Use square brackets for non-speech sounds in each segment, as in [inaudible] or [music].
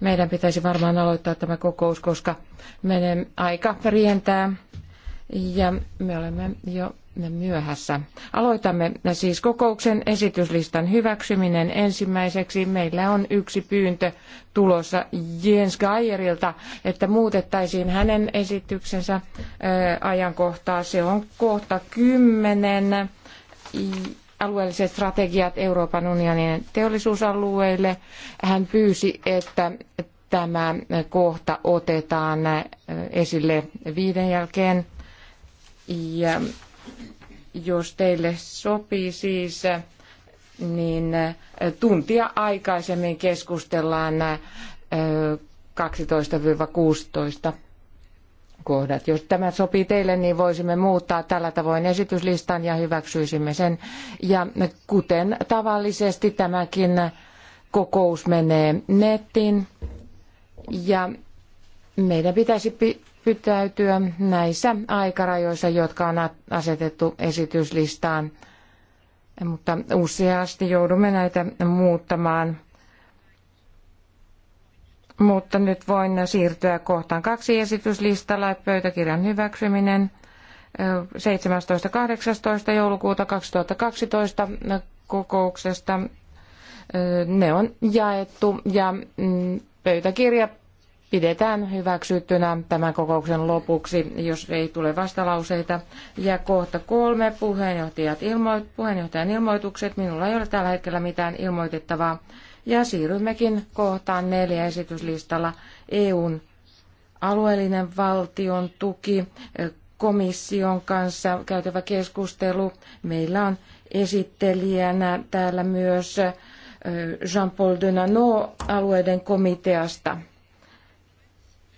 Meidän pitäisi varmaan aloittaa tämä kokous, koska meidän aika rientää ja me olemme jo myöhässä. Aloitamme siis kokouksen esityslistan hyväksyminen ensimmäiseksi. Meillä on yksi pyyntö tulossa Jens Geierilta, että muutettaisiin hänen esityksensä ajankohtaa. Se on kohta kymmenen alueelliset strategiat Euroopan unionin teollisuusalueille. Hän pyysi, että tämä kohta otetaan esille viiden jälkeen. Ja jos teille sopii siis, niin tuntia aikaisemmin keskustellaan 12-16 kohdat. Jos tämä sopii teille, niin voisimme muuttaa tällä tavoin esityslistan ja hyväksyisimme sen. Ja kuten tavallisesti tämäkin kokous menee nettiin ja meidän pitäisi pitäytyä näissä aikarajoissa, jotka on asetettu esityslistaan. Mutta useasti joudumme näitä muuttamaan mutta nyt voin siirtyä kohtaan kaksi esityslistalla, pöytäkirjan hyväksyminen 17.18. joulukuuta 2012 kokouksesta. Ne on jaettu ja mm, pöytäkirja pidetään hyväksyttynä tämän kokouksen lopuksi, jos ei tule vastalauseita. Ja kohta kolme, puheenjohtajat ilmoit- puheenjohtajan ilmoitukset. Minulla ei ole tällä hetkellä mitään ilmoitettavaa. Ja siirrymmekin kohtaan neljä esityslistalla EUn alueellinen valtion tuki eh, komission kanssa käytävä keskustelu. Meillä on esittelijänä täällä myös eh, Jean-Paul Denano alueiden komiteasta.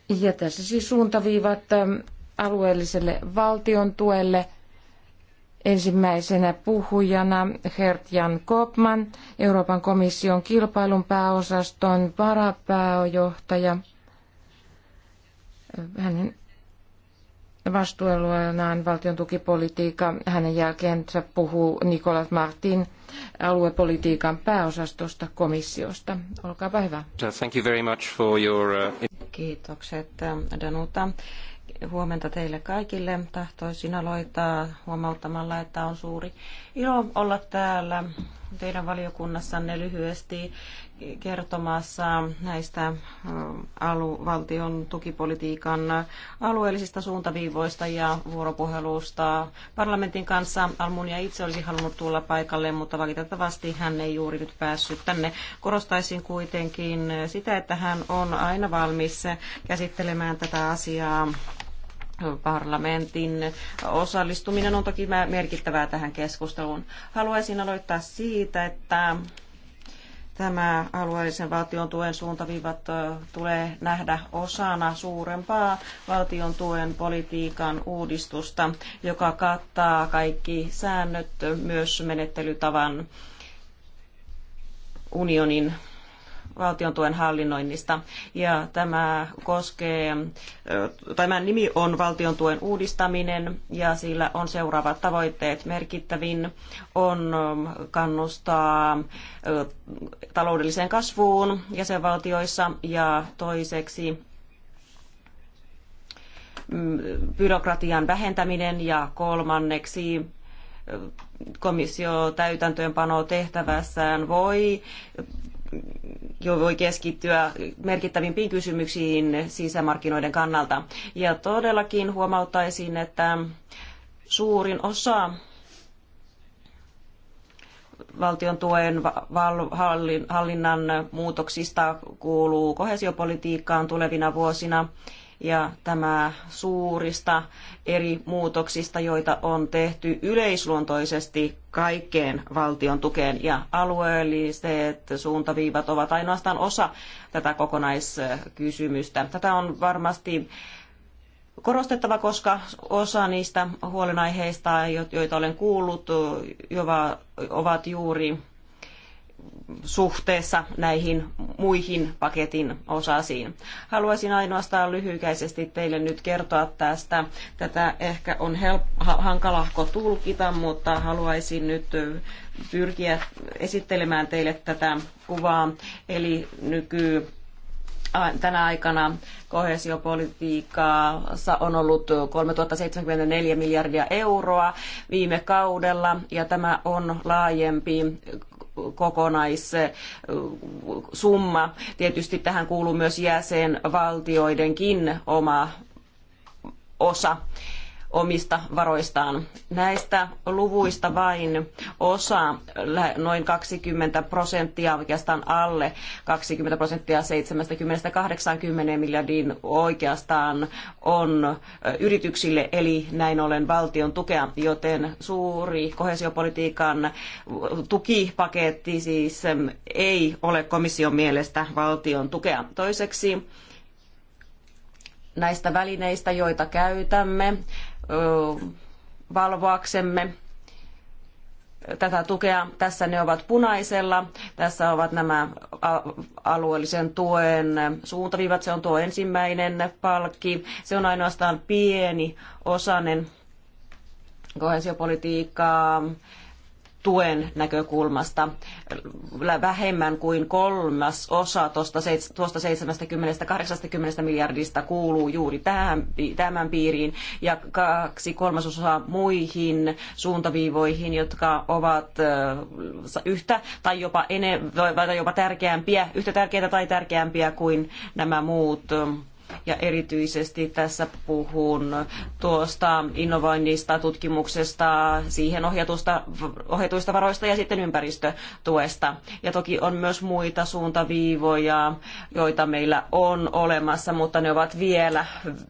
Ja tässä siis suuntaviivat eh, alueelliselle valtion tuelle – Ensimmäisenä puhujana Hertjan Kopman, Euroopan komission kilpailun pääosaston varapääjohtaja. Hänen vastuualueenaan valtion tukipolitiikka. Hänen jälkeensä puhuu Nikolas Martin aluepolitiikan pääosastosta komissiosta. Olkaapa hyvä. Thank you very much for your... Uh, Kiitokset Danuta huomenta teille kaikille. Tahtoisin aloittaa huomauttamalla, että on suuri ilo olla täällä teidän valiokunnassanne lyhyesti kertomassa näistä alu- valtion tukipolitiikan alueellisista suuntaviivoista ja vuoropuhelusta parlamentin kanssa. Almunia itse olisi halunnut tulla paikalle, mutta valitettavasti hän ei juuri nyt päässyt tänne. Korostaisin kuitenkin sitä, että hän on aina valmis käsittelemään tätä asiaa Parlamentin osallistuminen on toki merkittävää tähän keskusteluun. Haluaisin aloittaa siitä, että tämä alueellisen valtion tuen suuntaviivat tulee nähdä osana suurempaa valtion tuen politiikan uudistusta, joka kattaa kaikki säännöt myös menettelytavan unionin valtion tuen hallinnoinnista. Ja tämä koskee, tämän nimi on valtion tuen uudistaminen ja sillä on seuraavat tavoitteet. Merkittävin on kannustaa taloudelliseen kasvuun jäsenvaltioissa ja toiseksi mm, byrokratian vähentäminen ja kolmanneksi komissio täytäntöönpano tehtävässään voi jo voi keskittyä merkittävimpiin kysymyksiin sisämarkkinoiden kannalta. Ja todellakin huomauttaisin, että suurin osa valtion tuen hallinnan muutoksista kuuluu kohesiopolitiikkaan tulevina vuosina ja tämä suurista eri muutoksista, joita on tehty yleisluontoisesti kaikkeen valtion tukeen ja alueelliset suuntaviivat ovat ainoastaan osa tätä kokonaiskysymystä. Tätä on varmasti korostettava, koska osa niistä huolenaiheista, joita olen kuullut, ovat juuri suhteessa näihin muihin paketin osasiin. Haluaisin ainoastaan lyhykäisesti teille nyt kertoa tästä. Tätä ehkä on help- hankalahko tulkita, mutta haluaisin nyt pyrkiä esittelemään teille tätä kuvaa. Eli nyky tänä aikana kohesiopolitiikassa on ollut 3074 miljardia euroa viime kaudella ja tämä on laajempi kokonaissumma. Tietysti tähän kuuluu myös jäsenvaltioidenkin oma osa omista varoistaan. Näistä luvuista vain osa, noin 20 prosenttia, oikeastaan alle 20 prosenttia 70-80 miljardin oikeastaan on yrityksille, eli näin ollen valtion tukea, joten suuri kohesiopolitiikan tukipaketti siis ei ole komission mielestä valtion tukea. Toiseksi näistä välineistä, joita käytämme, valvoaksemme tätä tukea. Tässä ne ovat punaisella. Tässä ovat nämä alueellisen tuen suuntaviivat. Se on tuo ensimmäinen palkki. Se on ainoastaan pieni osanen kohesiopolitiikkaa tuen näkökulmasta vähemmän kuin kolmas osa tuosta 70-80 miljardista kuuluu juuri tähän, tämän piiriin ja kaksi kolmasosaa muihin suuntaviivoihin, jotka ovat yhtä tai jopa, ene, tai jopa tärkeämpiä, yhtä tärkeitä tai tärkeämpiä kuin nämä muut ja erityisesti tässä puhun tuosta innovoinnista, tutkimuksesta, siihen ohjatusta, ohjatuista varoista ja sitten ympäristötuesta. Ja toki on myös muita suuntaviivoja, joita meillä on olemassa, mutta ne ovat vielä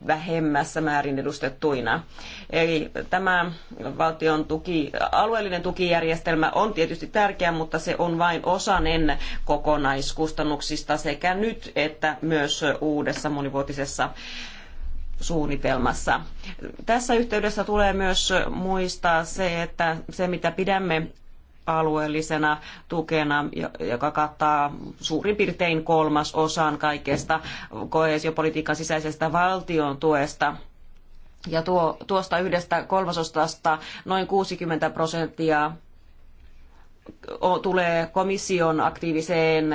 vähemmässä määrin edustettuina. Eli tämä valtion tuki, alueellinen tukijärjestelmä on tietysti tärkeä, mutta se on vain osanen kokonaiskustannuksista sekä nyt että myös uudessa monivuotisessa vuotisessa suunnitelmassa. Tässä yhteydessä tulee myös muistaa se, että se mitä pidämme alueellisena tukena, joka kattaa suurin piirtein kolmas osan kaikesta koheesiopolitiikan sisäisestä valtion tuesta. Ja tuo, tuosta yhdestä kolmasosasta noin 60 prosenttia tulee komission aktiiviseen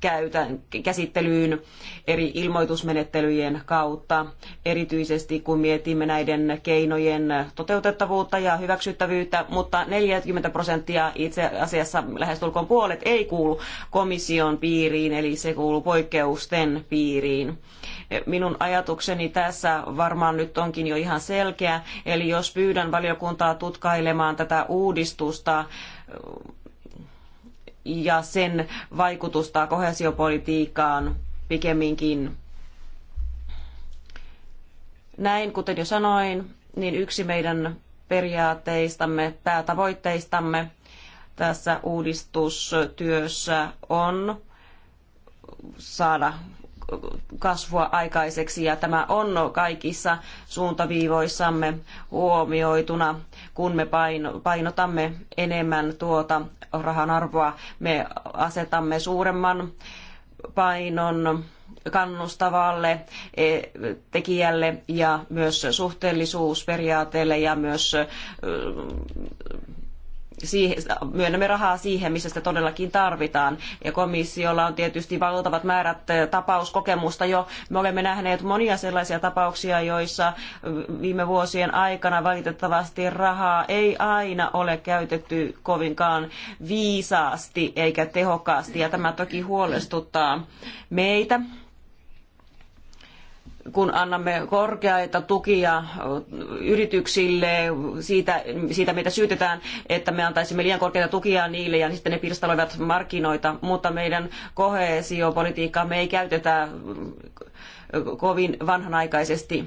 käytän, käsittelyyn eri ilmoitusmenettelyjen kautta, erityisesti kun mietimme näiden keinojen toteutettavuutta ja hyväksyttävyyttä, mutta 40 prosenttia itse asiassa lähestulkoon puolet ei kuulu komission piiriin, eli se kuuluu poikkeusten piiriin. Minun ajatukseni tässä varmaan nyt onkin jo ihan selkeä, eli jos pyydän valiokuntaa tutkailemaan tätä uudistusta, ja sen vaikutusta kohesiopolitiikkaan pikemminkin. Näin, kuten jo sanoin, niin yksi meidän periaatteistamme, päätavoitteistamme tässä uudistustyössä on saada kasvua aikaiseksi ja tämä on kaikissa suuntaviivoissamme huomioituna, kun me painotamme enemmän tuota rahan arvoa. Me asetamme suuremman painon kannustavalle e, tekijälle ja myös suhteellisuusperiaatteelle ja myös siihen, myönnämme rahaa siihen, missä sitä todellakin tarvitaan. Ja komissiolla on tietysti valtavat määrät tapauskokemusta jo. Me olemme nähneet monia sellaisia tapauksia, joissa viime vuosien aikana valitettavasti rahaa ei aina ole käytetty kovinkaan viisaasti eikä tehokkaasti. Ja tämä toki huolestuttaa meitä kun annamme korkeita tukia yrityksille, siitä, siitä meitä syytetään, että me antaisimme liian korkeita tukia niille ja sitten ne pirstaloivat markkinoita, mutta meidän koheesiopolitiikkaa me ei käytetä kovin vanhanaikaisesti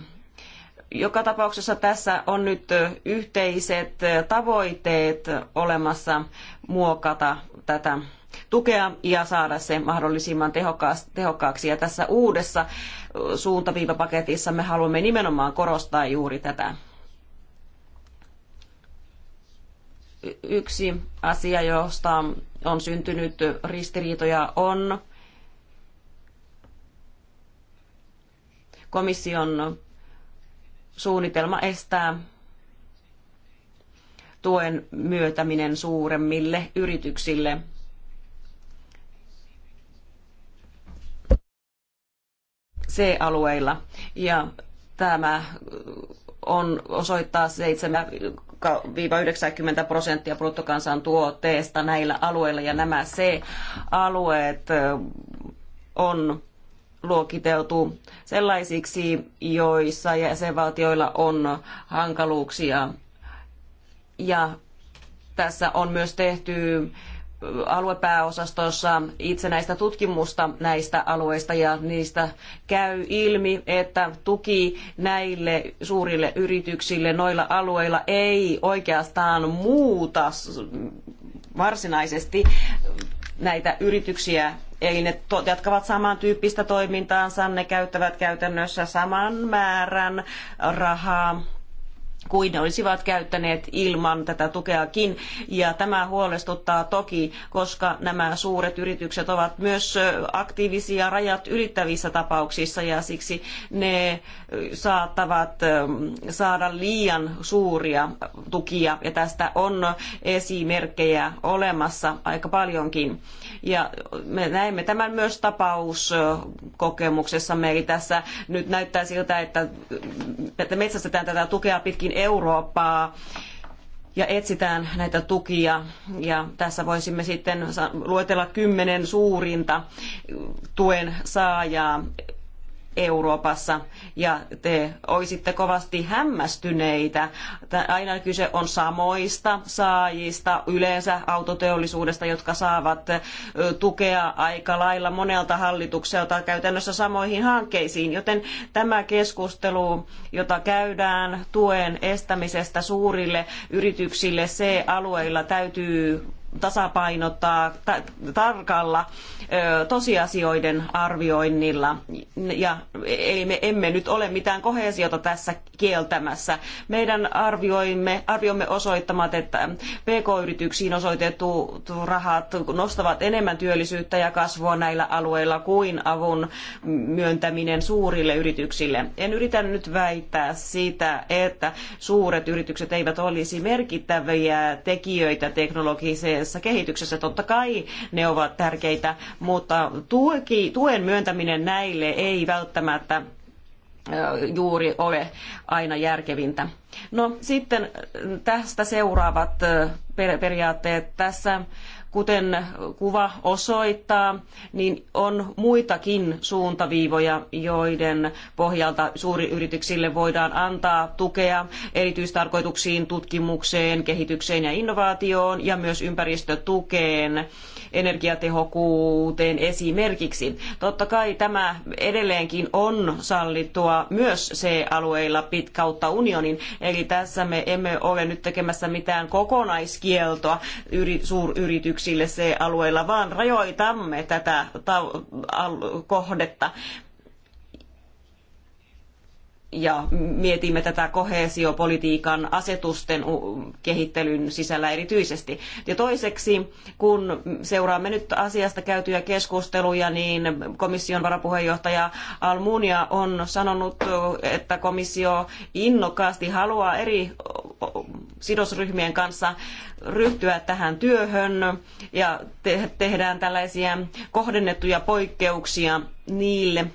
joka tapauksessa tässä on nyt yhteiset tavoitteet olemassa muokata tätä tukea ja saada se mahdollisimman tehokkaaksi. Ja tässä uudessa suuntaviivapaketissa me haluamme nimenomaan korostaa juuri tätä. Yksi asia, josta on syntynyt ristiriitoja, on komission suunnitelma estää tuen myötäminen suuremmille yrityksille – C-alueilla. Ja tämä on osoittaa 7-90 prosenttia bruttokansantuotteesta näillä alueilla ja nämä C-alueet on luokiteltu sellaisiksi, joissa jäsenvaltioilla on hankaluuksia. Ja tässä on myös tehty aluepääosastossa itsenäistä tutkimusta näistä alueista ja niistä käy ilmi, että tuki näille suurille yrityksille noilla alueilla ei oikeastaan muuta varsinaisesti näitä yrityksiä Eli ne to- jatkavat samantyyppistä toimintaansa, ne käyttävät käytännössä saman määrän rahaa kuin ne olisivat käyttäneet ilman tätä tukeakin. Ja tämä huolestuttaa toki, koska nämä suuret yritykset ovat myös aktiivisia rajat ylittävissä tapauksissa ja siksi ne saattavat saada liian suuria tukia. Ja tästä on esimerkkejä olemassa aika paljonkin. Ja me näemme tämän myös tapauskokemuksessamme. Eli tässä nyt näyttää siltä, että, että metsästetään tätä tukea pitkin Eurooppaa ja etsitään näitä tukia. Ja tässä voisimme sitten luetella kymmenen suurinta tuen saajaa Euroopassa ja te olisitte kovasti hämmästyneitä. Aina kyse on samoista saajista, yleensä autoteollisuudesta, jotka saavat tukea aika lailla monelta hallitukselta käytännössä samoihin hankkeisiin, joten tämä keskustelu, jota käydään tuen estämisestä suurille yrityksille se alueilla täytyy tasapainottaa tarkalla tosiasioiden arvioinnilla. Ja, eli me emme nyt ole mitään kohesiota tässä kieltämässä. Meidän arvioimme, arvioimme osoittamat, että PK-yrityksiin osoitettu rahat nostavat enemmän työllisyyttä ja kasvua näillä alueilla kuin avun myöntäminen suurille yrityksille. En yritä nyt väittää sitä, että suuret yritykset eivät olisi merkittäviä tekijöitä teknologiseen taloudellisessa kehityksessä. Totta kai ne ovat tärkeitä, mutta tuki, tuen myöntäminen näille ei välttämättä juuri ole aina järkevintä. No sitten tästä seuraavat periaatteet tässä Kuten kuva osoittaa, niin on muitakin suuntaviivoja, joiden pohjalta suuriyrityksille voidaan antaa tukea erityistarkoituksiin, tutkimukseen, kehitykseen ja innovaatioon ja myös ympäristötukeen, energiatehokkuuteen esimerkiksi. Totta kai tämä edelleenkin on sallittua myös C-alueilla pitkautta unionin, eli tässä me emme ole nyt tekemässä mitään kokonaiskieltoa suuryrityksille yrityksille se alueilla, vaan rajoitamme tätä kohdetta ja mietimme tätä koheesiopolitiikan asetusten kehittelyn sisällä erityisesti. Ja toiseksi, kun seuraamme nyt asiasta käytyjä keskusteluja, niin komission varapuheenjohtaja Almunia on sanonut, että komissio innokkaasti haluaa eri sidosryhmien kanssa ryhtyä tähän työhön ja te- tehdään tällaisia kohdennettuja poikkeuksia niille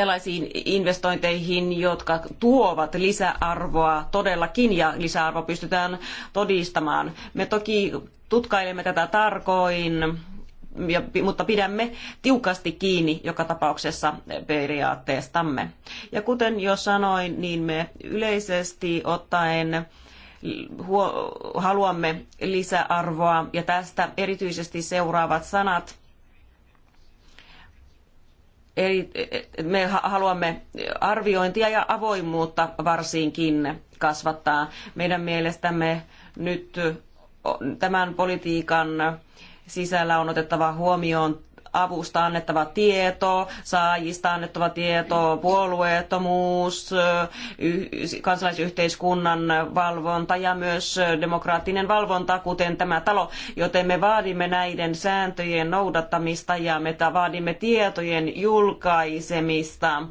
sellaisiin investointeihin, jotka tuovat lisäarvoa todellakin ja lisäarvo pystytään todistamaan. Me toki tutkailemme tätä tarkoin, ja, mutta pidämme tiukasti kiinni joka tapauksessa periaatteestamme. Ja kuten jo sanoin, niin me yleisesti ottaen haluamme lisäarvoa ja tästä erityisesti seuraavat sanat Eli eh, me haluamme arviointia ja avoimuutta varsinkin kasvattaa. Meidän mielestämme nyt tämän politiikan sisällä on otettava huomioon avusta annettava tieto, saajista annettava tieto, puolueettomuus, kansalaisyhteiskunnan valvonta ja myös demokraattinen valvonta, kuten tämä talo. Joten me vaadimme näiden sääntöjen noudattamista ja me vaadimme tietojen julkaisemista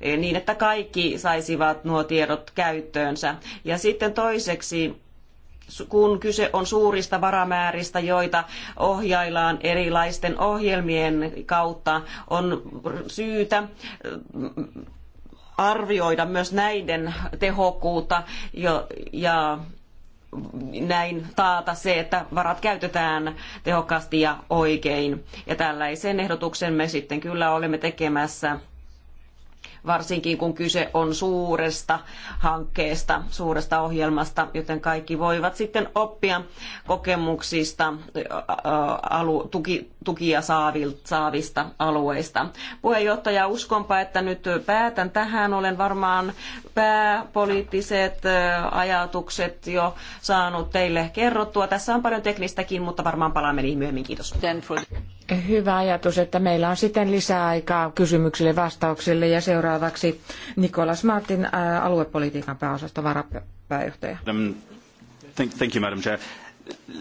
eh, niin, että kaikki saisivat nuo tiedot käyttöönsä. Ja sitten toiseksi kun kyse on suurista varamääristä, joita ohjaillaan erilaisten ohjelmien kautta, on syytä mm, arvioida myös näiden tehokkuutta ja näin taata se, että varat käytetään tehokkaasti ja oikein. Ja tällaisen ehdotuksen me sitten kyllä olemme tekemässä varsinkin kun kyse on suuresta hankkeesta, suuresta ohjelmasta, joten kaikki voivat sitten oppia kokemuksista alu, tuki, tukia saavista alueista. Puheenjohtaja, uskonpa, että nyt päätän tähän. Olen varmaan pääpoliittiset ajatukset jo saanut teille kerrottua. Tässä on paljon teknistäkin, mutta varmaan palaamme niihin myöhemmin. Kiitos hyvä ajatus, että meillä on sitten lisää aikaa kysymyksille ja vastauksille. Ja seuraavaksi Nikolas Martin, aluepolitiikan pääosaston varapääjohtaja. Um, thank, thank you, Madam Chair.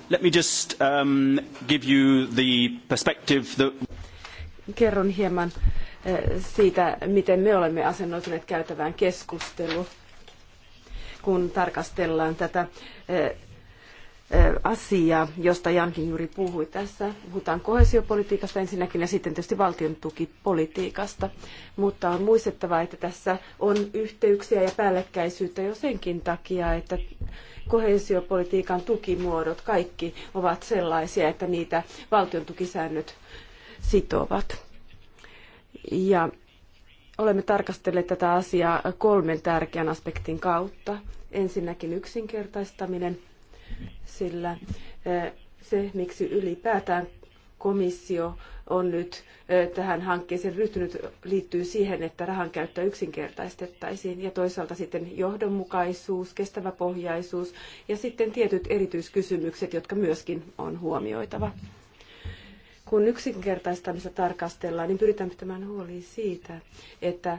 Let me just um, give you the perspective that... Kerron hieman siitä, miten me olemme asennoituneet käytävään keskusteluun, kun tarkastellaan tätä asia, josta Jankin juuri puhui tässä. Puhutaan kohesiopolitiikasta ensinnäkin ja sitten tietysti valtion tukipolitiikasta. Mutta on muistettava, että tässä on yhteyksiä ja päällekkäisyyttä jo senkin takia, että kohesiopolitiikan tukimuodot kaikki ovat sellaisia, että niitä valtion tukisäännöt sitovat. Ja olemme tarkastelleet tätä asiaa kolmen tärkeän aspektin kautta. Ensinnäkin yksinkertaistaminen – sillä se, miksi ylipäätään komissio on nyt tähän hankkeeseen ryhtynyt, liittyy siihen, että rahan käyttö yksinkertaistettaisiin ja toisaalta sitten johdonmukaisuus, kestävä pohjaisuus ja sitten tietyt erityiskysymykset, jotka myöskin on huomioitava kun yksinkertaistamista tarkastellaan, niin pyritään pitämään huoli siitä, että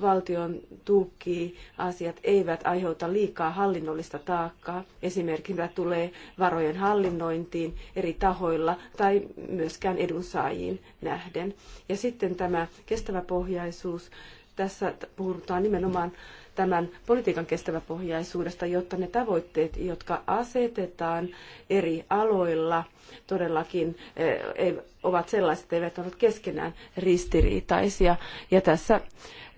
valtion tukiasiat eivät aiheuta liikaa hallinnollista taakkaa. Esimerkiksi mitä tulee varojen hallinnointiin eri tahoilla tai myöskään edunsaajiin nähden. Ja sitten tämä kestävä pohjaisuus. Tässä puhutaan nimenomaan tämän politiikan kestäväpohjaisuudesta, jotta ne tavoitteet, jotka asetetaan eri aloilla, todellakin eh, ovat sellaiset, eivät ole keskenään ristiriitaisia. Ja tässä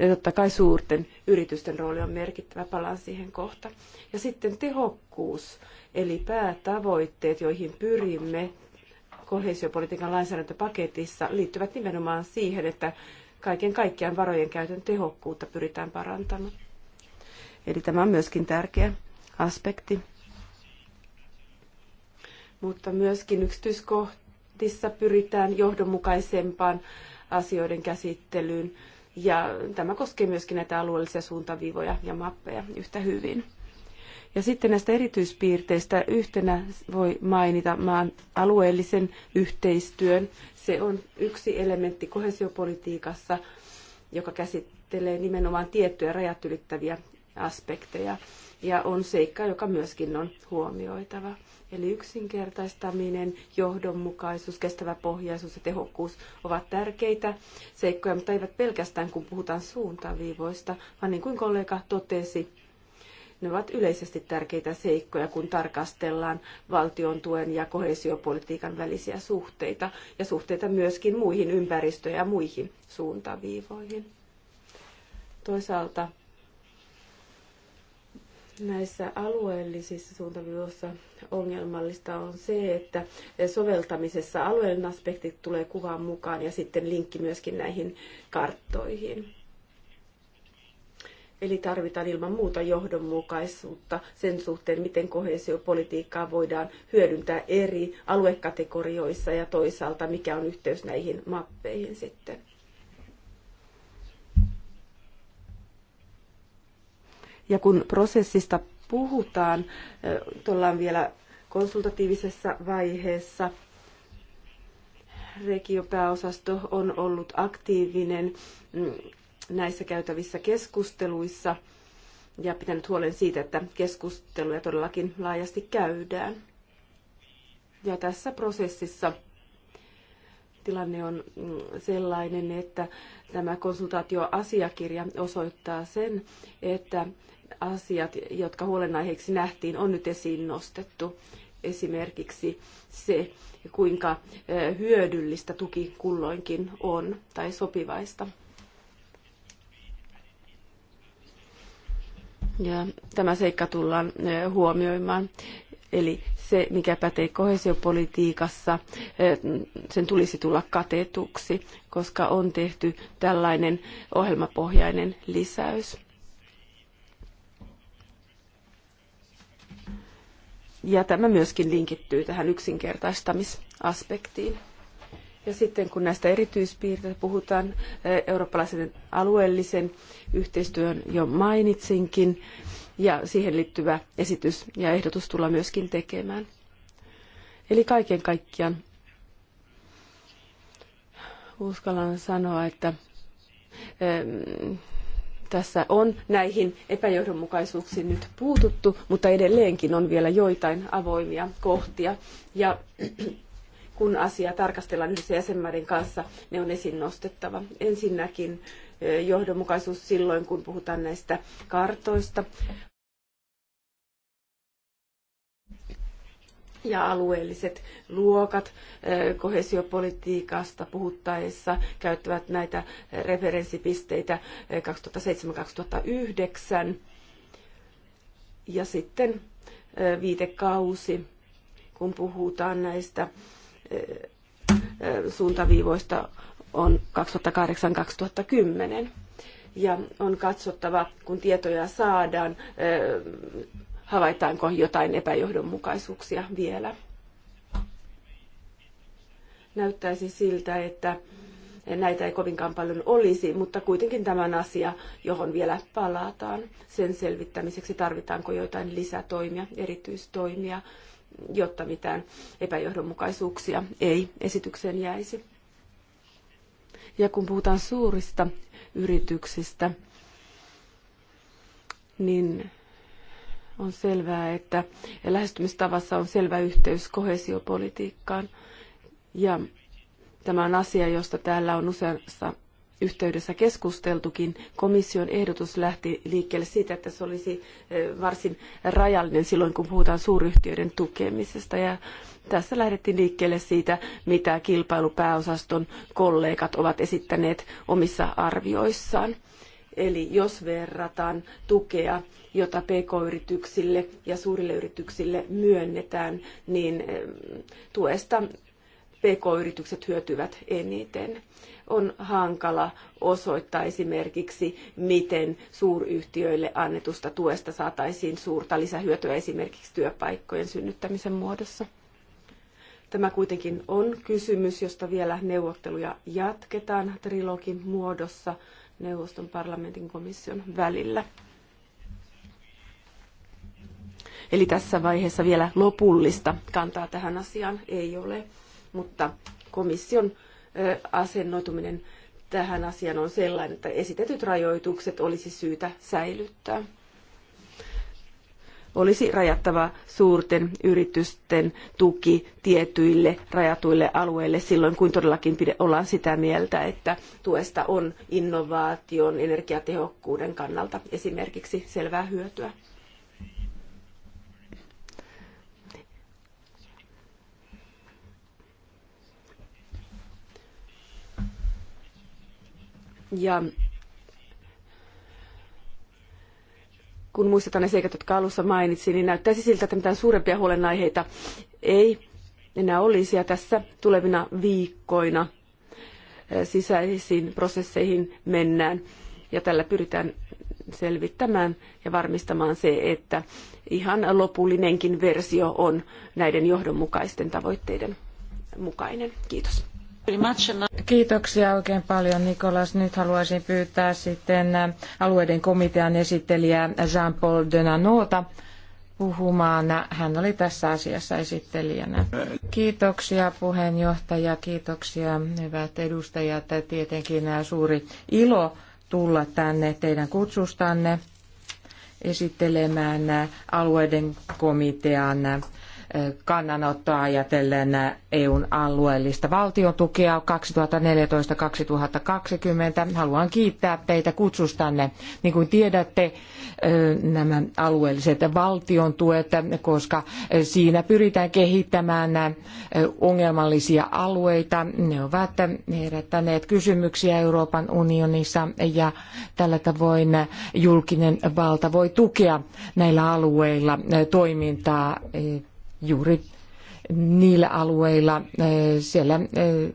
eh, totta kai suurten yritysten rooli on merkittävä, palaan siihen kohta. Ja sitten tehokkuus, eli päätavoitteet, joihin pyrimme kohesiopolitiikan lainsäädäntöpaketissa, liittyvät nimenomaan siihen, että kaiken kaikkiaan varojen käytön tehokkuutta pyritään parantamaan. Eli tämä on myöskin tärkeä aspekti. Mutta myöskin yksityiskohtissa pyritään johdonmukaisempaan asioiden käsittelyyn. Ja tämä koskee myöskin näitä alueellisia suuntaviivoja ja mappeja yhtä hyvin. Ja sitten näistä erityispiirteistä yhtenä voi mainita maan alueellisen yhteistyön. Se on yksi elementti kohesiopolitiikassa, joka käsittelee nimenomaan tiettyjä rajat ylittäviä aspekteja ja on seikka, joka myöskin on huomioitava. Eli yksinkertaistaminen, johdonmukaisuus, kestävä pohjaisuus ja tehokkuus ovat tärkeitä seikkoja, mutta eivät pelkästään kun puhutaan suuntaviivoista, vaan niin kuin kollega totesi, ne ovat yleisesti tärkeitä seikkoja, kun tarkastellaan valtion tuen ja kohesiopolitiikan välisiä suhteita ja suhteita myöskin muihin ympäristöön ja muihin suuntaviivoihin. Toisaalta näissä alueellisissa suuntaviivoissa ongelmallista on se, että soveltamisessa alueellinen aspekti tulee kuvaan mukaan ja sitten linkki myöskin näihin karttoihin. Eli tarvitaan ilman muuta johdonmukaisuutta sen suhteen, miten kohesiopolitiikkaa voidaan hyödyntää eri aluekategorioissa ja toisaalta mikä on yhteys näihin mappeihin sitten. Ja kun prosessista puhutaan, ollaan vielä konsultatiivisessa vaiheessa. Regiopääosasto on ollut aktiivinen mm, näissä käytävissä keskusteluissa ja pitänyt huolen siitä, että keskusteluja todellakin laajasti käydään. Ja tässä prosessissa tilanne on mm, sellainen, että tämä konsultaatioasiakirja osoittaa sen, että asiat, jotka huolenaiheiksi nähtiin, on nyt esiin nostettu. Esimerkiksi se, kuinka hyödyllistä tuki kulloinkin on tai sopivaista. Ja tämä seikka tullaan huomioimaan Eli se, mikä pätee kohesiopolitiikassa, sen tulisi tulla katetuksi, koska on tehty tällainen ohjelmapohjainen lisäys. Ja tämä myöskin linkittyy tähän yksinkertaistamisaspektiin. Ja sitten kun näistä erityispiirteistä puhutaan, eurooppalaisen alueellisen yhteistyön jo mainitsinkin, ja siihen liittyvä esitys ja ehdotus tulla myöskin tekemään. Eli kaiken kaikkiaan uskallan sanoa, että tässä on näihin epäjohdonmukaisuuksiin nyt puututtu, mutta edelleenkin on vielä joitain avoimia kohtia. Ja [clears throat] kun asiaa tarkastellaan yhdessä jäsenmaiden kanssa, ne on esiin nostettava. Ensinnäkin eh, johdonmukaisuus silloin, kun puhutaan näistä kartoista. ja alueelliset luokat kohesiopolitiikasta puhuttaessa käyttävät näitä referenssipisteitä 2007-2009. Ja sitten viitekausi, kun puhutaan näistä suuntaviivoista, on 2008-2010 ja on katsottava, kun tietoja saadaan, havaitaanko jotain epäjohdonmukaisuuksia vielä. Näyttäisi siltä, että näitä ei kovinkaan paljon olisi, mutta kuitenkin tämän asia, johon vielä palataan. Sen selvittämiseksi tarvitaanko jotain lisätoimia, erityistoimia, jotta mitään epäjohdonmukaisuuksia ei esitykseen jäisi. Ja kun puhutaan suurista yrityksistä, niin on selvää, että lähestymistavassa on selvä yhteys kohesiopolitiikkaan. Ja tämä on asia, josta täällä on useassa yhteydessä keskusteltukin. Komission ehdotus lähti liikkeelle siitä, että se olisi eh, varsin rajallinen silloin, kun puhutaan suuryhtiöiden tukemisesta. Ja tässä lähdettiin liikkeelle siitä, mitä kilpailupääosaston kollegat ovat esittäneet omissa arvioissaan. Eli jos verrataan tukea, jota pk-yrityksille ja suurille yrityksille myönnetään, niin eh, tuesta PK-yritykset hyötyvät eniten. On hankala osoittaa esimerkiksi, miten suuryhtiöille annetusta tuesta saataisiin suurta lisähyötyä esimerkiksi työpaikkojen synnyttämisen muodossa. Tämä kuitenkin on kysymys, josta vielä neuvotteluja jatketaan trilogin muodossa neuvoston parlamentin komission välillä. Eli tässä vaiheessa vielä lopullista kantaa tähän asiaan ei ole, mutta komission asennoituminen tähän asiaan on sellainen, että esitetyt rajoitukset olisi syytä säilyttää olisi rajattava suurten yritysten tuki tietyille rajatuille alueille silloin, kun todellakin ollaan sitä mieltä, että tuesta on innovaation, energiatehokkuuden kannalta esimerkiksi selvää hyötyä. Ja kun muistetaan ne seikat, jotka alussa mainitsin, niin näyttäisi siltä, että mitään suurempia huolenaiheita ei enää olisi. Ja tässä tulevina viikkoina eh, sisäisiin prosesseihin mennään. Ja tällä pyritään selvittämään ja varmistamaan se, että ihan lopullinenkin versio on näiden johdonmukaisten tavoitteiden mukainen. Kiitos. Kiitoksia oikein paljon Nikolas. Nyt haluaisin pyytää sitten äh, alueiden komitean esittelijää Jean-Paul Denanota puhumaan. Hän oli tässä asiassa esittelijänä. Kiitoksia puheenjohtaja, kiitoksia hyvät edustajat. Tietenkin äh, suuri ilo tulla tänne teidän kutsustanne esittelemään äh, alueiden komitean kannanottoa ajatellen EUn alueellista valtiotukea 2014-2020. Haluan kiittää teitä kutsustanne. Niin kuin tiedätte, nämä alueelliset valtion tuet, koska siinä pyritään kehittämään ongelmallisia alueita. Ne ovat herättäneet kysymyksiä Euroopan unionissa ja tällä tavoin julkinen valta voi tukea näillä alueilla toimintaa juuri niillä alueilla, eh, siellä eh,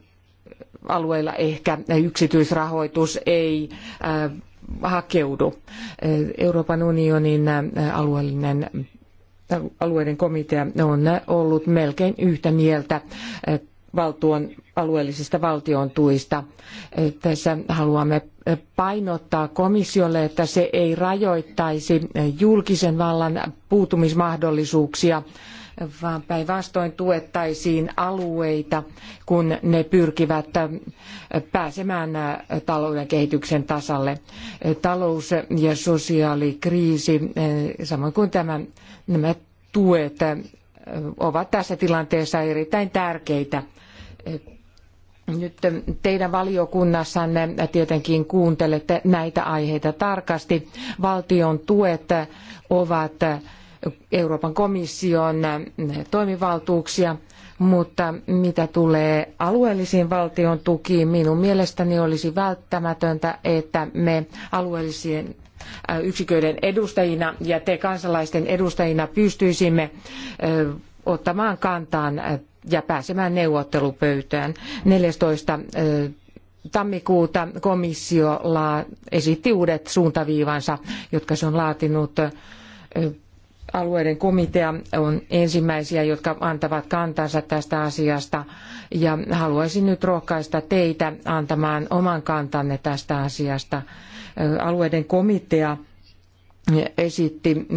alueilla ehkä yksityisrahoitus ei eh, hakeudu. Euroopan unionin alueellinen alueiden komitea on ollut melkein yhtä mieltä valtuon, alueellisista valtion tuista. Tässä haluamme painottaa komissiolle, että se ei rajoittaisi julkisen vallan puutumismahdollisuuksia vaan päinvastoin tuettaisiin alueita, kun ne pyrkivät pääsemään talouden kehityksen tasalle. Talous- ja sosiaalikriisi, samoin kuin tämä, nämä tuet, ovat tässä tilanteessa erittäin tärkeitä. Nyt teidän valiokunnassanne tietenkin kuuntelette näitä aiheita tarkasti. Valtion tuet ovat Euroopan komission äh, toimivaltuuksia, mutta mitä tulee alueellisiin valtion tukiin, minun mielestäni olisi välttämätöntä, että me alueellisiin äh, yksiköiden edustajina ja te kansalaisten edustajina pystyisimme äh, ottamaan kantaan ja pääsemään neuvottelupöytään. 14 tammikuuta komissio esitti uudet suuntaviivansa, jotka se on laatinut alueiden komitea on ensimmäisiä, jotka antavat kantansa tästä asiasta. Ja haluaisin nyt rohkaista teitä antamaan oman kantanne tästä asiasta. Alueiden komitea esitti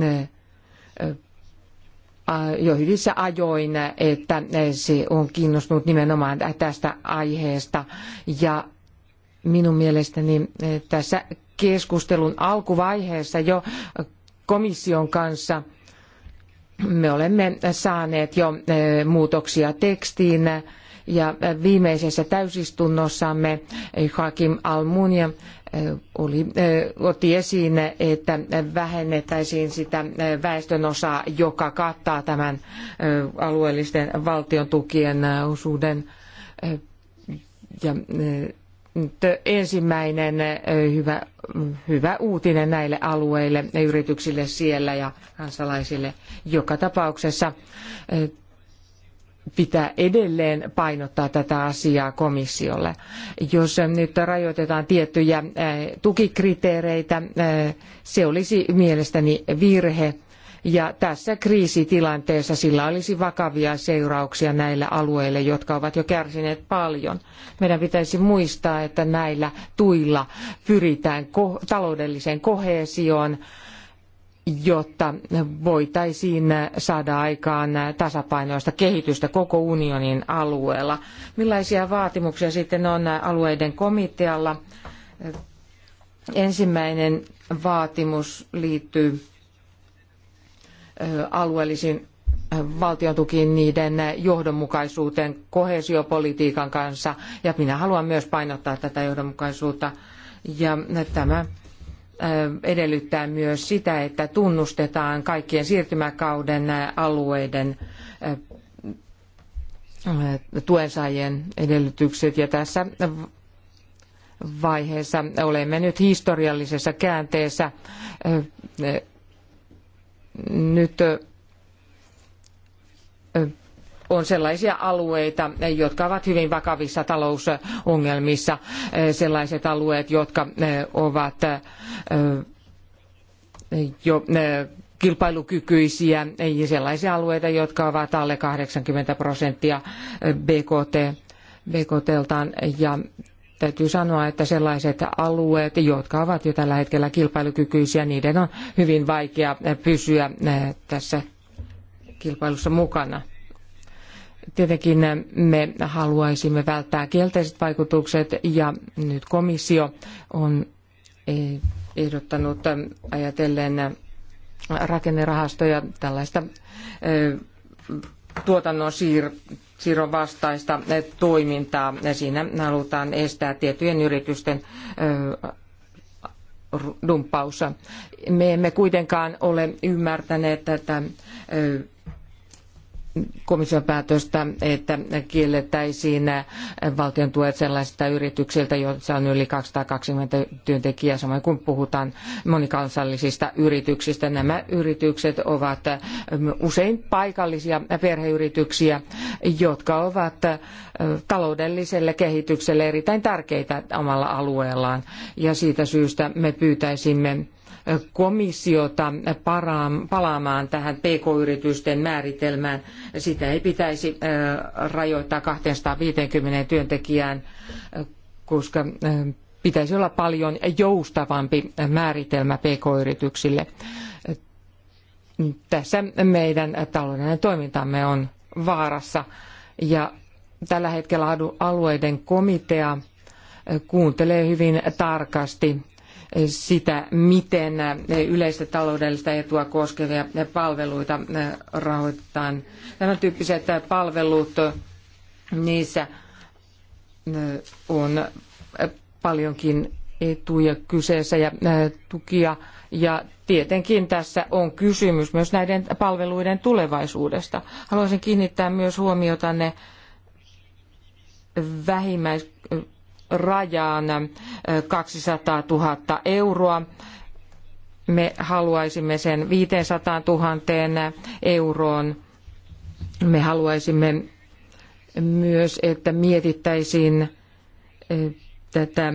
jo hyvissä ajoin, että se on kiinnostunut nimenomaan tästä aiheesta. Ja minun mielestäni tässä keskustelun alkuvaiheessa jo komission kanssa – me olemme saaneet jo eh, muutoksia tekstiin ja viimeisessä täysistunnossamme Hakim Almunia eh, oli, eh, otti esiin, että vähennettäisiin sitä väestönosaa, joka kattaa tämän alueellisten valtion tukien osuuden. Ja ensimmäinen hyvä, hyvä uutinen näille alueille ja yrityksille siellä ja kansalaisille. Joka tapauksessa pitää edelleen painottaa tätä asiaa komissiolle. Jos nyt rajoitetaan tiettyjä tukikriteereitä, se olisi mielestäni virhe ja tässä kriisitilanteessa sillä olisi vakavia seurauksia näille alueille, jotka ovat jo kärsineet paljon. Meidän pitäisi muistaa, että näillä tuilla pyritään taloudelliseen koheesioon, jotta voitaisiin saada aikaan tasapainoista kehitystä koko unionin alueella. Millaisia vaatimuksia sitten on alueiden komitealla? Ensimmäinen vaatimus liittyy alueellisiin äh, valtiontukiin niiden johdonmukaisuuteen koheesiopolitiikan kanssa. Ja minä haluan myös painottaa tätä johdonmukaisuutta. Ja tämä äh, edellyttää myös sitä, että tunnustetaan kaikkien siirtymäkauden äh, alueiden tuensaajien edellytykset. Ja tässä vaiheessa olemme nyt historiallisessa käänteessä nyt on sellaisia alueita, jotka ovat hyvin vakavissa talousongelmissa, sellaiset alueet, jotka ovat jo kilpailukykyisiä ja sellaisia alueita, jotka ovat alle 80 prosenttia BKT, BKTltaan ja Täytyy sanoa, että sellaiset alueet, jotka ovat jo tällä hetkellä kilpailukykyisiä, niiden on hyvin vaikea pysyä eh, tässä kilpailussa mukana. Tietenkin eh, me haluaisimme välttää kielteiset vaikutukset ja nyt komissio on e-, ehdottanut eh, ajatellen rakennerahastoja tällaista tuotannon siir- siirron vastaista eh, toimintaa. Siinä halutaan estää tiettyjen yritysten dumppaus. Me emme kuitenkaan ole ymmärtäneet tätä komission päätöstä, että kiellettäisiin valtion tuet sellaisilta yrityksiltä, joissa on yli 220 työntekijää, samoin kuin puhutaan monikansallisista yrityksistä. Nämä yritykset ovat usein paikallisia perheyrityksiä, jotka ovat taloudelliselle kehitykselle erittäin tärkeitä omalla alueellaan. Ja siitä syystä me pyytäisimme komissiota palaamaan tähän pk-yritysten määritelmään. Sitä ei pitäisi äh, rajoittaa 250 työntekijään, koska äh, pitäisi olla paljon joustavampi määritelmä pk-yrityksille. Tässä meidän taloudellinen toimintamme on vaarassa ja tällä hetkellä alueiden komitea äh, kuuntelee hyvin tarkasti sitä, miten yleistä taloudellista etua koskevia palveluita eh, rahoitetaan. Tämän tyyppiset palvelut, eh, niissä eh, on paljonkin etuja kyseessä ja tukia. Ja tietenkin tässä on kysymys myös näiden palveluiden tulevaisuudesta. Haluaisin kiinnittää myös huomiotanne vähimmäis rajaan 200 000 euroa. Me haluaisimme sen 500 000 euroon. Me haluaisimme myös, että mietittäisiin tätä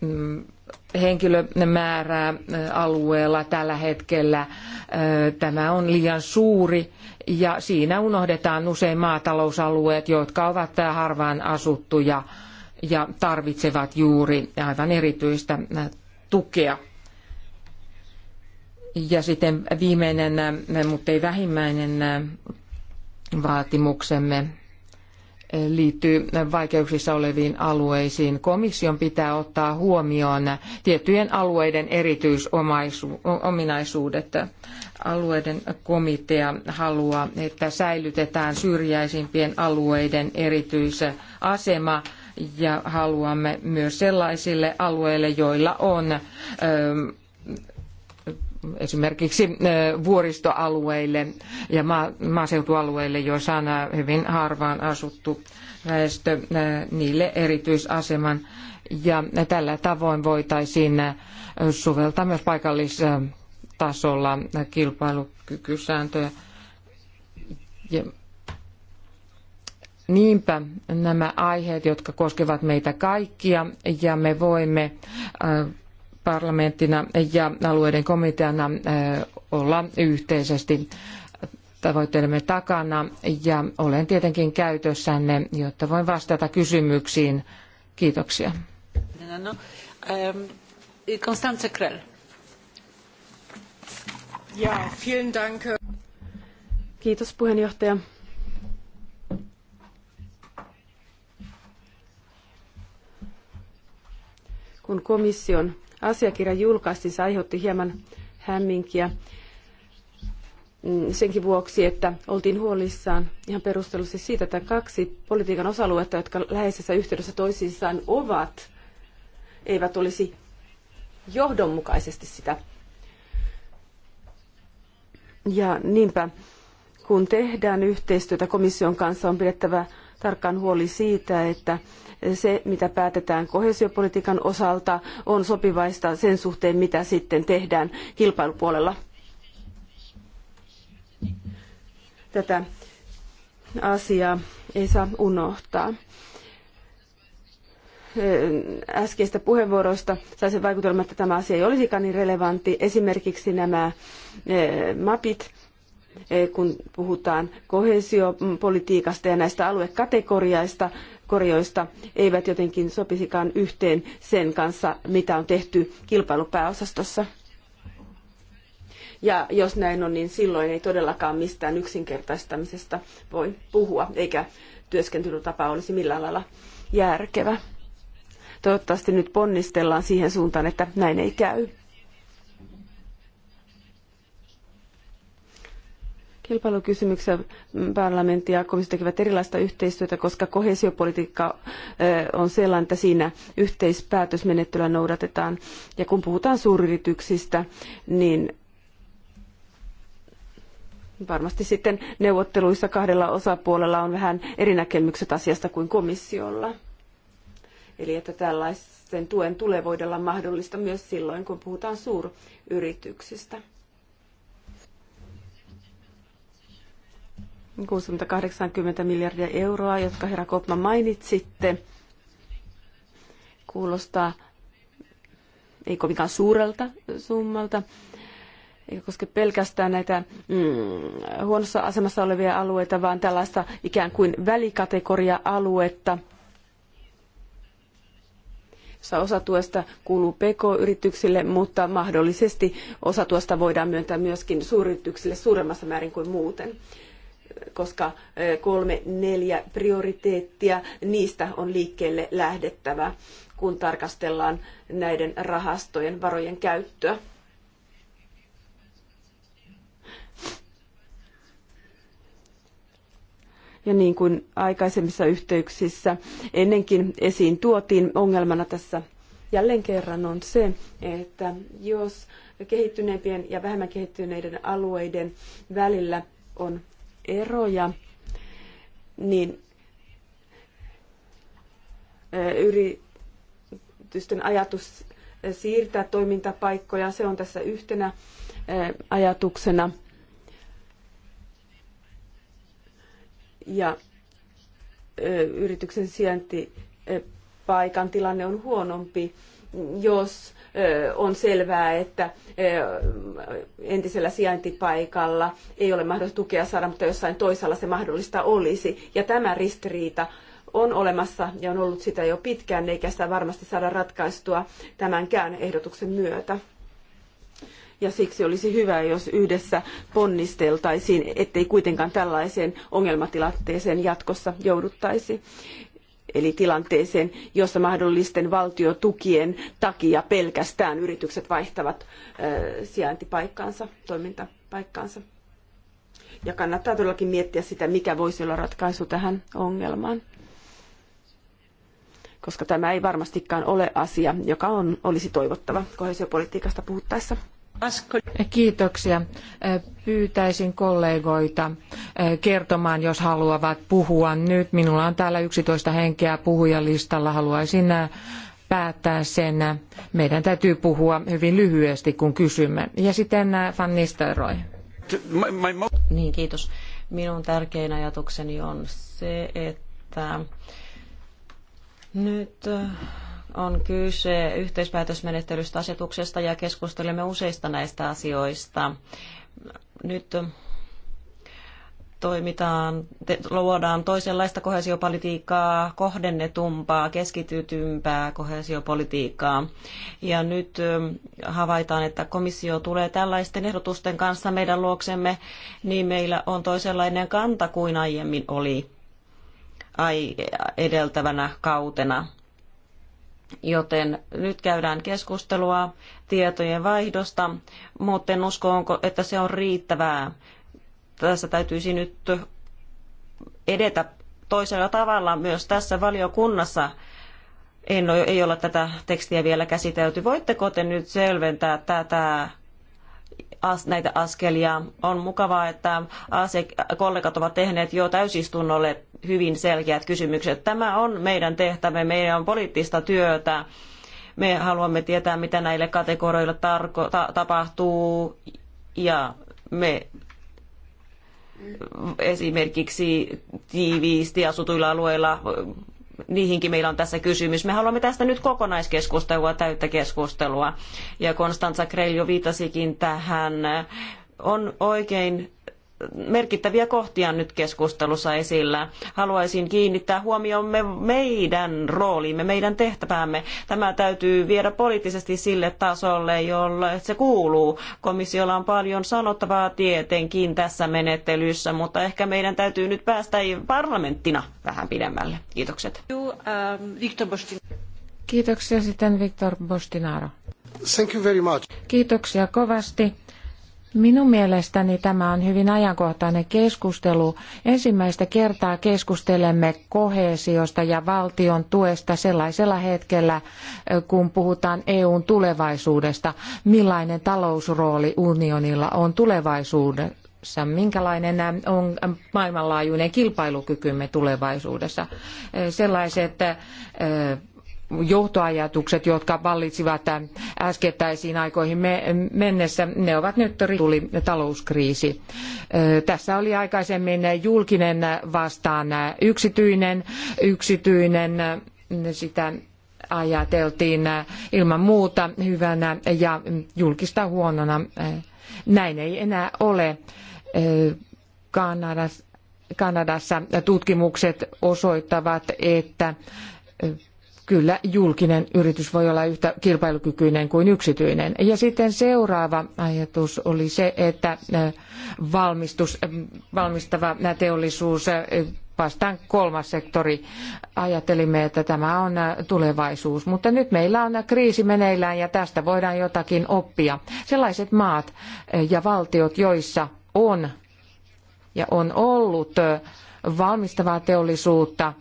mm, henkilömäärää alueella tällä hetkellä. Tämä on liian suuri ja siinä unohdetaan usein maatalousalueet, jotka ovat harvaan asuttuja ja tarvitsevat juuri aivan erityistä tukea. Ja sitten viimeinen, mutta ei vähimmäinen vaatimuksemme liittyy vaikeuksissa oleviin alueisiin. Komission pitää ottaa huomioon tiettyjen alueiden erityisominaisuudet. Alueiden komitea haluaa, että säilytetään syrjäisimpien alueiden erityisasema ja haluamme myös sellaisille alueille, joilla on ähm, esimerkiksi äh, vuoristoalueille ja maaseutualueille, joissa on äh, hyvin harvaan asuttu väestö, äh, niille erityisaseman. Ja tällä tavoin voitaisiin soveltaa myös paikallistasolla kilpailukykysääntöjä. Ja Niinpä nämä aiheet, jotka koskevat meitä kaikkia ja me voimme äh, parlamenttina ja alueiden komiteana äh, olla yhteisesti tavoitteidemme takana ja olen tietenkin käytössänne, jotta voin vastata kysymyksiin. Kiitoksia. Konstanze no, no, Krell. Ja, vielen Kiitos puheenjohtaja. kun komission asiakirja julkaistiin, se aiheutti hieman hämminkiä mm, senkin vuoksi, että oltiin huolissaan ihan perustellusti siitä, että kaksi politiikan osa-aluetta, jotka läheisessä yhteydessä toisiinsa ovat, eivät olisi johdonmukaisesti sitä. Ja niinpä, kun tehdään yhteistyötä komission kanssa, on pidettävä tarkkaan huoli siitä, että se, mitä päätetään koheesiopolitiikan osalta, on sopivaista sen suhteen, mitä sitten tehdään kilpailupuolella. Tätä asiaa ei saa unohtaa äskeistä puheenvuoroista sai sen vaikutelman, että tämä asia ei olisikaan niin relevantti. Esimerkiksi nämä eh, mapit Eh, kun puhutaan kohesiopolitiikasta ja näistä aluekategorioista, korjoista eivät jotenkin sopisikaan yhteen sen kanssa, mitä on tehty kilpailupääosastossa. Ja jos näin on, niin silloin ei todellakaan mistään yksinkertaistamisesta voi puhua, eikä työskentelytapa olisi millään lailla järkevä. Toivottavasti nyt ponnistellaan siihen suuntaan, että näin ei käy. kilpailukysymyksessä parlamentti ja komissio tekevät erilaista yhteistyötä, koska koheesiopolitiikka eh, on sellainen, että siinä yhteispäätösmenettelyä noudatetaan. Ja kun puhutaan suuryrityksistä, niin varmasti sitten neuvotteluissa kahdella osapuolella on vähän eri näkemykset asiasta kuin komissiolla. Eli että tällaisen tuen tulee voida olla mahdollista myös silloin, kun puhutaan suuryrityksistä. 680 miljardia euroa, jotka herra Kopma mainitsitte, kuulostaa ei kovinkaan suurelta summalta, eikä koske pelkästään näitä mm, huonossa asemassa olevia alueita, vaan tällaista ikään kuin välikategoria-aluetta, jossa osa tuosta kuuluu PK-yrityksille, mutta mahdollisesti osa tuosta voidaan myöntää myöskin suuryrityksille suuremmassa määrin kuin muuten koska kolme, neljä prioriteettia, niistä on liikkeelle lähdettävä, kun tarkastellaan näiden rahastojen varojen käyttöä. Ja niin kuin aikaisemmissa yhteyksissä ennenkin esiin tuotiin, ongelmana tässä jälleen kerran on se, että jos kehittyneempien ja vähemmän kehittyneiden alueiden välillä on eroja, niin yritysten ajatus siirtää toimintapaikkoja, se on tässä yhtenä ajatuksena. Ja yrityksen sijaintipaikan tilanne on huonompi, jos on selvää, että entisellä sijaintipaikalla ei ole mahdollista tukea saada, mutta jossain toisella se mahdollista olisi. Ja tämä ristiriita on olemassa ja on ollut sitä jo pitkään, eikä sitä varmasti saada ratkaistua tämänkään ehdotuksen myötä. Ja siksi olisi hyvä, jos yhdessä ponnisteltaisiin, ettei kuitenkaan tällaiseen ongelmatilanteeseen jatkossa jouduttaisi eli tilanteeseen, jossa mahdollisten valtiotukien takia pelkästään yritykset vaihtavat sijaintipaikkaansa, toimintapaikkaansa. Ja kannattaa todellakin miettiä sitä, mikä voisi olla ratkaisu tähän ongelmaan koska tämä ei varmastikaan ole asia, joka on, olisi toivottava kohesiopolitiikasta puhuttaessa. Kiitoksia. Pyytäisin kollegoita eh, kertomaan, jos haluavat puhua nyt. Minulla on täällä 11 henkeä puhujalistalla. Haluaisin eh, päättää sen. Meidän täytyy puhua hyvin lyhyesti, kun kysymme. Ja sitten eh, Van Nistelrooy. Niin, kiitos. Minun tärkein ajatukseni on se, että nyt on kyse yhteispäätösmenettelystä asetuksesta ja keskustelemme useista näistä asioista. Nyt toimitaan, te, luodaan toisenlaista kohesiopolitiikkaa, kohdennetumpaa, keskitytympää kohesiopolitiikkaa. Ja nyt ähm, havaitaan, että komissio tulee tällaisten ehdotusten kanssa meidän luoksemme, niin meillä on toisenlainen kanta kuin aiemmin oli ai, edeltävänä kautena Joten nyt käydään keskustelua tietojen vaihdosta, mutta en usko, että se on riittävää. Tässä täytyisi nyt edetä toisella tavalla myös tässä valiokunnassa. En, ei olla tätä tekstiä vielä käsitelty. Voitteko te nyt selventää tätä näitä askelia. On mukavaa, että kollegat ovat tehneet jo täysistunnolle hyvin selkeät kysymykset. Tämä on meidän tehtävä, meidän on poliittista työtä. Me haluamme tietää, mitä näille kategorioille tarko- ta tapahtuu ja me esimerkiksi tiiviisti asutuilla alueilla niihinkin meillä on tässä kysymys. Me haluamme tästä nyt kokonaiskeskustelua, täyttä keskustelua. Ja Konstantsa jo viitasikin tähän. On oikein merkittäviä kohtia nyt keskustelussa esillä. Haluaisin kiinnittää huomiomme meidän rooliimme, meidän tehtävämme. Tämä täytyy viedä poliittisesti sille tasolle, jolle se kuuluu. Komissiolla on paljon sanottavaa tietenkin tässä menettelyssä, mutta ehkä meidän täytyy nyt päästä parlamenttina vähän pidemmälle. Kiitokset. Kiitoksia sitten Viktor Bostinaro. Thank you very much. Kiitoksia kovasti. Minun mielestäni tämä on hyvin ajankohtainen keskustelu. Ensimmäistä kertaa keskustelemme koheesiosta ja valtion tuesta sellaisella hetkellä, eh, kun puhutaan EUn tulevaisuudesta. Millainen talousrooli unionilla on tulevaisuudessa? Minkälainen eh, on eh, maailmanlaajuinen kilpailukykymme tulevaisuudessa? Sellaiset johtoajatukset, jotka vallitsivat äskettäisiin aikoihin mennessä, ne ovat nyt tuli talouskriisi. Tässä oli aikaisemmin julkinen vastaan yksityinen, yksityinen mm, sitä ajateltiin ilman muuta hyvänä ja julkista huonona. Näin ei enää ole. Kanadassa tutkimukset osoittavat, että kyllä julkinen yritys voi olla yhtä kilpailukykyinen kuin yksityinen. Ja sitten seuraava ajatus oli se, että valmistus, valmistava teollisuus vastaan kolmas sektori. Ajattelimme, että tämä on tulevaisuus, mutta nyt meillä on kriisi meneillään ja tästä voidaan jotakin oppia. Sellaiset maat ja valtiot, joissa on ja on ollut valmistavaa teollisuutta,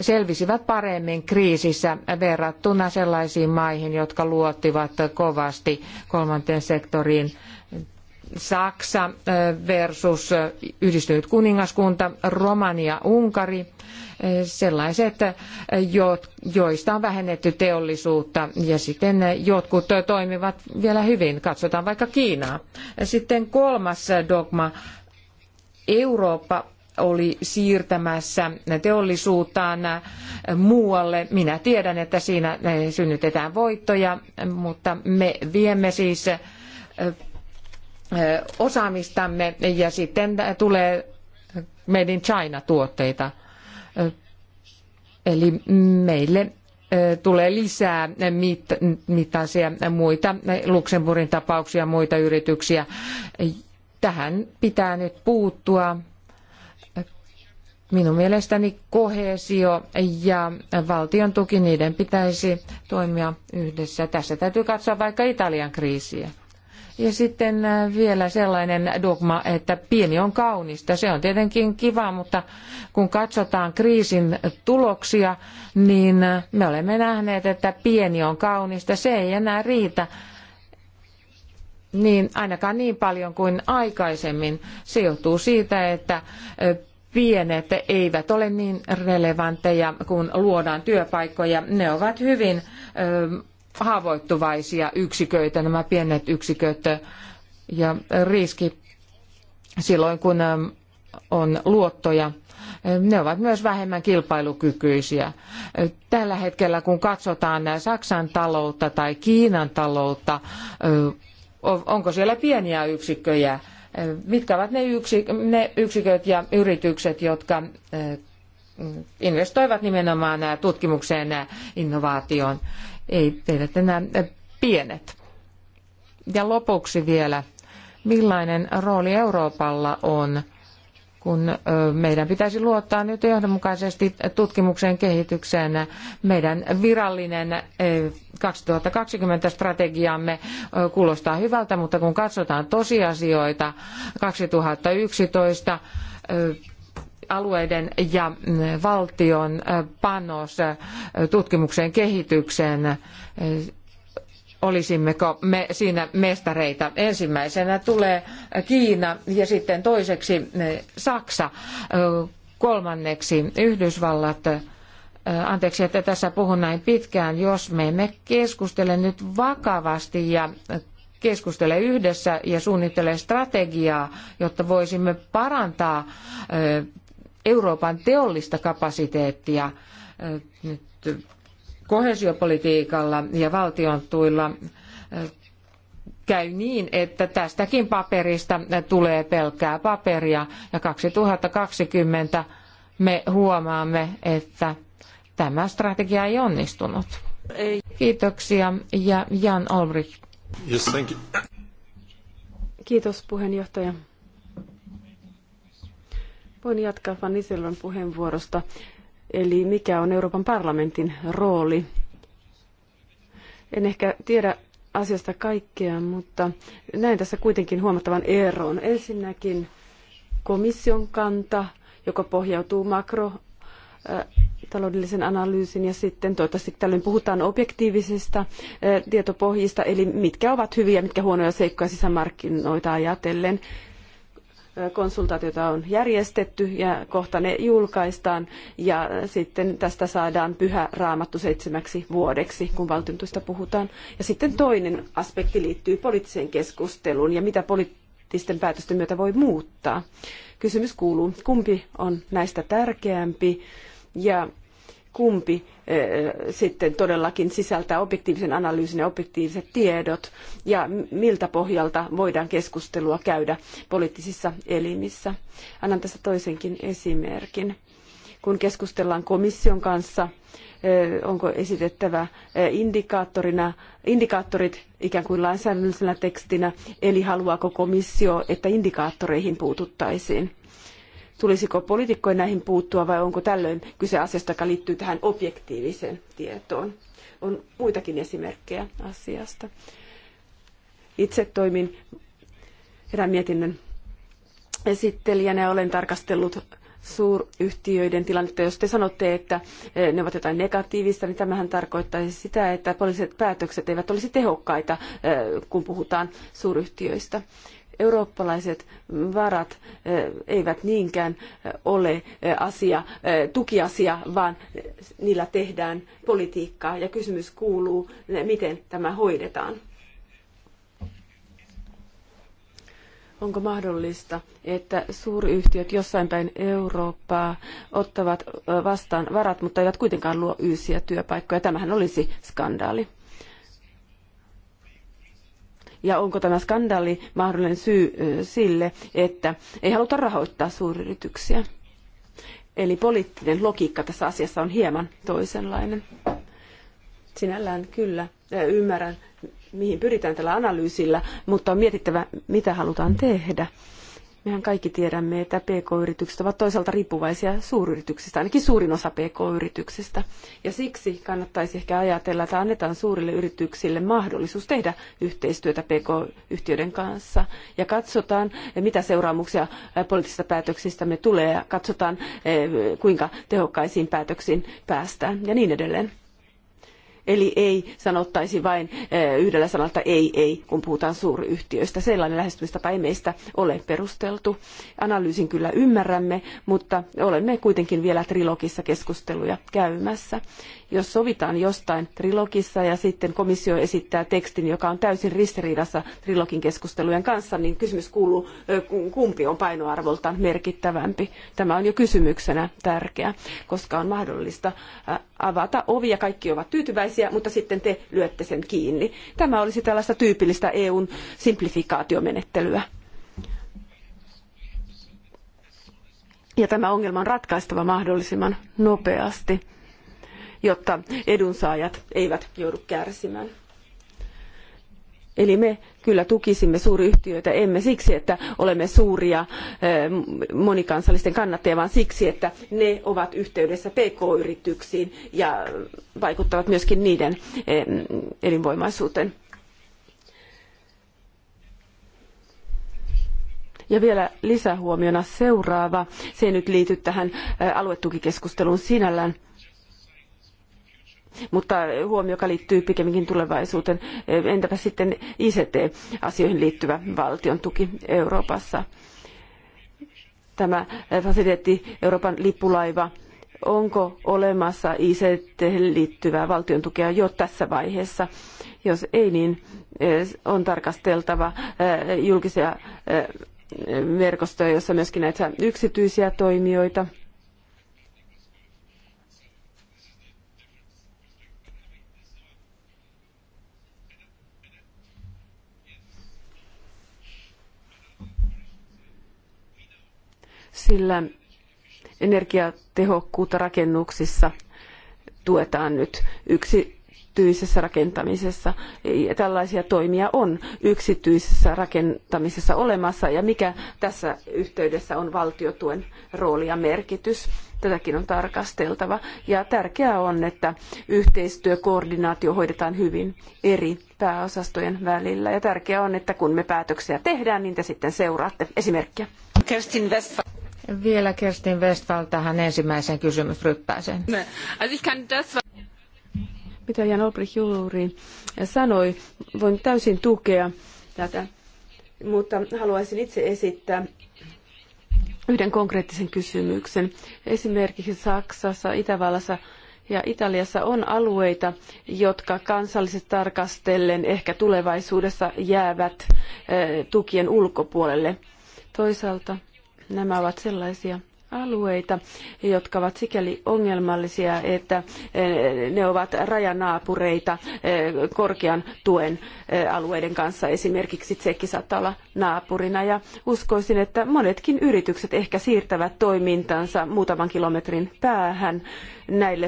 selvisivät paremmin kriisissä verrattuna sellaisiin maihin, jotka luottivat kovasti kolmanteen sektoriin. Saksa versus yhdistynyt kuningaskunta, Romania, Unkari, sellaiset, joista on vähennetty teollisuutta ja sitten jotkut toimivat vielä hyvin. Katsotaan vaikka Kiinaa. Sitten kolmas dogma. Eurooppa oli siirtämässä teollisuuttaan muualle. Minä tiedän, että siinä synnytetään voittoja, mutta me viemme siis osaamistamme ja sitten tulee Made in China-tuotteita. Eli meille tulee lisää mittaisia muita Luxemburgin tapauksia, muita yrityksiä. Tähän pitää nyt puuttua Minun mielestäni kohesio ja valtion tuki, niiden pitäisi toimia yhdessä. Tässä täytyy katsoa vaikka Italian kriisiä. Ja sitten äh, vielä sellainen dogma, että pieni on kaunista. Se on tietenkin kiva, mutta kun katsotaan kriisin tuloksia, niin äh, me olemme nähneet, että pieni on kaunista. Se ei enää riitä. Niin, ainakaan niin paljon kuin aikaisemmin. Se johtuu siitä, että äh, pienet eivät ole niin relevantteja, kun luodaan työpaikkoja. Ne ovat hyvin haavoittuvaisia yksiköitä, nämä pienet yksiköt ja riski silloin, kun on luottoja. Ne ovat myös vähemmän kilpailukykyisiä. Tällä hetkellä, kun katsotaan Saksan taloutta tai Kiinan taloutta, onko siellä pieniä yksikköjä mitkä ovat ne, ne yksiköt ja yritykset, jotka eh, investoivat nimenomaan tutkimukseen ja innovaatioon, ei eivät enää eh, pienet. Ja lopuksi vielä, millainen rooli Euroopalla on kun meidän pitäisi luottaa nyt johdonmukaisesti tutkimukseen kehitykseen. Meidän virallinen 2020 strategiamme kuulostaa hyvältä, mutta kun katsotaan tosiasioita 2011 alueiden ja valtion panos tutkimukseen kehitykseen olisimmeko me siinä mestareita. Ensimmäisenä tulee Kiina ja sitten toiseksi eh, Saksa, eh, kolmanneksi Yhdysvallat. Eh, anteeksi, että tässä puhun näin pitkään, jos me emme keskustele nyt vakavasti ja keskustele yhdessä ja suunnittele strategiaa, jotta voisimme parantaa Euroopan teollista kapasiteettia. Nyt kohesiopolitiikalla ja valtion tuilla äh, käy niin, että tästäkin paperista tulee pelkkää paperia ja 2020 me huomaamme, että tämä strategia ei onnistunut. Ei. Kiitoksia ja Jan Olbrich. Yes, thank you. Kiitos puheenjohtaja. Voin jatkaa Van Isilvan puheenvuorosta. Eli mikä on Euroopan parlamentin rooli? En ehkä tiedä asiasta kaikkea, mutta näen tässä kuitenkin huomattavan eron. Ensinnäkin komission kanta, joka pohjautuu makrotaloudellisen äh, analyysin ja sitten toivottavasti tällöin puhutaan objektiivisista äh, tietopohjista, eli mitkä ovat hyviä, mitkä huonoja seikkoja sisämarkkinoita ajatellen konsultaatiota on järjestetty ja kohta ne julkaistaan ja sitten tästä saadaan pyhä raamattu seitsemäksi vuodeksi, kun valtuutusta puhutaan. Ja sitten toinen aspekti liittyy poliittiseen keskusteluun ja mitä poliittisten päätösten myötä voi muuttaa. Kysymys kuuluu, kumpi on näistä tärkeämpi ja kumpi eh, sitten todellakin sisältää objektiivisen analyysin ja objektiiviset tiedot ja miltä pohjalta voidaan keskustelua käydä poliittisissa elimissä. Annan tässä toisenkin esimerkin. Kun keskustellaan komission kanssa, eh, onko esitettävä eh, indikaattorina, indikaattorit ikään kuin lainsäädännöllisenä tekstinä, eli haluaako komissio, että indikaattoreihin puututtaisiin Tulisiko poliitikkojen näihin puuttua vai onko tällöin kyse asiasta, joka liittyy tähän objektiiviseen tietoon? On muitakin esimerkkejä asiasta. Itse toimin erään mietinnön esittelijänä ja olen tarkastellut suuryhtiöiden tilannetta. Jos te sanotte, että eh, ne ovat jotain negatiivista, niin tämähän tarkoittaisi sitä, että poliittiset päätökset eivät olisi tehokkaita, eh, kun puhutaan suuryhtiöistä eurooppalaiset varat eh, eivät niinkään eh, ole eh, asia, tukiasia, vaan niillä tehdään politiikkaa ja kysymys kuuluu, miten tämä hoidetaan. onko mahdollista, että suuryhtiöt jossain päin Eurooppaa ottavat vastaan varat, mutta eivät kuitenkaan luo uusia työpaikkoja. Tämähän olisi skandaali ja onko tämä skandaali mahdollinen syy sille, että ei haluta rahoittaa suuryrityksiä. Eli poliittinen logiikka tässä asiassa on hieman toisenlainen. Sinällään kyllä ymmärrän, mihin pyritään tällä analyysillä, mutta on mietittävä, mitä halutaan tehdä. Mehän kaikki tiedämme, että PK-yritykset ovat toisaalta riippuvaisia suuryrityksistä, ainakin suurin osa PK-yrityksistä. Ja siksi kannattaisi ehkä ajatella, että annetaan suurille yrityksille mahdollisuus tehdä yhteistyötä PK-yhtiöiden kanssa. Ja katsotaan, mitä seuraamuksia poliittisista päätöksistä me tulee, ja katsotaan, eh, kuinka tehokkaisiin päätöksiin päästään ja niin edelleen. Eli ei sanottaisi vain eh, yhdellä sanalla, ei, ei, kun puhutaan suuryhtiöistä. Sellainen lähestymistapa ei meistä ole perusteltu. Analyysin kyllä ymmärrämme, mutta olemme kuitenkin vielä trilogissa keskusteluja käymässä jos sovitaan jostain trilogissa ja sitten komissio esittää tekstin, joka on täysin ristiriidassa trilogin keskustelujen kanssa, niin kysymys kuuluu, kumpi on painoarvoltaan merkittävämpi. Tämä on jo kysymyksenä tärkeä, koska on mahdollista avata ovi ja kaikki ovat tyytyväisiä, mutta sitten te lyötte sen kiinni. Tämä olisi tällaista tyypillistä EUn simplifikaatiomenettelyä. ja tämä ongelma on ratkaistava mahdollisimman nopeasti jotta edunsaajat eivät joudu kärsimään. Eli me kyllä tukisimme suuryhtiöitä, emme siksi, että olemme suuria monikansallisten kannattajia, vaan siksi, että ne ovat yhteydessä pk-yrityksiin ja vaikuttavat myöskin niiden elinvoimaisuuteen. Ja vielä lisähuomiona seuraava. Se ei nyt liity tähän aluetukikeskusteluun sinällään mutta huomio, joka liittyy pikemminkin tulevaisuuteen. Eh, entäpä sitten ICT-asioihin liittyvä valtion tuki Euroopassa? Tämä eh, fasiliteetti Euroopan lippulaiva, onko olemassa ICT liittyvää valtion tukea jo tässä vaiheessa? Jos ei, niin eh, on tarkasteltava julkisia verkostoja, jossa myöskin näitä yksityisiä toimijoita – sillä energiatehokkuutta rakennuksissa tuetaan nyt yksityisessä rakentamisessa. Tällaisia toimia on yksityisessä rakentamisessa olemassa ja mikä tässä yhteydessä on valtiotuen rooli ja merkitys. Tätäkin on tarkasteltava ja tärkeää on, että yhteistyökoordinaatio hoidetaan hyvin eri pääosastojen välillä ja tärkeää on, että kun me päätöksiä tehdään, niin te sitten seuraatte esimerkkiä. Kerstin Westphal. Vielä Kerstin Westphal tähän ensimmäiseen kysymysryppääseen. Mitä Jan Olbrich juuri sanoi, voin täysin tukea tätä, mutta haluaisin itse esittää yhden konkreettisen kysymyksen. Esimerkiksi Saksassa, Itävallassa ja Italiassa on alueita, jotka kansallisesti tarkastellen ehkä tulevaisuudessa jäävät eh, tukien ulkopuolelle. Toisaalta nämä ovat sellaisia alueita, jotka ovat sikäli ongelmallisia, että eh, ne ovat rajanaapureita eh, korkean tuen eh, alueiden kanssa. Esimerkiksi Tsekki saattaa olla naapurina ja uskoisin, että monetkin yritykset ehkä siirtävät toimintansa muutaman kilometrin päähän näille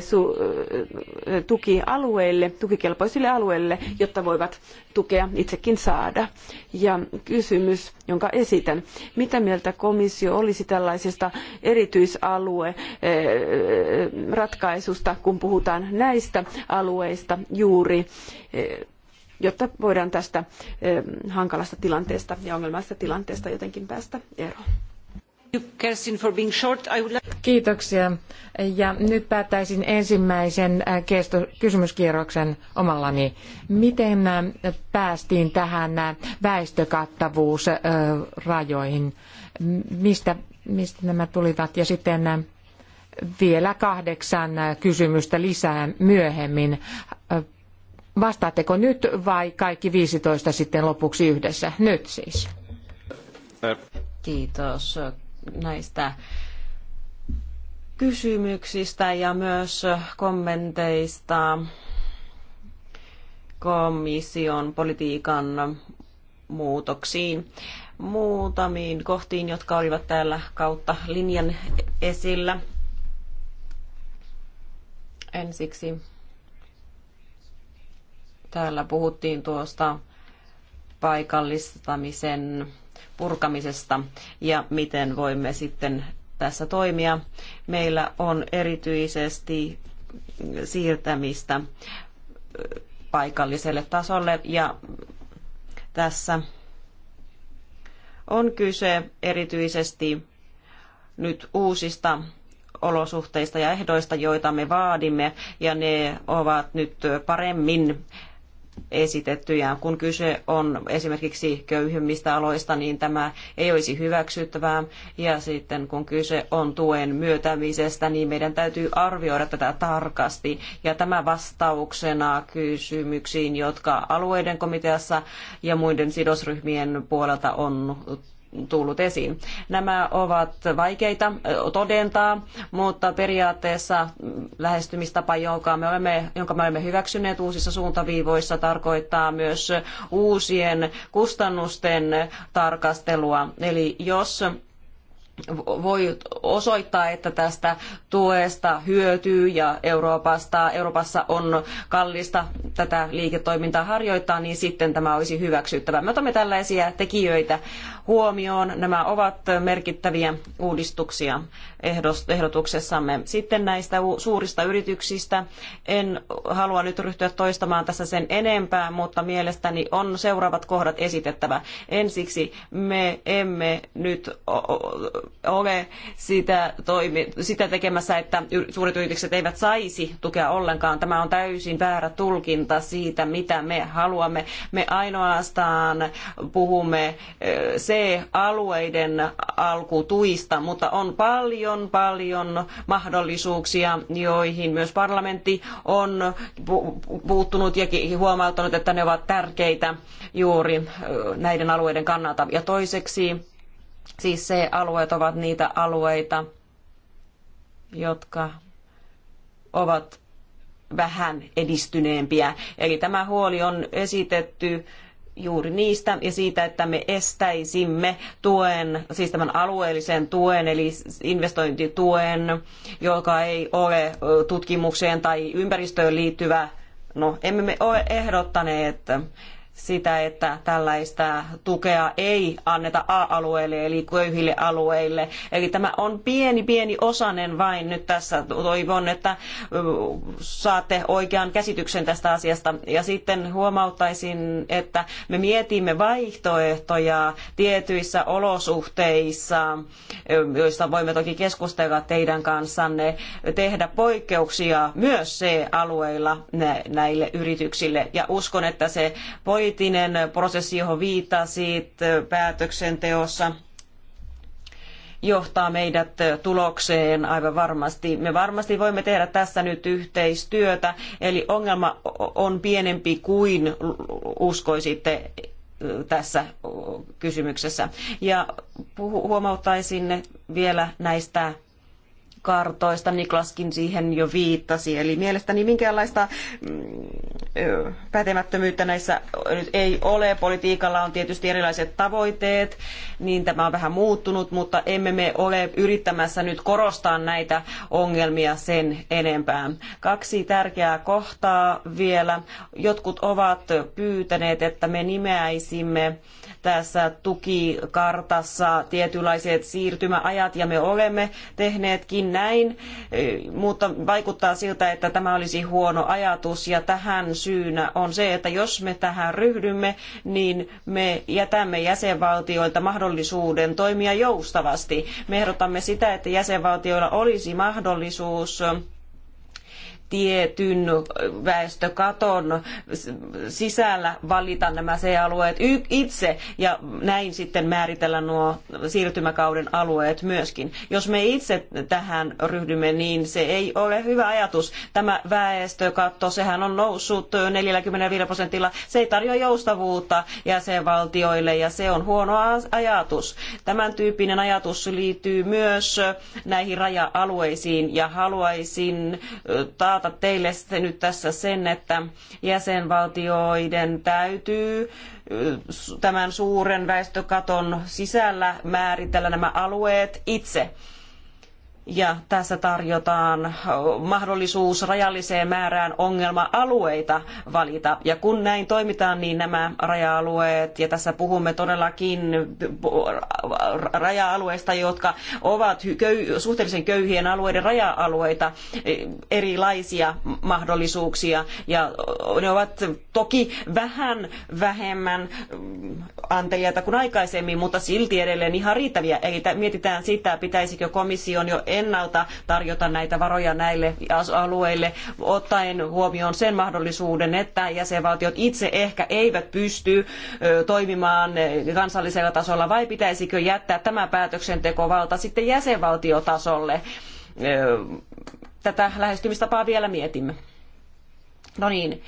tukialueille, tukikelpoisille alueille, jotta voivat tukea itsekin saada. Ja kysymys jonka esitän. Mitä mieltä komissio olisi tällaisesta erityisalueratkaisusta, eh, kun puhutaan näistä alueista juuri, eh, jotta voidaan tästä eh, hankalasta tilanteesta ja ongelmallisesta tilanteesta jotenkin päästä eroon? Kiitoksia. Ja nyt päättäisin ensimmäisen äh, kysymyskierroksen omallani. Miten äh, päästiin tähän äh, väestökattavuusrajoihin? Mistä, mistä nämä tulivat? Ja sitten vielä kahdeksan kysymystä lisää myöhemmin. Vastaatteko nyt vai kaikki viisitoista sitten lopuksi yhdessä? Nyt siis. Kiitos näistä kysymyksistä ja myös kommenteista komission politiikan muutoksiin muutamiin kohtiin, jotka olivat täällä kautta linjan esillä. Ensiksi täällä puhuttiin tuosta paikallistamisen purkamisesta ja miten voimme sitten tässä toimia. Meillä on erityisesti siirtämistä paikalliselle tasolle ja tässä on kyse erityisesti nyt uusista olosuhteista ja ehdoista, joita me vaadimme, ja ne ovat nyt paremmin esitettyjä. Kun kyse on esimerkiksi köyhimmistä aloista, niin tämä ei olisi hyväksyttävää. Ja sitten kun kyse on tuen myötämisestä, niin meidän täytyy arvioida tätä tarkasti. Ja tämä vastauksena kysymyksiin, jotka alueiden komiteassa ja muiden sidosryhmien puolelta on tullut esiin. Nämä ovat vaikeita todentaa, mutta periaatteessa lähestymistapa, jonka me olemme, jonka me olemme hyväksyneet uusissa suuntaviivoissa, tarkoittaa myös uusien kustannusten tarkastelua. Eli jos voi osoittaa, että tästä tuesta hyötyy ja Euroopasta, Euroopassa on kallista tätä liiketoimintaa harjoittaa, niin sitten tämä olisi hyväksyttävä. Me otamme tällaisia tekijöitä huomioon. Nämä ovat merkittäviä uudistuksia ehdotuksessamme. Sitten näistä suurista yrityksistä. En halua nyt ryhtyä toistamaan tässä sen enempää, mutta mielestäni on seuraavat kohdat esitettävä. Ensiksi me emme nyt ole sitä, toimi, sitä tekemässä, että suuret yritykset eivät saisi tukea ollenkaan. Tämä on täysin väärä tulkinta siitä, mitä me haluamme. Me ainoastaan puhumme C-alueiden eh, alkutuista, mutta on paljon, paljon mahdollisuuksia, joihin myös parlamentti on puuttunut ja huomauttanut, että ne ovat tärkeitä juuri eh, näiden alueiden kannalta. Ja toiseksi Siis C-alueet ovat niitä alueita, jotka ovat vähän edistyneempiä. Eli tämä huoli on esitetty juuri niistä ja siitä, että me estäisimme tuen, siis tämän alueellisen tuen, eli investointituen, joka ei ole tutkimukseen tai ympäristöön liittyvä. No, emme me ole ehdottaneet sitä, että tällaista tukea ei anneta a alueille eli köyhille alueille. Eli tämä on pieni pieni osanen vain nyt tässä. Toivon, että saatte oikean käsityksen tästä asiasta. Ja sitten huomauttaisin, että me mietimme vaihtoehtoja tietyissä olosuhteissa, joista voimme toki keskustella teidän kanssanne, tehdä poikkeuksia myös C-alueilla näille yrityksille. Ja uskon, että se voi poliittinen prosessi, johon viittasit päätöksenteossa, johtaa meidät tulokseen aivan varmasti. Me varmasti voimme tehdä tässä nyt yhteistyötä, eli ongelma on pienempi kuin uskoisitte tässä kysymyksessä. Ja huomauttaisin vielä näistä kartoista. Niklaskin siihen jo viittasi. Eli mielestäni minkäänlaista mm, pätemättömyyttä näissä ei ole. Politiikalla on tietysti erilaiset tavoitteet, niin tämä on vähän muuttunut, mutta emme me ole yrittämässä nyt korostaa näitä ongelmia sen enempää. Kaksi tärkeää kohtaa vielä. Jotkut ovat pyytäneet, että me nimeäisimme tässä tukikartassa tietynlaiset siirtymäajat, ja me olemme tehneetkin näin, eh, mutta vaikuttaa siltä, että tämä olisi huono ajatus ja tähän syynä on se, että jos me tähän ryhdymme, niin me jätämme jäsenvaltioilta mahdollisuuden toimia joustavasti. Me ehdotamme sitä, että jäsenvaltioilla olisi mahdollisuus tietyn väestökaton sisällä valita nämä C-alueet itse ja näin sitten määritellä nuo siirtymäkauden alueet myöskin. Jos me itse tähän ryhdymme, niin se ei ole hyvä ajatus. Tämä väestökatto, sehän on noussut 45 prosentilla. Se ei tarjoa joustavuutta jäsenvaltioille ja se on huono ajatus. Tämän tyyppinen ajatus liittyy myös näihin raja-alueisiin ja haluaisin taata avata teille nyt tässä sen, että jäsenvaltioiden täytyy tämän suuren väestökaton sisällä määritellä nämä alueet itse ja tässä tarjotaan mahdollisuus rajalliseen määrään ongelma-alueita valita. Ja kun näin toimitaan, niin nämä raja-alueet, ja tässä puhumme todellakin raja-alueista, jotka ovat suhteellisen köyhien alueiden raja-alueita, e, erilaisia mahdollisuuksia. Ja ne ovat toki vähän vähemmän mm, anteliaita kuin aikaisemmin, mutta silti edelleen ihan riittäviä. Eli mietitään sitä, pitäisikö komission jo ennalta tarjota näitä varoja näille alueille, ottaen huomioon sen mahdollisuuden, että jäsenvaltiot itse ehkä eivät pysty toimimaan kansallisella tasolla, vai pitäisikö jättää tämä päätöksentekovalta sitten jäsenvaltiotasolle? Tätä lähestymistapaa vielä mietimme. No niin,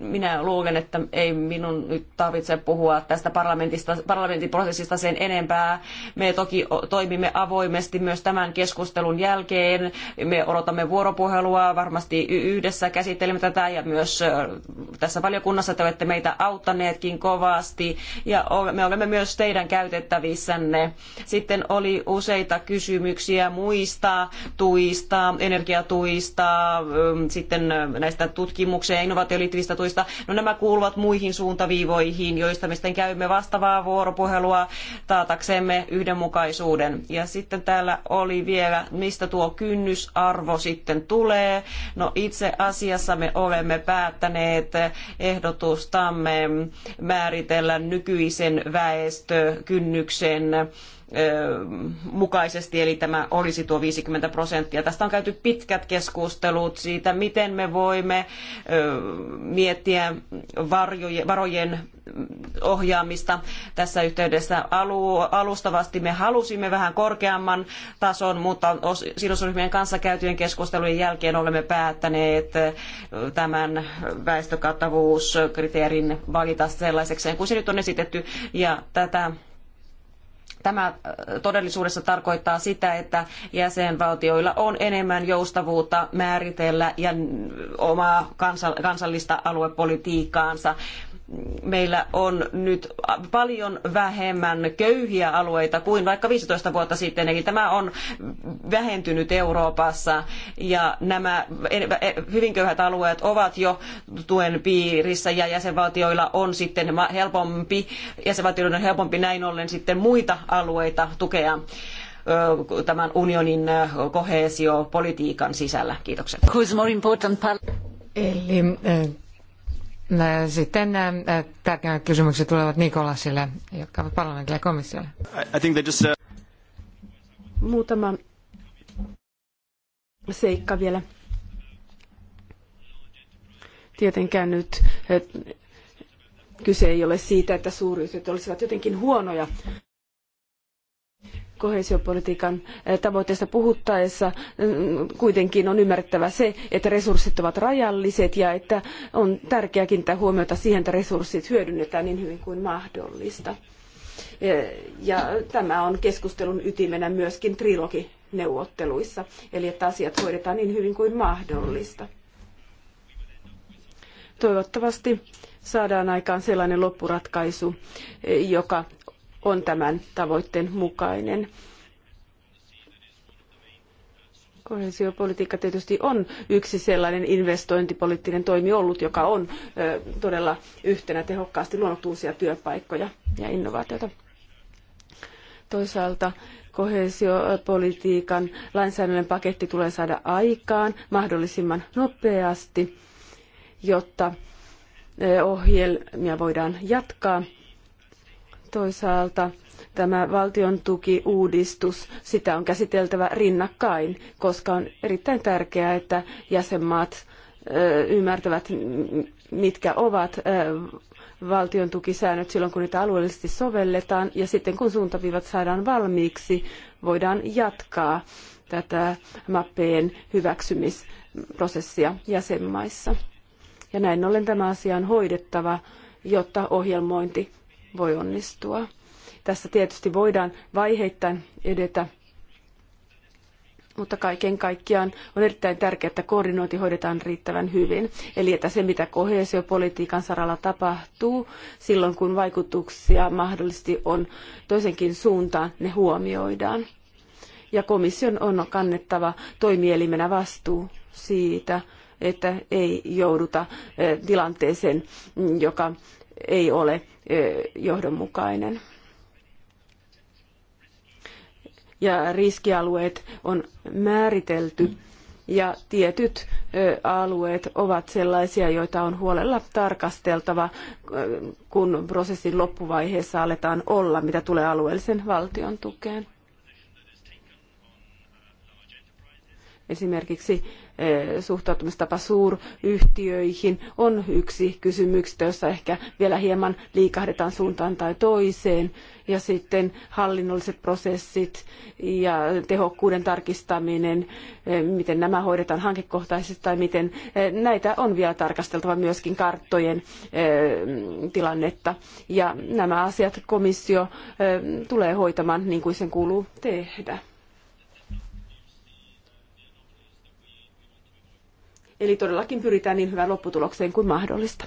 minä luulen, että ei minun nyt tarvitse puhua tästä parlamentista, parlamentin prosessista sen enempää. Me toki toimimme avoimesti myös tämän keskustelun jälkeen. Me odotamme vuoropuhelua, varmasti yhdessä käsittelemme tätä ja myös tässä valiokunnassa te olette meitä auttaneetkin kovasti ja me olemme myös teidän käytettävissänne. Sitten oli useita kysymyksiä muista tuista, energiatuista, sitten näistä tutkimuksista tutkimukseen ja innovaatioon liittyvistä tuista. No nämä kuuluvat muihin suuntaviivoihin, joista me sitten käymme vastaavaa vuoropuhelua taataksemme yhdenmukaisuuden. Ja sitten täällä oli vielä, mistä tuo kynnysarvo sitten tulee. No itse asiassa me olemme päättäneet ehdotustamme määritellä nykyisen väestökynnyksen mukaisesti, eli tämä olisi tuo 50 prosenttia. Tästä on käyty pitkät keskustelut siitä, miten me voimme miettiä varojen ohjaamista tässä yhteydessä. alustavasti me halusimme vähän korkeamman tason, mutta sidosryhmien kanssa käytyjen keskustelujen jälkeen olemme päättäneet tämän väestökattavuuskriteerin valita sellaiseksi, kuin se nyt on esitetty, ja tätä Tämä äh, todellisuudessa tarkoittaa sitä, että jäsenvaltioilla on enemmän joustavuutta määritellä ja omaa kansallista aluepolitiikkaansa meillä on nyt paljon vähemmän köyhiä alueita kuin vaikka 15 vuotta sitten, eli tämä on vähentynyt Euroopassa ja nämä e- hyvin köyhät alueet ovat jo tuen piirissä ja jäsenvaltioilla on sitten helpompi, jäsenvaltioiden on helpompi näin ollen sitten muita alueita tukea tämän unionin koheesiopolitiikan sisällä. Kiitokset. Eli Äh, sitten äh, tärkeimmät kysymykset tulevat Nikolasille, joka on parlamentille ja komissiolle. Just... Uh, Muutama seikka vielä. Tietenkään nyt äh, kyse ei ole siitä, että suuryhtiöt olisivat jotenkin huonoja koheesiopolitiikan eh, tavoitteista puhuttaessa mm, kuitenkin on ymmärrettävä se, että resurssit ovat rajalliset ja että on tärkeää kiinnittää huomiota siihen, että resurssit hyödynnetään niin hyvin kuin mahdollista. Eh, ja tämä on keskustelun ytimenä myöskin trilogineuvotteluissa, eli että asiat hoidetaan niin hyvin kuin mahdollista. Toivottavasti saadaan aikaan sellainen loppuratkaisu, eh, joka on tämän tavoitteen mukainen. Kohesiopolitiikka tietysti on yksi sellainen investointipoliittinen toimi ollut, joka on todella yhtenä tehokkaasti luonut uusia työpaikkoja ja innovaatioita. Toisaalta kohesiopolitiikan lainsäädännön paketti tulee saada aikaan mahdollisimman nopeasti, jotta ohjelmia voidaan jatkaa toisaalta tämä valtion tukiuudistus, sitä on käsiteltävä rinnakkain, koska on erittäin tärkeää, että jäsenmaat ymmärtävät, mitkä ovat valtion tukisäännöt silloin, kun niitä alueellisesti sovelletaan, ja sitten kun suuntaviivat saadaan valmiiksi, voidaan jatkaa tätä mappeen hyväksymisprosessia jäsenmaissa. Ja näin ollen tämä asia on hoidettava, jotta ohjelmointi voi onnistua. Tässä tietysti voidaan vaiheittain edetä, mutta kaiken kaikkiaan on erittäin tärkeää, että koordinointi hoidetaan riittävän hyvin. Eli että se, mitä kohesiopolitiikan saralla tapahtuu, silloin kun vaikutuksia mahdollisesti on toisenkin suuntaan, ne huomioidaan. Ja komission on kannettava toimielimenä vastuu siitä, että ei jouduta eh, tilanteeseen, joka ei ole johdonmukainen. Ja riskialueet on määritelty ja tietyt alueet ovat sellaisia, joita on huolella tarkasteltava, kun prosessin loppuvaiheessa aletaan olla, mitä tulee alueellisen valtion tukeen. Esimerkiksi Eh, suhtautumistapa suuryhtiöihin on yksi kysymyksistä, jossa ehkä vielä hieman liikahdetaan suuntaan tai toiseen. Ja sitten hallinnolliset prosessit ja tehokkuuden tarkistaminen, eh, miten nämä hoidetaan hankekohtaisesti tai miten eh, näitä on vielä tarkasteltava myöskin karttojen tilannetta. Ja nämä asiat komissio tulee hoitamaan niin kuin sen kuuluu tehdä. Eli todellakin pyritään niin hyvään lopputulokseen kuin mahdollista.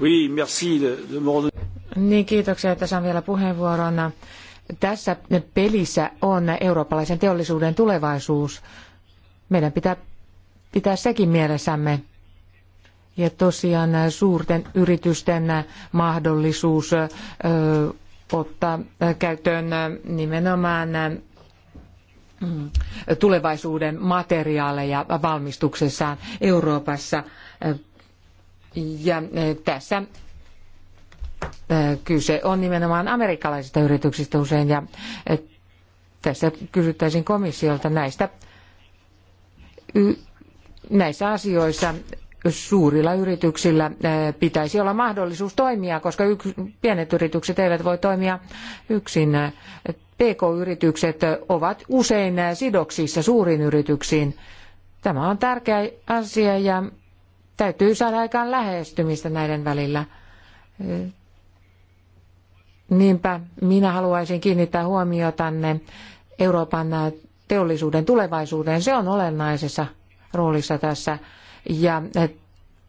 Oui, merci de, de... Niin, kiitoksia, että saan vielä puheenvuoron. Tässä pelissä on eurooppalaisen teollisuuden tulevaisuus. Meidän pitää pitää sekin mielessämme. Ja tosiaan suurten yritysten mahdollisuus ottaa käyttöön nimenomaan tulevaisuuden materiaaleja valmistuksessaan Euroopassa. Ja eh, tässä eh, kyse on nimenomaan amerikkalaisista yrityksistä usein ja eh, tässä kysyttäisiin komissiolta näistä näissä asioissa suurilla yrityksillä eh, pitäisi olla mahdollisuus toimia, koska pienet yritykset eivät voi toimia yksin. PK-yritykset ovat usein sidoksissa suuriin yrityksiin. Tämä on tärkeä asia ja täytyy saada aikaan lähestymistä näiden välillä. Niinpä minä haluaisin kiinnittää huomiotanne Euroopan teollisuuden tulevaisuuteen. Se on olennaisessa roolissa tässä ja eh,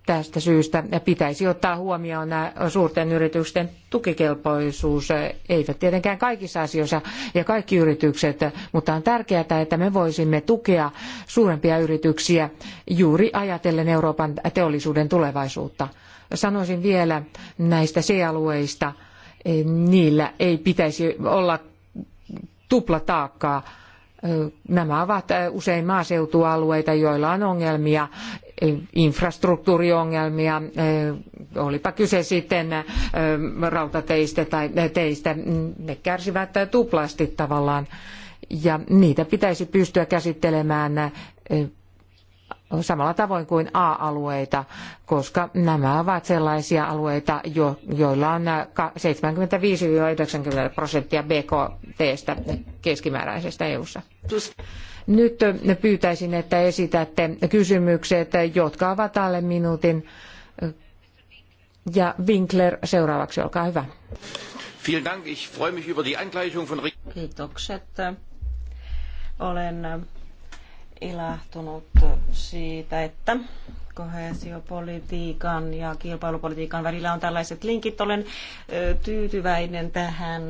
tästä syystä pitäisi ottaa huomioon eh, suurten yritysten tukikelpoisuus. Eh, eivät tietenkään kaikissa asioissa ja kaikki yritykset, mutta on tärkeää, että me voisimme tukea suurempia yrityksiä juuri ajatellen Euroopan teollisuuden tulevaisuutta. Sanoisin vielä näistä C-alueista, niillä ei pitäisi olla tuplataakkaa taakkaa Nämä ovat usein maaseutualueita, joilla on ongelmia, e, infrastruktuuriongelmia, olipa kyse sitten rautateistä tai teistä. Ne kärsivät tuplasti tavallaan ja niitä pitäisi pystyä käsittelemään samalla tavoin kuin A-alueita, koska nämä ovat sellaisia alueita, joilla on 75-90 prosenttia BKTstä keskimääräisestä EU-ssa. Nyt pyytäisin, että esitätte kysymykset, jotka ovat alle minuutin. Ja Winkler seuraavaksi, olkaa hyvä. Kiitokset. Olen ilahtunut siitä, että kohesiopolitiikan ja kilpailupolitiikan välillä on tällaiset linkit. Olen tyytyväinen tähän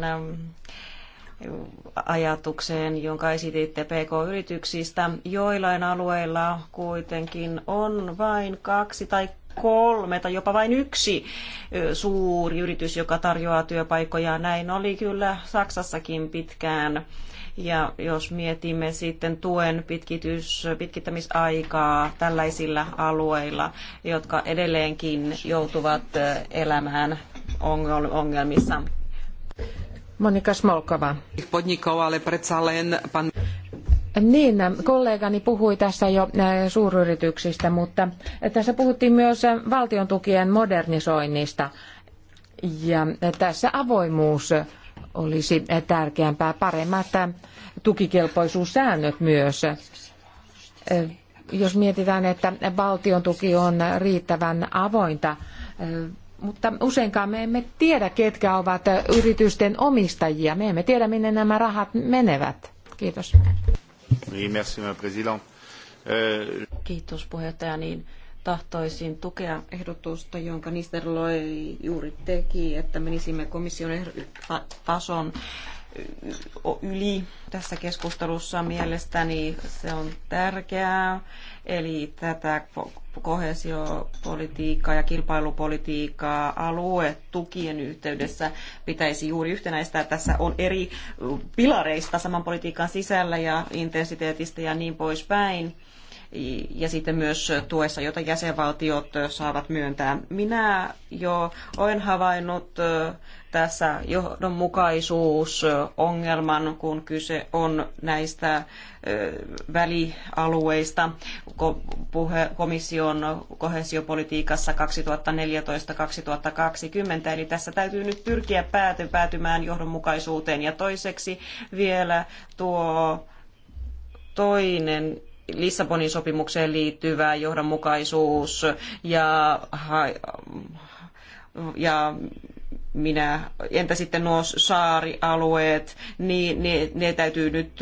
ajatukseen, jonka esititte PK-yrityksistä. Joillain alueilla kuitenkin on vain kaksi tai kolme tai jopa vain yksi suuri yritys, joka tarjoaa työpaikkoja. Näin oli kyllä Saksassakin pitkään ja jos mietimme sitten tuen pitkitys, pitkittämisaikaa tällaisilla alueilla, jotka edelleenkin joutuvat elämään ongelmissa. Monika Smolkova. pan... Niin, kollegani puhui tässä jo suuryrityksistä, mutta tässä puhuttiin myös valtion tukien modernisoinnista. Ja tässä avoimuus olisi tärkeämpää paremmat tukikelpoisuussäännöt myös. Jos mietitään, että valtion tuki on riittävän avointa, mutta useinkaan me emme tiedä, ketkä ovat yritysten omistajia. Me emme tiedä, minne nämä rahat menevät. Kiitos. Niin, euh, Kiitos puheenjohtaja. Niin, tahtoisin tukea ehdotusta, jonka Nisterloi juuri teki, että menisimme komission tason yli tässä keskustelussa mielestäni se on tärkeää. Eli tätä kohesiopolitiikkaa ja kilpailupolitiikkaa aluetukien yhteydessä pitäisi juuri yhtenäistää. Tässä on eri pilareista saman politiikan sisällä ja intensiteetistä ja niin poispäin ja sitten myös tuessa, jota jäsenvaltiot saavat myöntää. Minä jo olen havainnut tässä johdonmukaisuusongelman, kun kyse on näistä välialueista komission kohesiopolitiikassa 2014-2020. Eli tässä täytyy nyt pyrkiä pääty, päätymään johdonmukaisuuteen. Ja toiseksi vielä tuo toinen Lissabonin sopimukseen liittyvä johdonmukaisuus ja, ja minä, entä sitten nuo saarialueet, niin ne, ne täytyy nyt,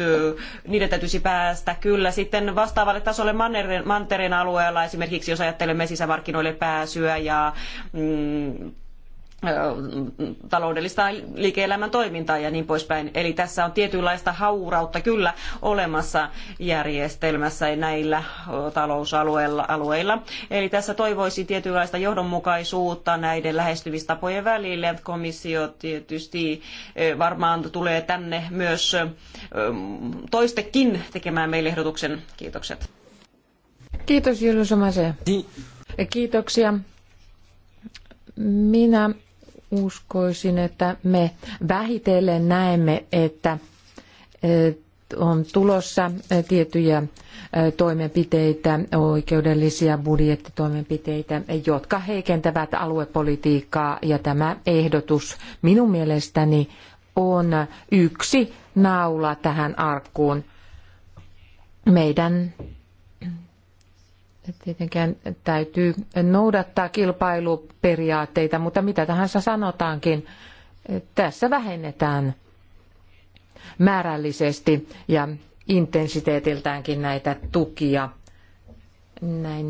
niiden täytyisi päästä kyllä sitten vastaavalle tasolle mantereen, mantereen alueella, esimerkiksi jos ajattelemme sisämarkkinoille pääsyä ja mm, taloudellista liike-elämän toimintaa ja niin poispäin. Eli tässä on tietynlaista haurautta kyllä olemassa järjestelmässä näillä talousalueilla. Eli tässä toivoisin tietynlaista johdonmukaisuutta näiden lähestymistapojen välille. Komissio tietysti varmaan tulee tänne myös toistekin tekemään meille ehdotuksen. Kiitokset. Kiitos Julius niin. Kiitoksia. Minä uskoisin, että me vähitellen näemme, että e, on tulossa e, tiettyjä e, toimenpiteitä, oikeudellisia budjettitoimenpiteitä, jotka heikentävät aluepolitiikkaa ja tämä ehdotus minun mielestäni on yksi naula tähän arkkuun. Meidän Tietenkään täytyy noudattaa kilpailuperiaatteita, mutta mitä tahansa sanotaankin, tässä vähennetään määrällisesti ja intensiteetiltäänkin näitä tukia. Näin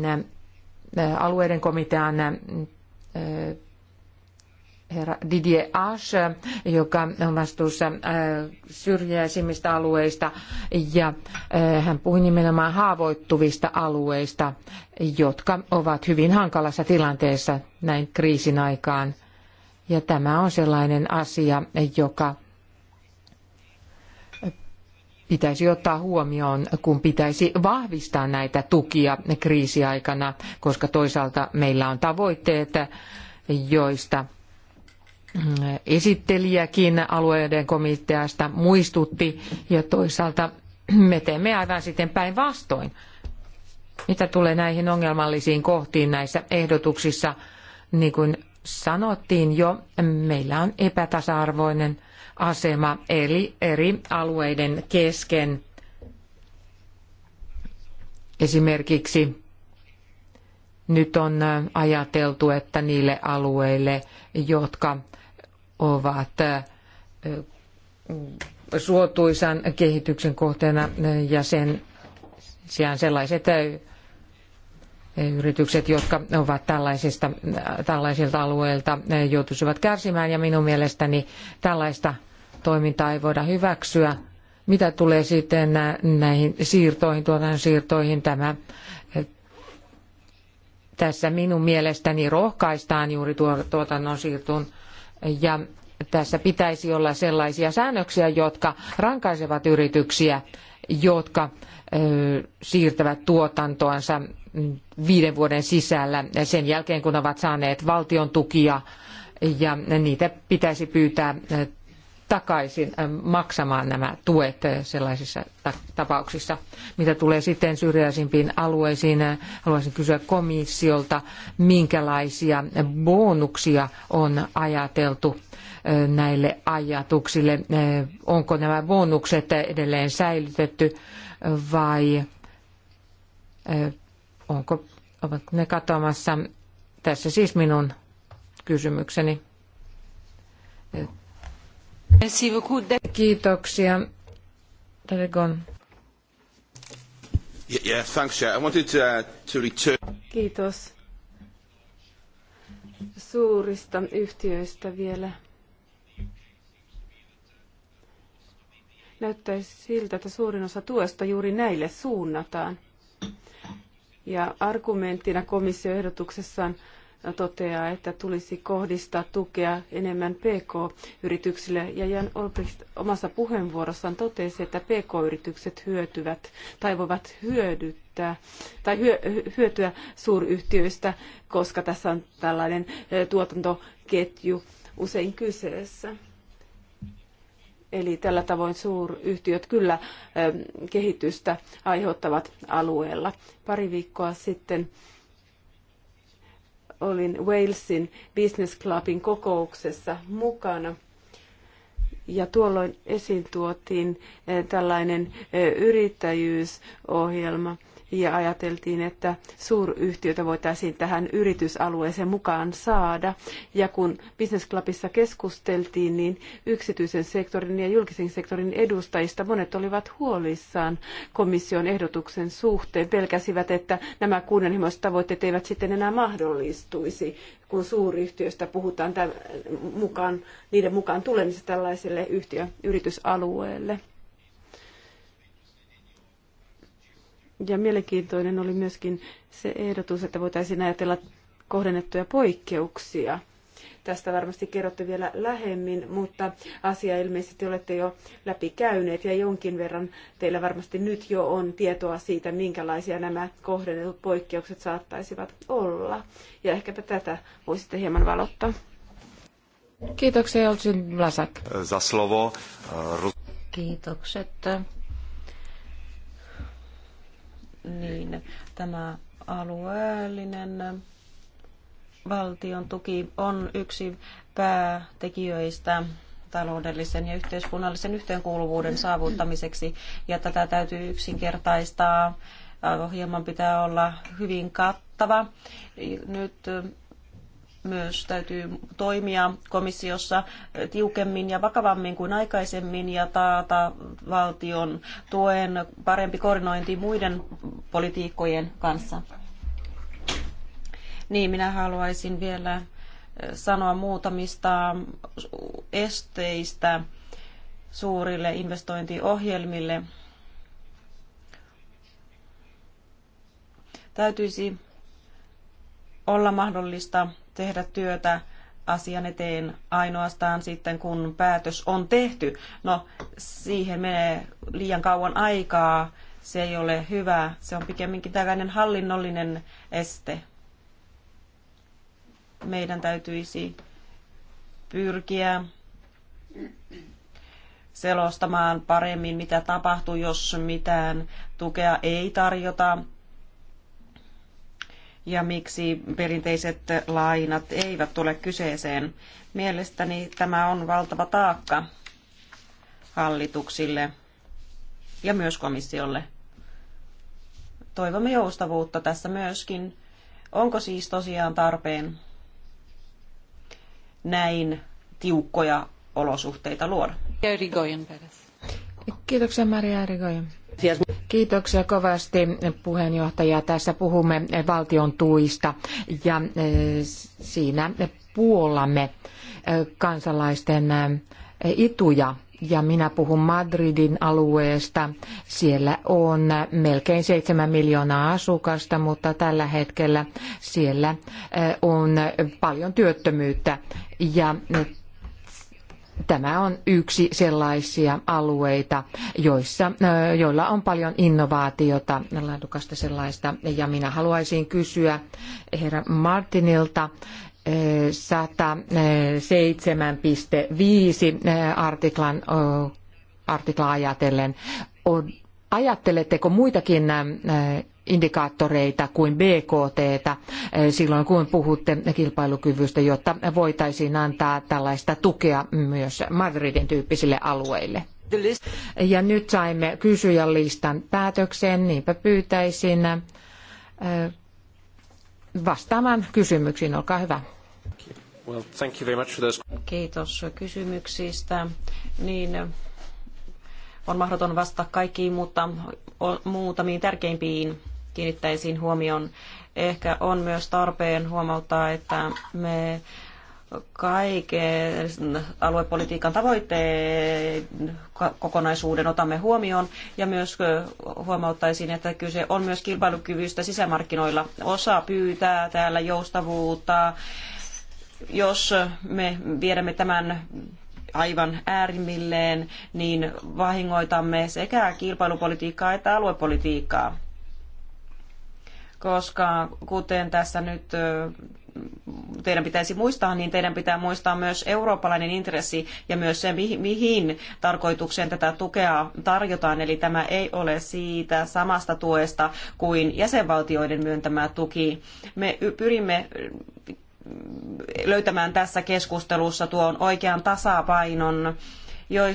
alueiden komitean herra Didier Ash, joka on vastuussa äh, syrjäisimmistä alueista, ja äh, hän puhui nimenomaan haavoittuvista alueista, jotka ovat hyvin hankalassa tilanteessa näin kriisin aikaan. Ja tämä on sellainen asia, joka pitäisi ottaa huomioon, kun pitäisi vahvistaa näitä tukia kriisiaikana, koska toisaalta meillä on tavoitteet, joista esittelijäkin alueiden komiteasta muistutti ja toisaalta me teemme aivan sitten päinvastoin. Mitä tulee näihin ongelmallisiin kohtiin näissä ehdotuksissa, niin kuin sanottiin jo, meillä on epätasa-arvoinen asema eli eri alueiden kesken. Esimerkiksi nyt on ajateltu, että niille alueille, jotka ovat suotuisan kehityksen kohteena ja sen sijaan sellaiset yritykset, jotka ovat tällaisilta alueilta joutuisivat kärsimään ja minun mielestäni tällaista toimintaa ei voida hyväksyä. Mitä tulee sitten näihin siirtoihin, tuotannon siirtoihin, tämä tässä minun mielestäni rohkaistaan juuri tuotannon siirtoon ja tässä pitäisi olla sellaisia säännöksiä, jotka rankaisevat yrityksiä, jotka siirtävät tuotantoansa viiden vuoden sisällä sen jälkeen, kun ovat saaneet valtion tukia ja niitä pitäisi pyytää takaisin ähm, maksamaan nämä tuet äh, sellaisissa tapauksissa. Mitä tulee sitten syrjäisimpiin alueisiin, äh, haluaisin kysyä komissiolta, minkälaisia bonuksia on ajateltu äh, näille ajatuksille. Onko nämä bonukset edelleen säilytetty vai onko, ovatko ne katoamassa? Tässä siis minun kysymykseni Kiitoksia. Yeah, thanks, I wanted uh, to return... Kiitos. Suurista yhtiöistä vielä. Näyttäisi siltä, että suurin osa tuesta juuri näille suunnataan. Ja argumenttina komissio ehdotuksessaan toteaa, että tulisi kohdistaa tukea enemmän PK-yrityksille. Ja Jan Olbricht omassa puheenvuorossaan totesi, että PK-yritykset hyötyvät tai voivat hyödyttää tai hyötyä suuryhtiöistä, koska tässä on tällainen tuotantoketju usein kyseessä. Eli tällä tavoin suuryhtiöt kyllä kehitystä aiheuttavat alueella. Pari viikkoa sitten olin Walesin Business Clubin kokouksessa mukana. Ja tuolloin esiin tuotiin eh, tällainen eh, yrittäjyysohjelma ja ajateltiin, että suuryhtiötä voitaisiin tähän yritysalueeseen mukaan saada. Ja kun Business Clubissa keskusteltiin, niin yksityisen sektorin ja julkisen sektorin edustajista monet olivat huolissaan komission ehdotuksen suhteen. Pelkäsivät, että nämä kunnianhimoiset tavoitteet eivät sitten enää mahdollistuisi, kun suuryhtiöistä puhutaan tämän mukaan, niiden mukaan tulemisesta niin tällaiselle yhtiö yritysalueelle. Ja mielenkiintoinen oli myöskin se ehdotus, että voitaisiin ajatella kohdennettuja poikkeuksia. Tästä varmasti kerrotte vielä lähemmin, mutta asia ilmeisesti olette jo läpi käyneet ja jonkin verran teillä varmasti nyt jo on tietoa siitä, minkälaisia nämä kohdennetut poikkeukset saattaisivat olla. Ja ehkäpä tätä voisitte hieman valottaa. Kiitoksia, Joltsin Blasak. Kiitokset niin tämä alueellinen valtion tuki on yksi päätekijöistä taloudellisen ja yhteiskunnallisen yhteenkuuluvuuden saavuttamiseksi, ja tätä täytyy yksinkertaistaa. Ohjelman pitää olla hyvin kattava. Nyt myös täytyy toimia komissiossa tiukemmin ja vakavammin kuin aikaisemmin ja taata valtion tuen parempi koordinointi muiden politiikkojen kanssa. Niin, minä haluaisin vielä äh, sanoa muutamista esteistä suurille investointiohjelmille. Täytyisi olla mahdollista tehdä työtä asian eteen ainoastaan sitten, kun päätös on tehty. No, siihen menee liian kauan aikaa. Se ei ole hyvä. Se on pikemminkin tällainen hallinnollinen este. Meidän täytyisi pyrkiä selostamaan paremmin, mitä tapahtuu, jos mitään tukea ei tarjota ja miksi perinteiset lainat eivät tule kyseeseen. Mielestäni tämä on valtava taakka hallituksille ja myös komissiolle. Toivomme joustavuutta tässä myöskin. Onko siis tosiaan tarpeen näin tiukkoja olosuhteita luoda? Kiitoksia Maria Erigoyen. Kiitoksia kovasti puheenjohtaja. Tässä puhumme valtion tuista ja eh, siinä puolamme eh, kansalaisten ituja eh, ja minä puhun Madridin alueesta. Siellä on melkein 7 miljoonaa asukasta, mutta tällä hetkellä siellä on paljon työttömyyttä ja Tämä on yksi sellaisia alueita, joissa, joilla on paljon innovaatiota, laadukasta sellaista. Ja minä haluaisin kysyä herra Martinilta, 107.5 artiklan, artiklaa ajatellen. Ajatteletteko muitakin indikaattoreita kuin BKT eh, silloin, kun puhutte kilpailukyvystä, jotta voitaisiin antaa tällaista tukea myös Madridin tyyppisille alueille. Ja nyt saimme kysyjän listan päätökseen, niinpä pyytäisin eh, vastaamaan kysymyksiin. Olkaa hyvä. Well, thank you very much for those. Kiitos kysymyksistä. Niin, on mahdoton vastata kaikkiin, mutta muutamiin tärkeimpiin kiinnittäisiin huomioon. Ehkä on myös tarpeen huomauttaa, että me kaiken aluepolitiikan tavoitteen kokonaisuuden otamme huomioon ja myös huomauttaisin, että kyse on myös kilpailukyvystä sisämarkkinoilla. Osa pyytää täällä joustavuutta. Jos me viedämme tämän aivan äärimmilleen, niin vahingoitamme sekä kilpailupolitiikkaa että aluepolitiikkaa koska kuten tässä nyt teidän pitäisi muistaa, niin teidän pitää muistaa myös eurooppalainen intressi ja myös se, mihin tarkoitukseen tätä tukea tarjotaan. Eli tämä ei ole siitä samasta tuesta kuin jäsenvaltioiden myöntämä tuki. Me pyrimme löytämään tässä keskustelussa tuon oikean tasapainon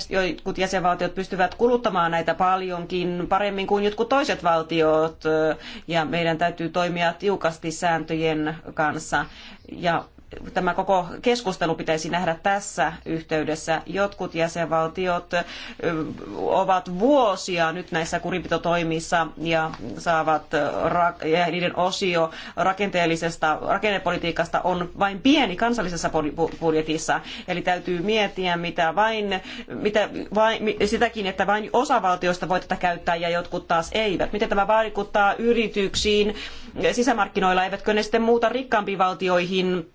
jotkut jäsenvaltiot pystyvät kuluttamaan näitä paljonkin paremmin kuin jotkut toiset valtiot, ja meidän täytyy toimia tiukasti sääntöjen kanssa. Ja tämä koko keskustelu pitäisi nähdä tässä yhteydessä. Jotkut jäsenvaltiot ovat vuosia nyt näissä kurinpitotoimissa ja saavat ja niiden osio rakenteellisesta rakennepolitiikasta on vain pieni kansallisessa budjetissa. Eli täytyy miettiä mitä vain, mitä vain sitäkin, että vain osa valtioista voi tätä käyttää ja jotkut taas eivät. Miten tämä vaikuttaa yrityksiin sisämarkkinoilla, eivätkö ne sitten muuta rikkaampiin valtioihin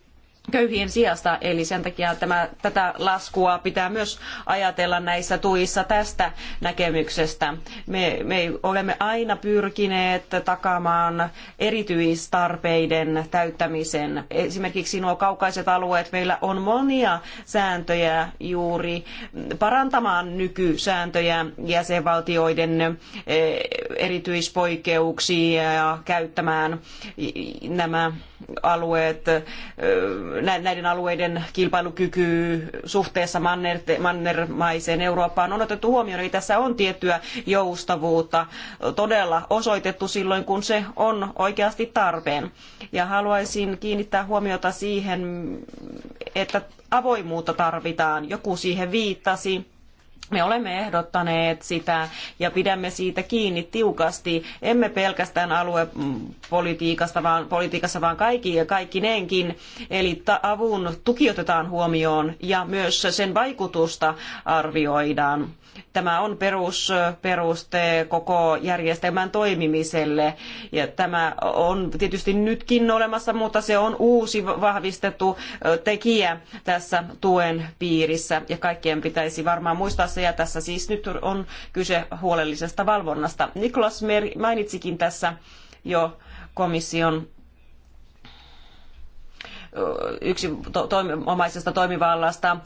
köyhien sijasta, eli sen takia tämä, tätä laskua pitää myös ajatella näissä tuissa tästä näkemyksestä. Me, me olemme aina pyrkineet takaamaan erityistarpeiden täyttämisen. Esimerkiksi nuo kaukaiset alueet, meillä on monia sääntöjä juuri parantamaan nykysääntöjä jäsenvaltioiden eh, erityispoikkeuksia ja käyttämään nämä alueet, näiden alueiden kilpailukyky suhteessa mannermaiseen Eurooppaan on otettu huomioon. Eli tässä on tiettyä joustavuutta todella osoitettu silloin, kun se on oikeasti tarpeen. Ja haluaisin kiinnittää huomiota siihen, että avoimuutta tarvitaan. Joku siihen viittasi me olemme ehdottaneet sitä ja pidämme siitä kiinni tiukasti, emme pelkästään aluepolitiikasta, vaan politiikassa, vaan kaikki ja kaikkineenkin. Eli avun tuki otetaan huomioon ja myös sen vaikutusta arvioidaan Tämä on perusperuste koko järjestelmän toimimiselle ja tämä on tietysti nytkin olemassa, mutta se on uusi vahvistettu tekijä tässä tuen piirissä ja kaikkien pitäisi varmaan muistaa se ja tässä siis nyt on kyse huolellisesta valvonnasta. Niklas mainitsikin tässä jo komission yksi omaisesta toimivallasta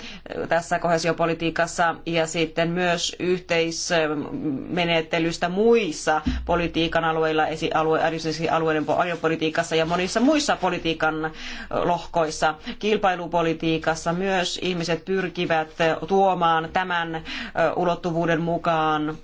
tässä kohesiopolitiikassa ja sitten myös yhteismenettelystä muissa politiikan alueilla, esimerkiksi alueiden aluepolitiikassa ja monissa muissa politiikan lohkoissa, kilpailupolitiikassa myös ihmiset pyrkivät tuomaan tämän ulottuvuuden mukaan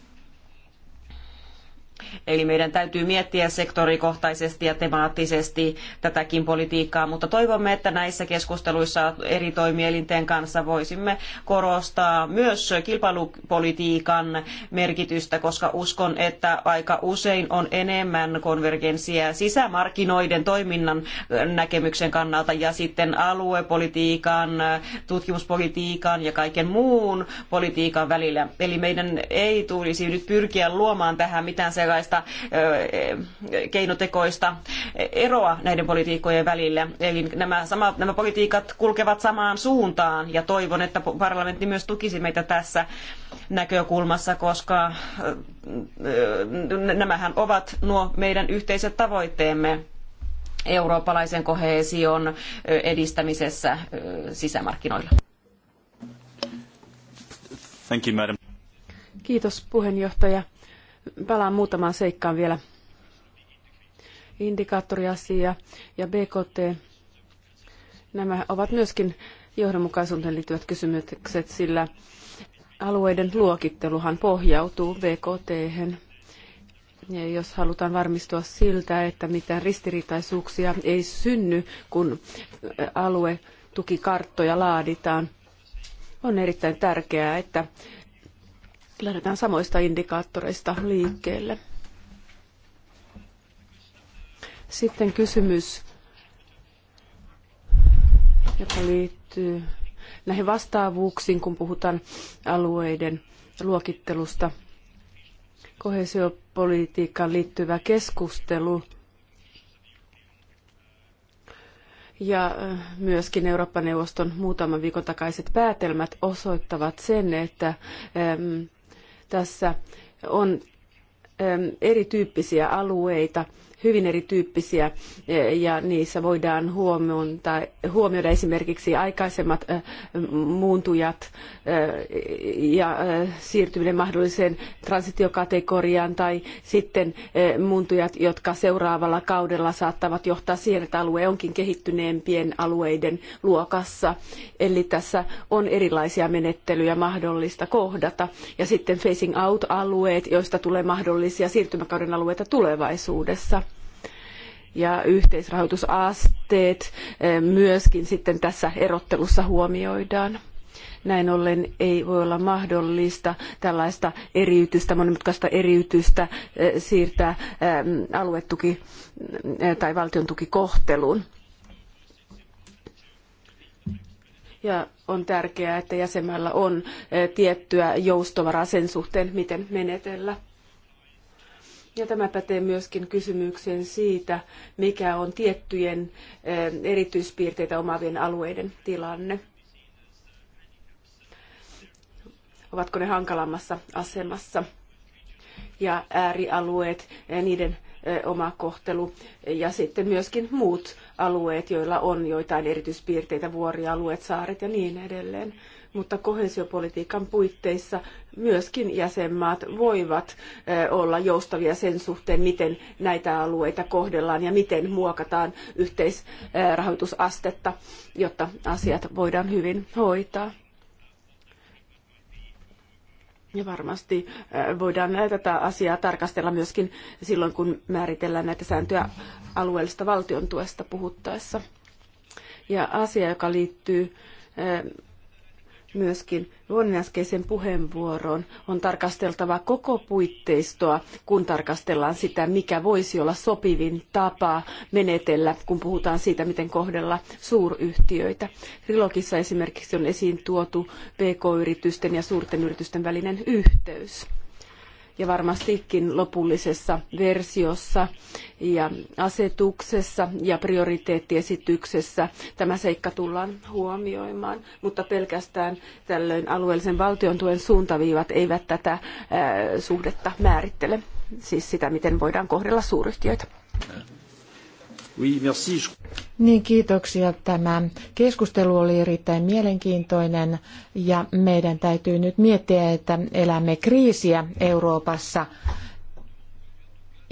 Eli meidän täytyy miettiä sektorikohtaisesti ja temaattisesti tätäkin politiikkaa, mutta toivomme, että näissä keskusteluissa eri toimielinten kanssa voisimme korostaa myös kilpailupolitiikan merkitystä, koska uskon, että aika usein on enemmän konvergenssiä sisämarkkinoiden toiminnan näkemyksen kannalta ja sitten aluepolitiikan, tutkimuspolitiikan ja kaiken muun politiikan välillä. Eli meidän ei tulisi nyt pyrkiä luomaan tähän mitään sellaista erilaista keinotekoista eroa näiden politiikkojen välillä. Eli nämä, sama, nämä politiikat kulkevat samaan suuntaan ja toivon, että parlamentti myös tukisi meitä tässä näkökulmassa, koska nämähän ovat nuo meidän yhteiset tavoitteemme eurooppalaisen koheesion edistämisessä sisämarkkinoilla. Thank you, madam. Kiitos puheenjohtaja. Palaan muutamaan seikkaan vielä. Indikaattoriasia ja BKT. Nämä ovat myöskin johdonmukaisuuteen liittyvät kysymykset, sillä alueiden luokitteluhan pohjautuu BKT. hen. Ja jos halutaan varmistua siltä, että mitään ristiriitaisuuksia ei synny, kun aluetukikarttoja laaditaan, on erittäin tärkeää, että lähdetään samoista indikaattoreista liikkeelle. Sitten kysymys, joka liittyy näihin vastaavuuksiin, kun puhutaan alueiden luokittelusta. Kohesiopolitiikkaan liittyvä keskustelu ja äh, myöskin Eurooppa-neuvoston muutaman viikon takaiset päätelmät osoittavat sen, että ähm, tässä on erityyppisiä alueita hyvin erityyppisiä e, ja niissä voidaan huomioida esimerkiksi aikaisemmat e, muuntujat e, ja siirtyminen mahdolliseen transitiokategoriaan tai sitten muuntujat, jotka seuraavalla kaudella saattavat johtaa siihen, että alue onkin kehittyneempien alueiden luokassa. Eli tässä on erilaisia menettelyjä mahdollista kohdata. Ja sitten facing out-alueet, joista tulee mahdollisia siirtymäkauden alueita tulevaisuudessa ja yhteisrahoitusasteet eh, myöskin sitten tässä erottelussa huomioidaan. Näin ollen ei voi olla mahdollista tällaista eriytystä, monimutkaista eriytystä eh, siirtää eh, aluetuki tai valtion tukikohteluun. Ja on tärkeää, että jäsenmällä on tiettyä joustovaraa sen suhteen, miten menetellä. Ja tämä pätee myöskin kysymykseen siitä, mikä on tiettyjen eh, erityispiirteitä omaavien alueiden tilanne. Ovatko ne hankalammassa asemassa? Ja äärialueet, eh, niiden eh, oma kohtelu ja sitten myöskin muut alueet, joilla on joitain erityispiirteitä, vuorialueet, saaret ja niin edelleen mutta kohesiopolitiikan puitteissa myöskin jäsenmaat voivat eh, olla joustavia sen suhteen, miten näitä alueita kohdellaan ja miten muokataan yhteisrahoitusastetta, jotta asiat voidaan hyvin hoitaa. Ja varmasti eh, voidaan tätä asiaa tarkastella myöskin silloin, kun määritellään näitä sääntöjä alueellista valtion tuesta puhuttaessa. Ja asia, joka liittyy eh, myöskin Luonnin äskeisen puheenvuoroon on tarkasteltava koko puitteistoa, kun tarkastellaan sitä, mikä voisi olla sopivin tapa menetellä, kun puhutaan siitä, miten kohdella suuryhtiöitä. Trilogissa esimerkiksi on esiin tuotu PK-yritysten ja suurten yritysten välinen yhteys ja varmastikin lopullisessa versiossa ja asetuksessa ja prioriteettiesityksessä tämä seikka tullaan huomioimaan, mutta pelkästään tällöin alueellisen valtion tuen suuntaviivat eivät tätä suhdetta määrittele, siis sitä, miten voidaan kohdella suuryhtiöitä. Oui, merci. Niin, kiitoksia. Tämä keskustelu oli erittäin mielenkiintoinen ja meidän täytyy nyt miettiä, että elämme kriisiä Euroopassa.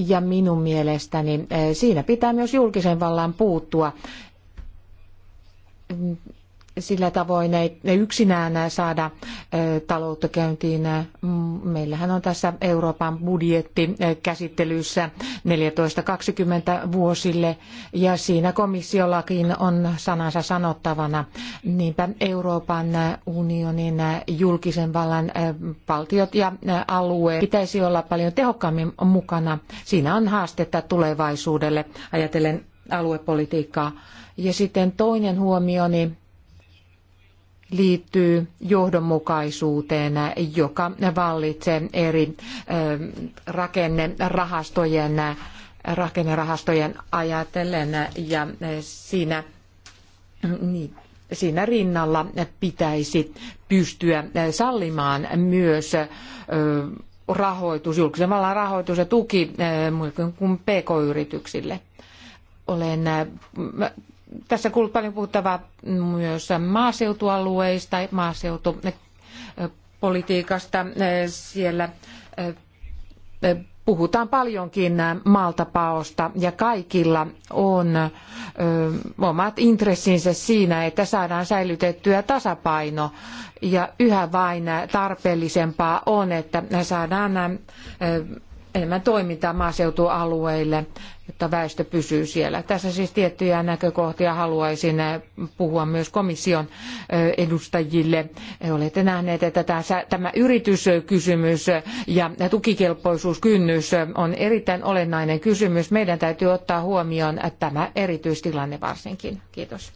Ja minun mielestäni eh, siinä pitää myös julkisen vallan puuttua sillä tavoin ei yksinään saada taloutta käyntiin. Meillähän on tässä Euroopan budjetti käsittelyssä 14-20 vuosille ja siinä komissiollakin on sanansa sanottavana. Niinpä Euroopan unionin julkisen vallan valtiot ja alueet pitäisi olla paljon tehokkaammin mukana. Siinä on haastetta tulevaisuudelle ajatellen aluepolitiikkaa. Ja sitten toinen huomioni liittyy johdonmukaisuuteen, joka vallitsee eri rakennerahastojen, rakennerahastojen ajatellen ja siinä, niin, siinä rinnalla pitäisi pystyä sallimaan myös rahoitus, julkisen vallan rahoitus ja tuki kuin pk-yrityksille. Olen tässä on kuullut paljon puhuttavaa myös maaseutualueista, maaseutupolitiikasta. Eh, eh, siellä eh, puhutaan paljonkin maaltapaosta ja kaikilla on omat intressinsä siinä, että saadaan säilytettyä tasapaino ja yhä vain tarpeellisempaa on, että saadaan enemmän toimintaa maaseutualueille, jotta väestö pysyy siellä. Tässä siis tiettyjä näkökohtia haluaisin eh, puhua myös komission eh, edustajille. Eh, olette nähneet, että tämä yrityskysymys ja tukikelpoisuuskynnys on erittäin olennainen kysymys. Meidän täytyy ottaa huomioon tämä erityistilanne varsinkin. Kiitos.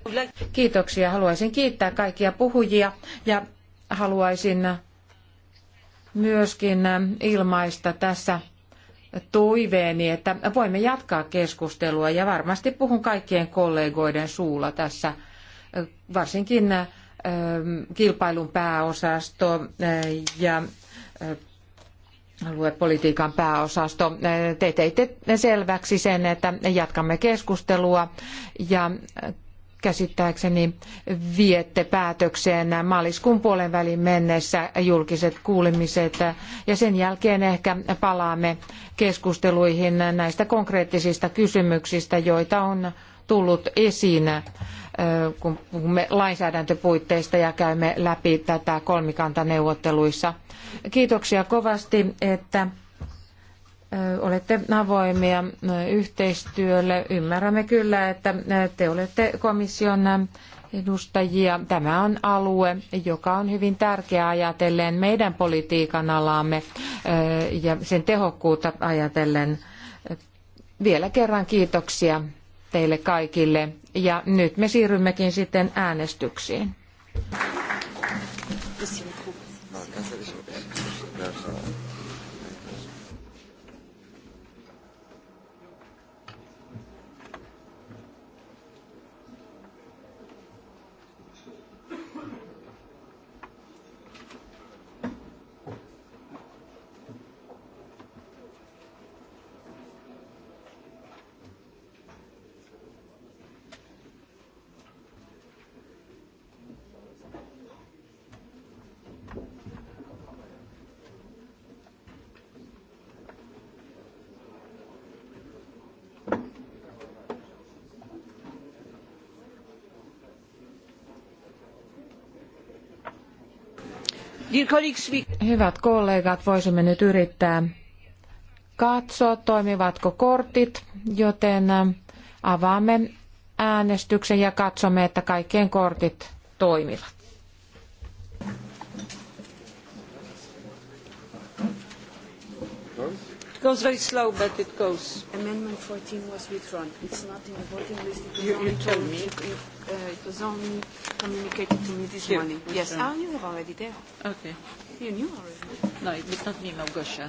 Kiitoksia. Haluaisin kiittää kaikkia puhujia ja haluaisin myöskin ilmaista tässä toiveeni, että voimme jatkaa keskustelua ja varmasti puhun kaikkien kollegoiden suulla tässä, varsinkin kilpailun pääosasto ja aluepolitiikan pääosasto. Te teitte selväksi sen, että jatkamme keskustelua ja käsittääkseni viette päätökseen maaliskuun puolen välin mennessä julkiset kuulemiset ja sen jälkeen ehkä palaamme keskusteluihin näistä konkreettisista kysymyksistä, joita on tullut esiin, kun puhumme lainsäädäntöpuitteista ja käymme läpi tätä kolmikantaneuvotteluissa. Kiitoksia kovasti, että olette avoimia yhteistyölle. Ymmärrämme kyllä, että te olette komission edustajia. Tämä on alue, joka on hyvin tärkeä ajatellen meidän politiikan alaamme ja sen tehokkuutta ajatellen. Vielä kerran kiitoksia teille kaikille ja nyt me siirrymmekin sitten äänestyksiin. Hyvät kollegat, voisimme nyt yrittää katsoa, toimivatko kortit, joten avaamme äänestyksen ja katsomme, että kaikkien kortit toimivat. voting list. you, you me. uh, only communicated to me this Here, morning. Yes. you were already there. Okay. You knew already. No, it was not me, Małgosia.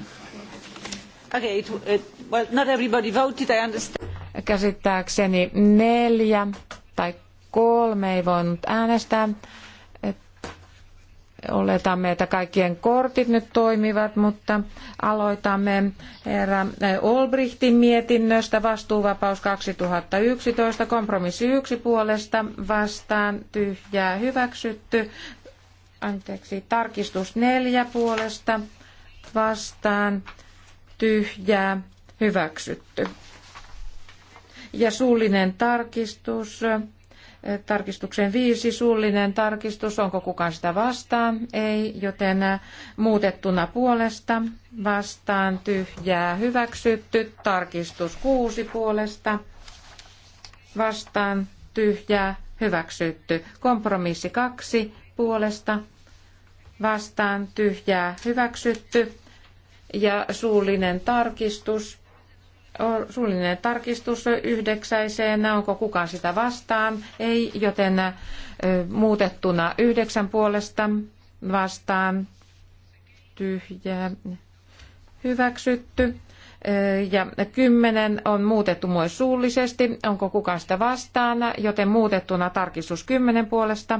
Okay, it, it, well, not everybody voted, I understand. Käsittääkseni neljä tai kolme ei voinut äänestää. Oletamme, että kaikkien kortit nyt toimivat, mutta aloitamme herra Olbrichtin mietinnöstä vastuuvapaus 2011, kompromissi yksi puolesta vastaan, tyhjää hyväksytty, anteeksi, tarkistus neljä puolesta vastaan, tyhjää hyväksytty. Ja suullinen tarkistus Tarkistukseen viisi suullinen tarkistus. Onko kukaan sitä vastaan? Ei, joten äh, muutettuna puolesta vastaan tyhjää hyväksytty. Tarkistus kuusi puolesta vastaan tyhjää hyväksytty. Kompromissi kaksi puolesta vastaan tyhjää hyväksytty. Ja suullinen tarkistus suullinen tarkistus yhdeksäiseen, onko kukaan sitä vastaan? Ei, joten muutettuna yhdeksän puolesta vastaan Tyhjä. hyväksytty. Ja kymmenen on muutettu myös suullisesti, onko kukaan sitä vastaan, joten muutettuna tarkistus kymmenen puolesta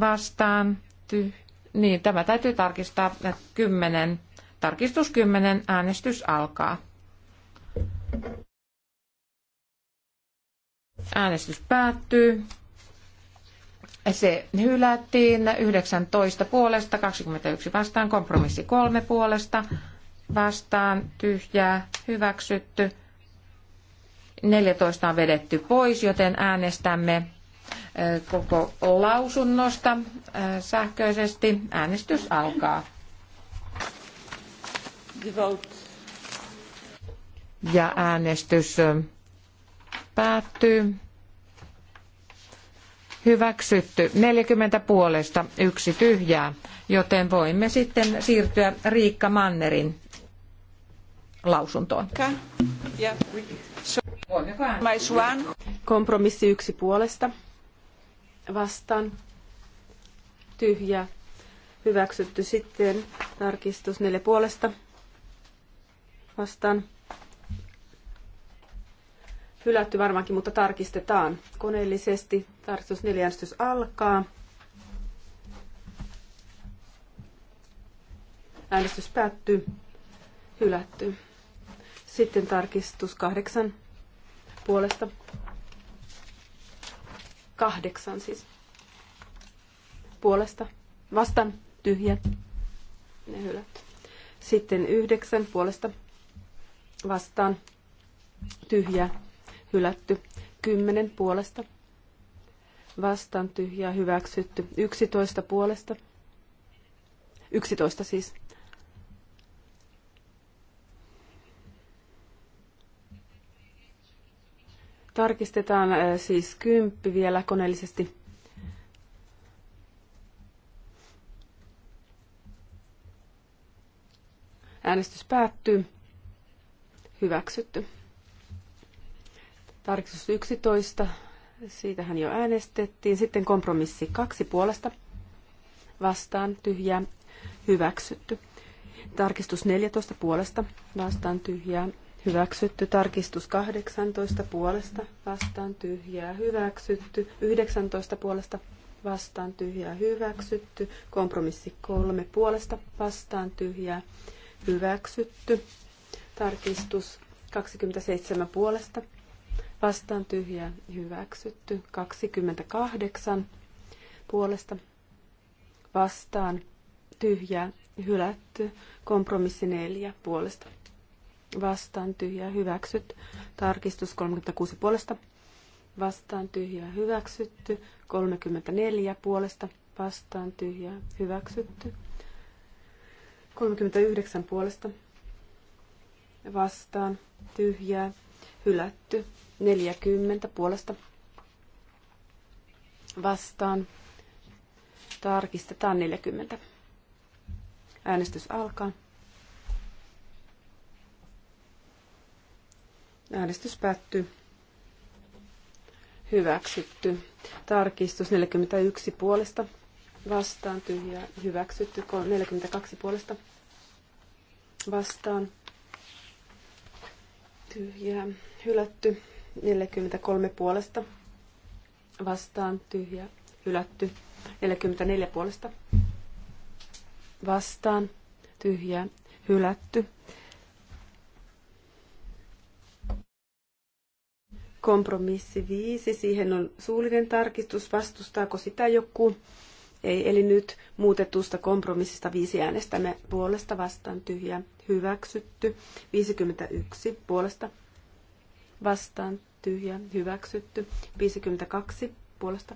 vastaan. Ty- niin, tämä täytyy tarkistaa kymmenen Tarkistus kymmenen äänestys alkaa. Äänestys päättyy. Se hylättiin 19 puolesta, 21 vastaan, kompromissi 3 puolesta, vastaan, tyhjää, hyväksytty. 14 on vedetty pois, joten äänestämme koko lausunnosta sähköisesti. Äänestys alkaa. The vote ja äänestys päättyy. Hyväksytty 40 puolesta yksi tyhjää, joten voimme sitten siirtyä Riikka Mannerin lausuntoon. Kompromissi yksi puolesta. Vastaan. Tyhjä. Hyväksytty sitten. Tarkistus neljä puolesta. Vastaan hylätty varmaankin, mutta tarkistetaan koneellisesti. Tarkistus neljänstys alkaa. Äänestys päättyy. Hylätty. Sitten tarkistus kahdeksan puolesta. Kahdeksan siis. Puolesta. Vastaan. Tyhjä. Ne hylätty. Sitten yhdeksän puolesta. Vastaan. Tyhjä hylätty. Kymmenen puolesta vastaan tyhjää hyväksytty. yksitoista puolesta. yksitoista siis. Tarkistetaan äh, siis kymppi vielä koneellisesti. Äänestys päättyy. Hyväksytty. Tarkistus 11, siitähän jo äänestettiin. Sitten kompromissi kaksi puolesta vastaan tyhjää hyväksytty. Tarkistus 14 puolesta vastaan tyhjää hyväksytty. Tarkistus 18 puolesta vastaan tyhjää hyväksytty. 19 puolesta vastaan tyhjää hyväksytty. Kompromissi kolme puolesta vastaan tyhjää hyväksytty. Tarkistus 27 puolesta vastaan tyhjää hyväksytty. 28 puolesta vastaan tyhjää hylätty. Kompromissi 4 puolesta vastaan tyhjää hyväksytty. Tarkistus 36 puolesta vastaan tyhjää hyväksytty. 34 puolesta vastaan tyhjää hyväksytty. 39 puolesta vastaan tyhjää hylätty. 40 puolesta vastaan. Tarkistetaan 40. Äänestys alkaa. Äänestys päättyy. Hyväksytty. Tarkistus 41 puolesta. Vastaan tyhjä. Hyväksytty. 42 puolesta. Vastaan. Tyhjää. Hylätty. 43 puolesta vastaan tyhjä hylätty. 44 puolesta vastaan tyhjä hylätty. Kompromissi 5. Siihen on suullinen tarkistus. Vastustaako sitä joku? Ei, eli nyt muutetusta kompromissista viisi äänestämme puolesta vastaan tyhjä hyväksytty. 51 puolesta vastaan tyhjä hyväksytty. 52 puolesta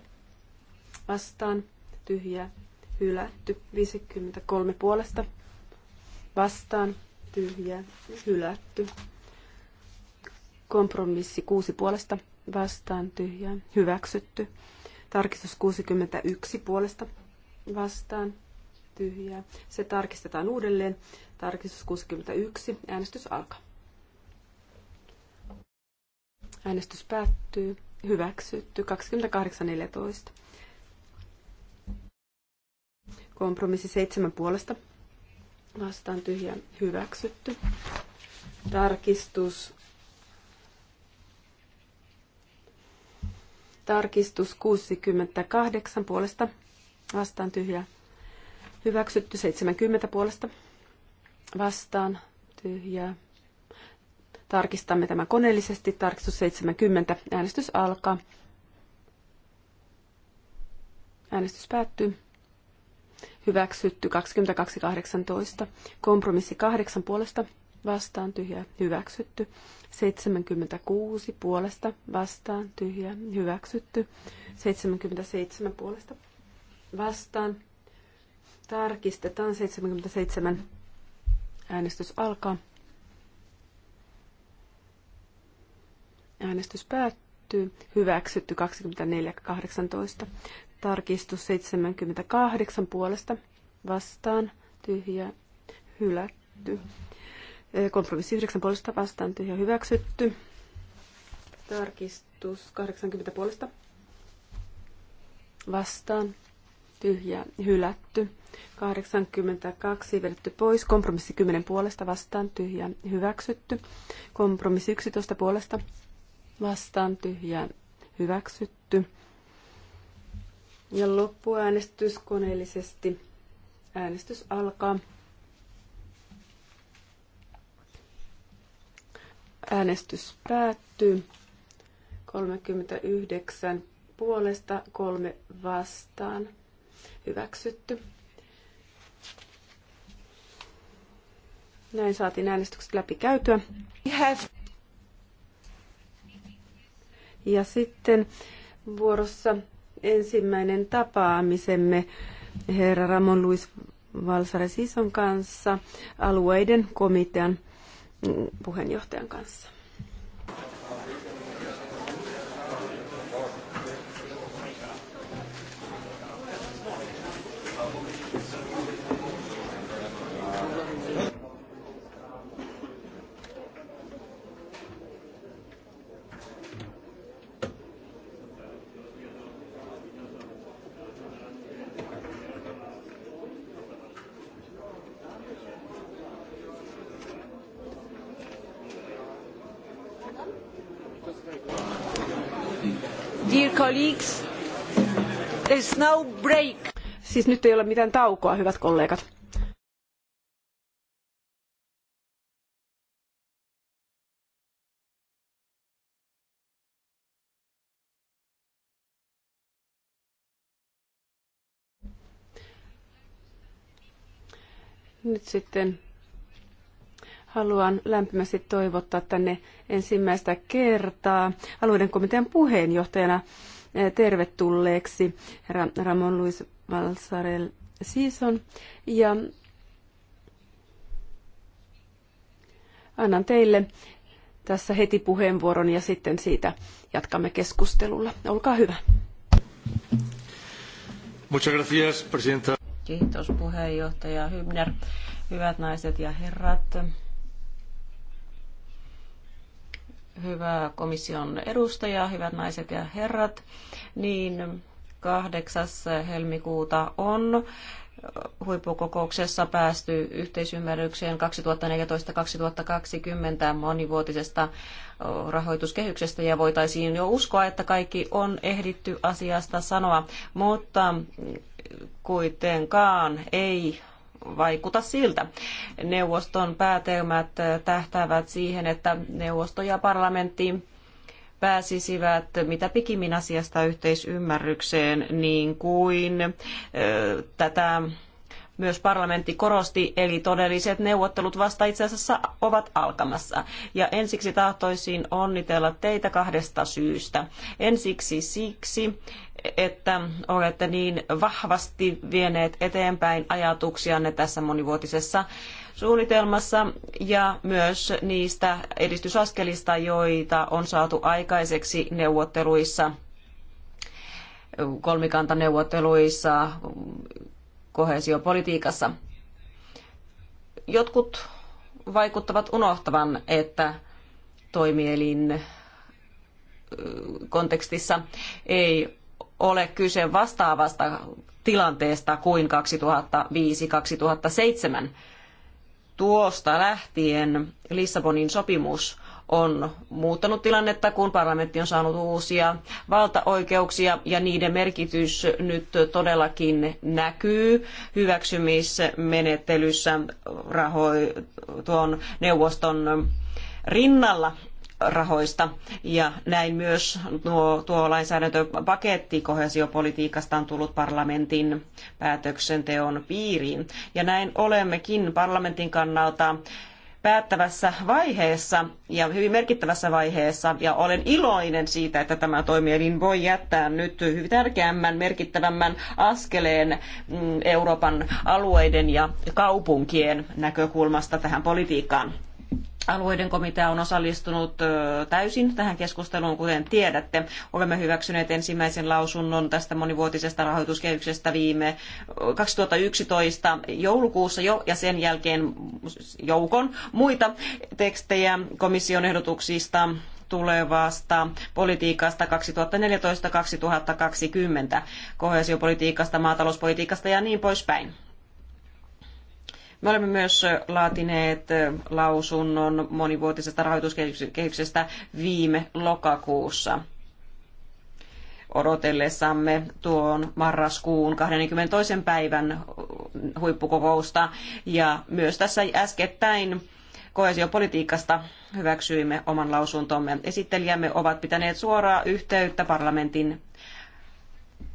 vastaan tyhjä hylätty. 53 puolesta vastaan tyhjä hylätty. Kompromissi 6 puolesta vastaan tyhjä hyväksytty. Tarkistus 61 puolesta vastaan tyhjää. Se tarkistetaan uudelleen. Tarkistus 61. Äänestys alkaa. Äänestys päättyy. Hyväksytty. 28.14. Kompromissi 7 puolesta. Vastaan tyhjä. Hyväksytty. Tarkistus. Tarkistus 68 puolesta. Vastaan tyhjä. Hyväksytty 70 puolesta. Vastaan tyhjä Tarkistamme tämä koneellisesti. Tarkistus 70. Äänestys alkaa. Äänestys päättyy. Hyväksytty 22.18. Kompromissi 8 puolesta vastaan tyhjä hyväksytty. 76 puolesta vastaan tyhjä hyväksytty. 77 puolesta vastaan. Tarkistetaan 77. Äänestys alkaa. Äänestys päättyy. Hyväksytty 24.18. Tarkistus 78 puolesta vastaan tyhjä hylätty. Kompromissi 9 puolesta vastaan tyhjä hyväksytty. Tarkistus 80 puolesta vastaan tyhjä hylätty. 82 vedetty pois. Kompromissi 10 puolesta vastaan tyhjä hyväksytty. Kompromissi 11 puolesta vastaan tyhjä hyväksytty. Ja loppuäänestys koneellisesti. Äänestys alkaa. Äänestys päättyy. 39 puolesta, kolme vastaan. Hyväksytty. Näin saatiin äänestykset läpi käytyä. We have ja sitten vuorossa ensimmäinen tapaamisemme herra Ramon Luis Valsares Ison kanssa, alueiden komitean mm, puheenjohtajan kanssa. Siis nyt ei ole mitään taukoa, hyvät kollegat. Nyt sitten haluan lämpimästi toivottaa tänne ensimmäistä kertaa alueiden komitean puheenjohtajana eh, tervetulleeksi herra Ramon Luis Valsarel Sison. Ja annan teille tässä heti puheenvuoron ja sitten siitä jatkamme keskustelulla. Olkaa hyvä. Muchas gracias, presidenta. Kiitos puheenjohtaja Hybner. Hyvät naiset ja herrat. Hyvä komission edustaja, hyvät naiset ja herrat. Niin 8. helmikuuta on huippukokouksessa päästy yhteisymmärrykseen 2014-2020 monivuotisesta rahoituskehyksestä ja voitaisiin jo uskoa, että kaikki on ehditty asiasta sanoa, mutta kuitenkaan ei vaikuta siltä. Neuvoston päätelmät tähtäävät siihen, että neuvosto ja parlamentti pääsisivät mitä pikimmin asiasta yhteisymmärrykseen, niin kuin tätä myös parlamentti korosti, eli todelliset neuvottelut vasta itse asiassa ovat alkamassa. Ja ensiksi tahtoisin onnitella teitä kahdesta syystä. Ensiksi siksi, että olette niin vahvasti vieneet eteenpäin ajatuksianne tässä monivuotisessa suunnitelmassa ja myös niistä edistysaskelista, joita on saatu aikaiseksi neuvotteluissa, kolmikantaneuvotteluissa, kohesiopolitiikassa. Jotkut vaikuttavat unohtavan, että toimielin kontekstissa ei ole kyse vastaavasta tilanteesta kuin 2005-2007 tuosta lähtien Lissabonin sopimus on muuttanut tilannetta, kun parlamentti on saanut uusia valtaoikeuksia ja niiden merkitys nyt todellakin näkyy hyväksymismenettelyssä raho- tuon neuvoston rinnalla rahoista. Ja näin myös tuo, tuo lainsäädäntöpaketti kohesiopolitiikasta on tullut parlamentin päätöksenteon piiriin. Ja näin olemmekin parlamentin kannalta päättävässä vaiheessa ja hyvin merkittävässä vaiheessa ja olen iloinen siitä, että tämä toimielin voi jättää nyt hyvin tärkeämmän, merkittävämmän askeleen mm, Euroopan alueiden ja kaupunkien näkökulmasta tähän politiikkaan. Alueiden komitea on osallistunut täysin tähän keskusteluun, kuten tiedätte. Olemme hyväksyneet ensimmäisen lausunnon tästä monivuotisesta rahoituskehyksestä viime 2011 joulukuussa jo, ja sen jälkeen joukon muita tekstejä komission ehdotuksista tulevasta politiikasta 2014-2020, kohesiopolitiikasta, maatalouspolitiikasta ja niin poispäin. Me olemme myös laatineet lausunnon monivuotisesta rahoituskehyksestä viime lokakuussa odotellessamme tuon marraskuun 22. päivän huippukokousta. Ja myös tässä äskettäin koesiopolitiikasta hyväksyimme oman lausuntomme. Esittelijämme ovat pitäneet suoraa yhteyttä parlamentin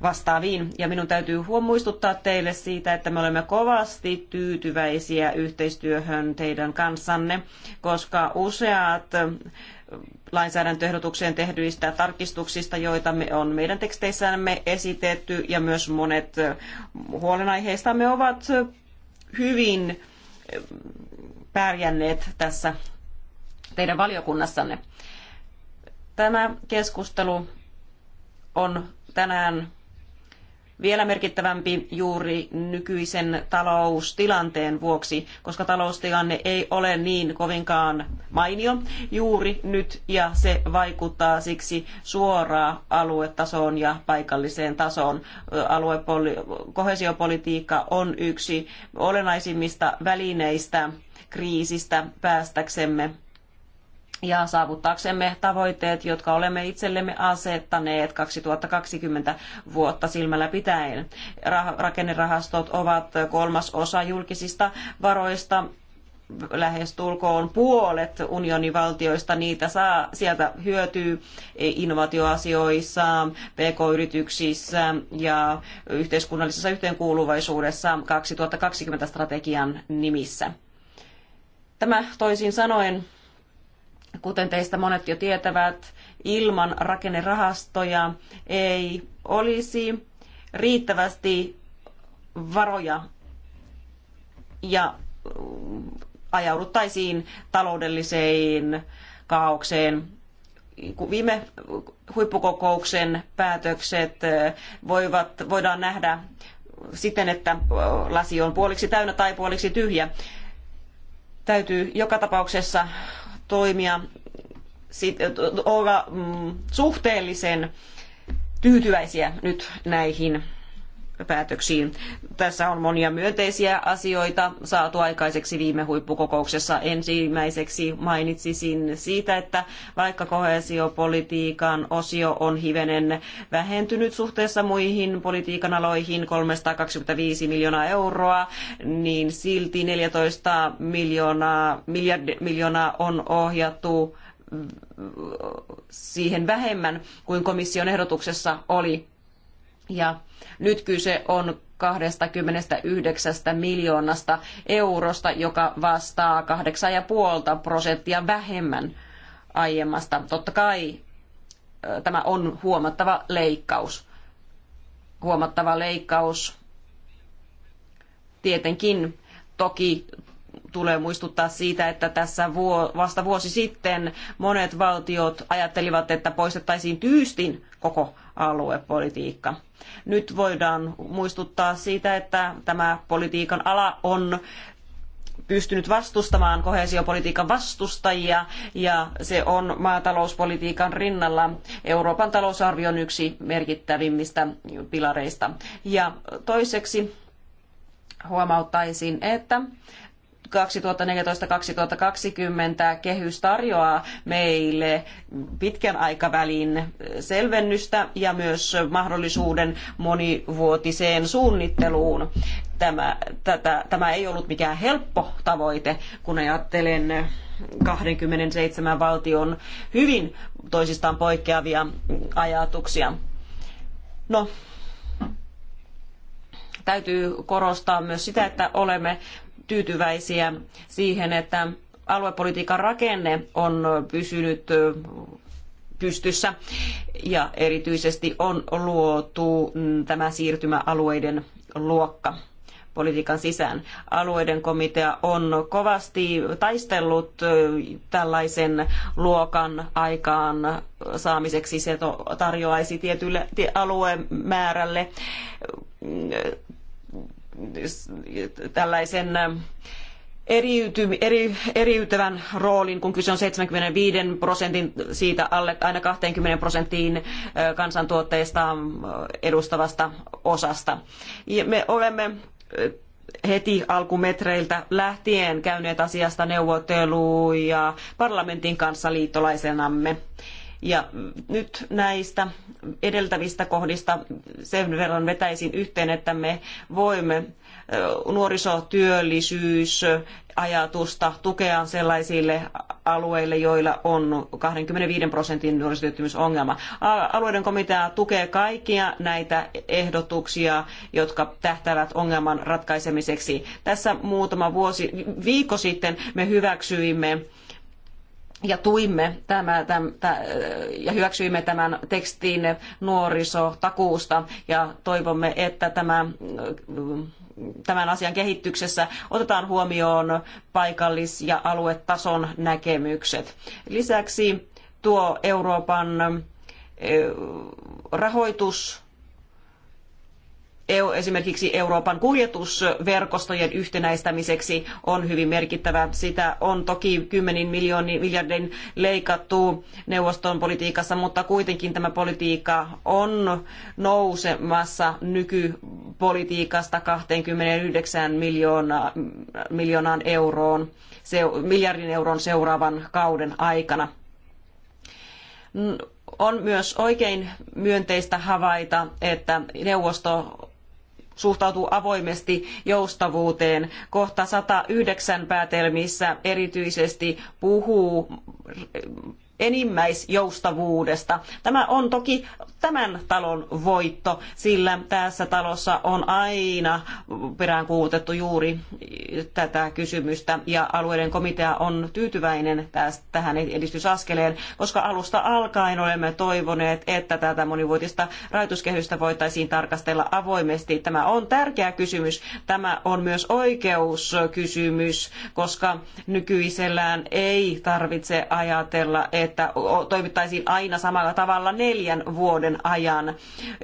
vastaaviin. Ja minun täytyy muistuttaa teille siitä, että me olemme kovasti tyytyväisiä yhteistyöhön teidän kanssanne, koska useat lainsäädäntöehdotukseen tehdyistä tarkistuksista, joita me on meidän teksteissämme esitetty ja myös monet huolenaiheistamme ovat hyvin pärjänneet tässä teidän valiokunnassanne. Tämä keskustelu on tänään vielä merkittävämpi juuri nykyisen taloustilanteen vuoksi, koska taloustilanne ei ole niin kovinkaan mainio juuri nyt ja se vaikuttaa siksi suoraan aluetasoon ja paikalliseen tasoon. Aluepoli- kohesiopolitiikka on yksi olennaisimmista välineistä kriisistä päästäksemme ja saavuttaaksemme tavoitteet, jotka olemme itsellemme asettaneet 2020 vuotta silmällä pitäen. Rakennerahastot ovat kolmas osa julkisista varoista lähestulkoon puolet unionin valtioista niitä saa, sieltä hyötyy innovaatioasioissa, pk-yrityksissä ja yhteiskunnallisessa yhteenkuuluvaisuudessa 2020 strategian nimissä. Tämä toisin sanoen Kuten teistä monet jo tietävät, ilman rakennerahastoja ei olisi riittävästi varoja ja ajauduttaisiin taloudelliseen kaaukseen. Viime huippukokouksen päätökset voivat, voidaan nähdä siten, että lasi on puoliksi täynnä tai puoliksi tyhjä. Täytyy joka tapauksessa toimia, olla mm, suhteellisen tyytyväisiä nyt näihin päätöksiin. Tässä on monia myönteisiä asioita saatu aikaiseksi viime huippukokouksessa. Ensimmäiseksi mainitsisin siitä, että vaikka koheesiopolitiikan osio on hivenen vähentynyt suhteessa muihin politiikan aloihin 325 miljoonaa euroa, niin silti 14 miljoonaa, miljard, miljoonaa on ohjattu siihen vähemmän kuin komission ehdotuksessa oli ja nyt kyse on 29 miljoonasta eurosta, joka vastaa 8,5 prosenttia vähemmän aiemmasta. Totta kai tämä on huomattava leikkaus. Huomattava leikkaus tietenkin toki tulee muistuttaa siitä, että tässä vasta vuosi sitten monet valtiot ajattelivat, että poistettaisiin tyystin koko aluepolitiikka. Nyt voidaan muistuttaa siitä, että tämä politiikan ala on pystynyt vastustamaan koheesiopolitiikan vastustajia ja se on maatalouspolitiikan rinnalla Euroopan talousarvion yksi merkittävimmistä pilareista. Ja toiseksi huomauttaisin, että 2014-2020 kehys tarjoaa meille pitkän aikavälin selvennystä ja myös mahdollisuuden monivuotiseen suunnitteluun. Tämä, tätä, tämä ei ollut mikään helppo tavoite, kun ajattelen 27 valtion hyvin toisistaan poikkeavia ajatuksia. No, täytyy korostaa myös sitä, että olemme tyytyväisiä siihen, että aluepolitiikan rakenne on pysynyt pystyssä ja erityisesti on luotu mm, tämä siirtymäalueiden luokka politiikan sisään. Alueiden komitea on kovasti taistellut tällaisen luokan aikaan saamiseksi. Se tarjoaisi tietylle aluemäärälle mm, tällaisen äh, eriyty, eri, eriytävän roolin, kun kyse on 75 prosentin siitä alle aina 20 prosenttiin äh, kansantuotteesta äh, edustavasta osasta. Ja me olemme heti alkumetreiltä lähtien käyneet asiasta neuvotteluja parlamentin kanssa liittolaisenamme. Ja nyt näistä edeltävistä kohdista sen verran vetäisin yhteen, että me voimme nuorisotyöllisyysajatusta tukea sellaisille alueille, joilla on 25 prosentin nuorisotyöttömyysongelma. Alueiden komitea tukee kaikkia näitä ehdotuksia, jotka tähtävät ongelman ratkaisemiseksi. Tässä muutama vuosi, viikko sitten me hyväksyimme ja tuimme tämä, täm, tä, ja hyväksyimme tämän tekstin nuorisotakuusta ja toivomme, että tämä, tämän asian kehityksessä otetaan huomioon paikallis- ja aluetason näkemykset. Lisäksi tuo Euroopan rahoitus esimerkiksi Euroopan kuljetusverkostojen yhtenäistämiseksi on hyvin merkittävä. Sitä on toki kymmenin miljoonin miljardin leikattu neuvoston politiikassa, mutta kuitenkin tämä politiikka on nousemassa nykypolitiikasta 29 miljoonaa, miljoonaan euroon, miljardin euron seuraavan kauden aikana on myös oikein myönteistä havaita, että neuvosto suhtautuu avoimesti joustavuuteen. Kohta 109 päätelmissä erityisesti puhuu enimmäisjoustavuudesta. Tämä on toki tämän talon voitto, sillä tässä talossa on aina peräänkuutettu juuri tätä kysymystä ja alueiden komitea on tyytyväinen tähän edistysaskeleen, koska alusta alkaen olemme toivoneet, että tätä monivuotista rahoituskehystä voitaisiin tarkastella avoimesti. Tämä on tärkeä kysymys. Tämä on myös oikeuskysymys, koska nykyisellään ei tarvitse ajatella, että toimittaisiin aina samalla tavalla neljän vuoden ajan.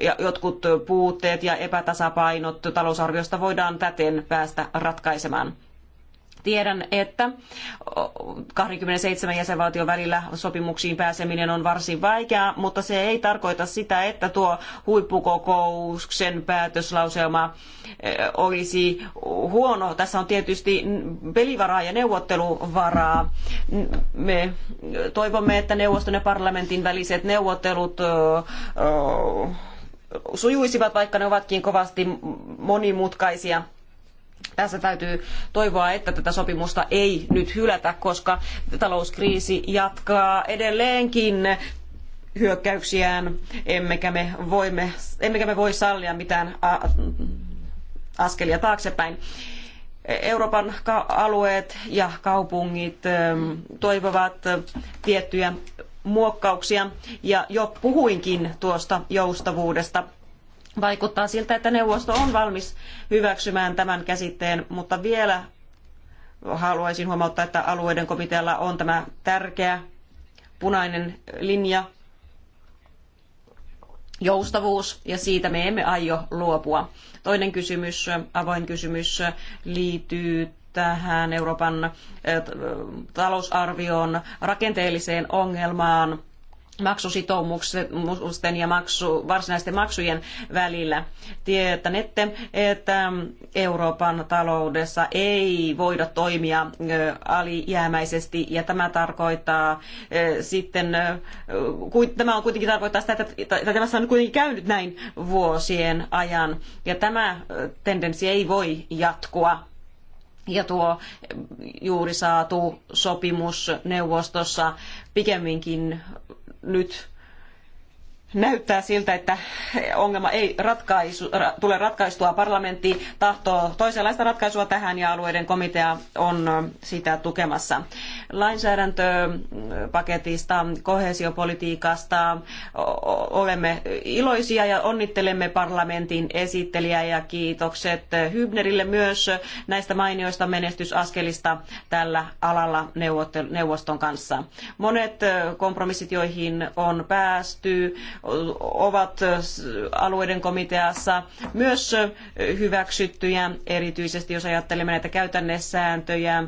Ja jotkut puutteet ja epätasapainot talousarviosta voidaan täten päästä ratkaisemaan. Tiedän, että 27 jäsenvaltion välillä sopimuksiin pääseminen on varsin vaikeaa, mutta se ei tarkoita sitä, että tuo huippukokouksen päätöslauselma eh, olisi huono. Tässä on tietysti pelivaraa ja neuvotteluvaraa. Me toivomme, että neuvoston ja parlamentin väliset neuvottelut eh, eh, sujuisivat, vaikka ne ovatkin kovasti monimutkaisia tässä täytyy toivoa, että tätä sopimusta ei nyt hylätä, koska talouskriisi jatkaa edelleenkin hyökkäyksiään, emmekä me, voimme, emmekä me voi sallia mitään askelia taaksepäin. Euroopan alueet ja kaupungit ähm, toivovat äh, tiettyjä muokkauksia ja jo puhuinkin tuosta joustavuudesta Vaikuttaa siltä, että neuvosto on valmis hyväksymään tämän käsitteen, mutta vielä haluaisin huomauttaa, että alueiden komitealla on tämä tärkeä punainen linja, joustavuus, ja siitä me emme aio luopua. Toinen kysymys, avoin kysymys, liittyy tähän Euroopan eh, talousarvion rakenteelliseen ongelmaan, maksusitoumusten ja maksu, varsinaisten maksujen välillä. Tietänette, että Euroopan taloudessa ei voida toimia alijäämäisesti ja tämä tarkoittaa sitten, tämä on kuitenkin tarkoittaa sitä, että tässä on kuitenkin käynyt näin vuosien ajan ja tämä tendenssi ei voi jatkua ja tuo juuri saatu sopimus neuvostossa pikemminkin nyt näyttää siltä, että ongelma ei ratkaisu, ra, tule ratkaistua. Parlamentti tahtoo toisenlaista ratkaisua tähän ja alueiden komitea on sitä tukemassa. Lainsäädäntöpaketista, koheesiopolitiikasta olemme iloisia ja onnittelemme parlamentin esittelijää ja kiitokset Hybnerille myös näistä mainioista menestysaskelista tällä alalla neuvoston kanssa. Monet kompromissit, joihin on päästy, ovat alueiden komiteassa myös hyväksyttyjä, erityisesti jos ajattelemme näitä käytännessääntöjä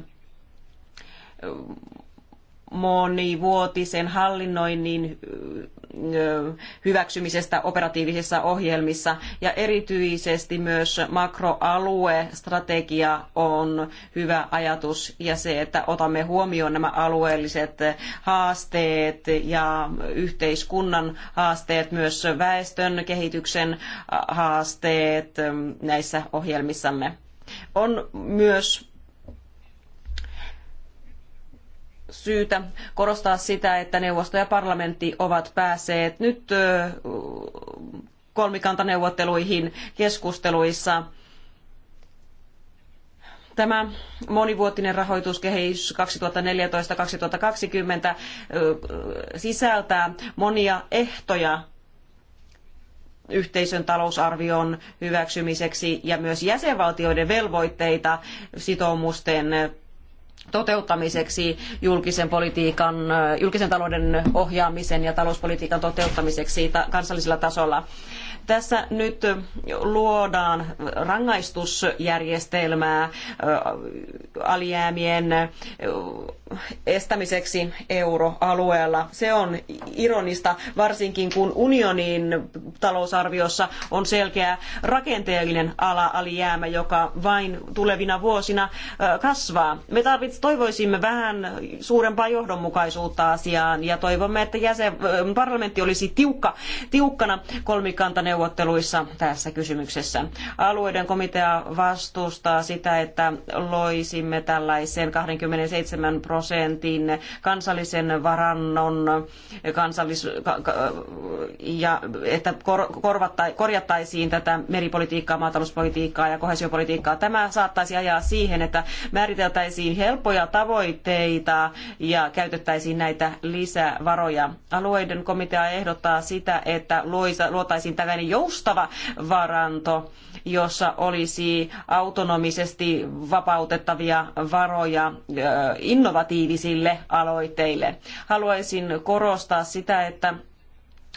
monivuotisen hallinnoinnin hyväksymisestä operatiivisissa ohjelmissa ja erityisesti myös makroaluestrategia on hyvä ajatus ja se, että otamme huomioon nämä alueelliset haasteet ja yhteiskunnan haasteet, myös väestön kehityksen haasteet näissä ohjelmissamme. On myös syytä korostaa sitä, että neuvosto ja parlamentti ovat päässeet nyt kolmikantaneuvotteluihin keskusteluissa. Tämä monivuotinen rahoituskehys 2014-2020 sisältää monia ehtoja yhteisön talousarvion hyväksymiseksi ja myös jäsenvaltioiden velvoitteita sitoumusten toteuttamiseksi, julkisen politiikan, äh, julkisen talouden ohjaamisen ja talouspolitiikan toteuttamiseksi kansallisella tasolla. Tässä nyt luodaan rangaistusjärjestelmää alijäämien estämiseksi euroalueella. Se on ironista, varsinkin kun unionin talousarviossa on selkeä rakenteellinen ala alijäämä, joka vain tulevina vuosina kasvaa. Me tarvits, toivoisimme vähän suurempaa johdonmukaisuutta asiaan ja toivomme, että jäsen, parlamentti olisi tiukka, tiukkana kolmikantaneuvotteluissa neuvotteluissa tässä kysymyksessä. Alueiden komitea vastustaa sitä, että loisimme tällaisen 27 prosentin kansallisen varannon kansallis- ja että korjattaisiin tätä meripolitiikkaa, maatalouspolitiikkaa ja kohesiopolitiikkaa. Tämä saattaisi ajaa siihen, että määriteltäisiin helppoja tavoitteita ja käytettäisiin näitä lisävaroja. Alueiden komitea ehdottaa sitä, että luotaisiin tällainen tällainen joustava varanto, jossa olisi autonomisesti vapautettavia varoja innovatiivisille aloitteille. Haluaisin korostaa sitä, että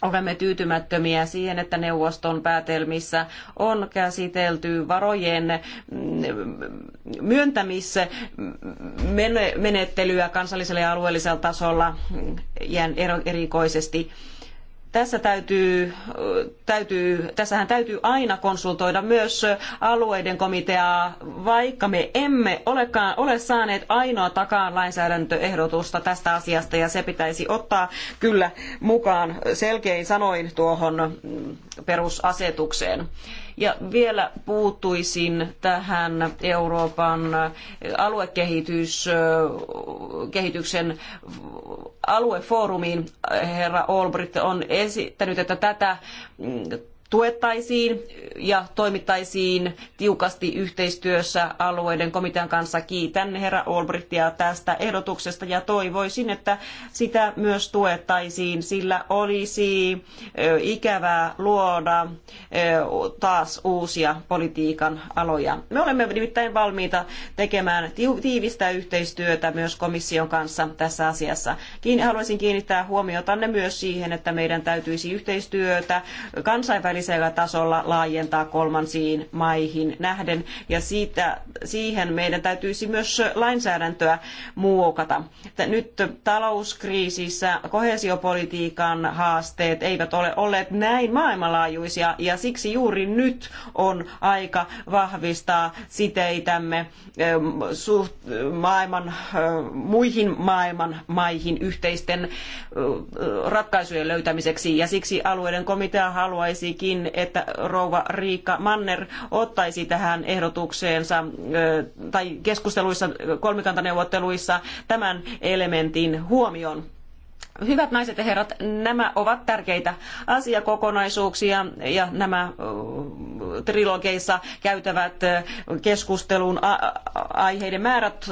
olemme tyytymättömiä siihen, että neuvoston päätelmissä on käsitelty varojen mm, myöntämismenettelyä kansallisella ja alueellisella tasolla mm, erikoisesti tässä täytyy, täytyy, tässähän täytyy aina konsultoida myös alueiden komiteaa, vaikka me emme olekaan, ole saaneet ainoatakaan lainsäädäntöehdotusta tästä asiasta ja se pitäisi ottaa kyllä mukaan selkein sanoin tuohon perusasetukseen. Ja vielä puuttuisin tähän Euroopan aluekehityksen aluefoorumiin. Herra Olbricht on esittänyt, että tätä tuettaisiin ja toimittaisiin tiukasti yhteistyössä alueiden komitean kanssa. Kiitän herra Olbrichtia tästä ehdotuksesta ja toivoisin, että sitä myös tuettaisiin, sillä olisi ikävää luoda taas uusia politiikan aloja. Me olemme nimittäin valmiita tekemään tiivistä yhteistyötä myös komission kanssa tässä asiassa. Haluaisin kiinnittää huomiotanne myös siihen, että meidän täytyisi yhteistyötä kansainvälisesti kansainvälisellä tasolla laajentaa kolmansiin maihin nähden. Ja siitä, siihen meidän täytyisi myös lainsäädäntöä muokata. Nyt talouskriisissä kohesiopolitiikan haasteet eivät ole olleet näin maailmanlaajuisia ja siksi juuri nyt on aika vahvistaa siteitämme ähm, suht, maailman, äh, muihin maailman maihin yhteisten äh, ratkaisujen löytämiseksi ja siksi alueiden komitea haluaisikin niin, että rouva Riikka Manner ottaisi tähän ehdotukseensa tai keskusteluissa, kolmikantaneuvotteluissa tämän elementin huomioon. Hyvät naiset ja herrat, nämä ovat tärkeitä asiakokonaisuuksia ja nämä trilogeissa käytävät keskustelun aiheiden määrät,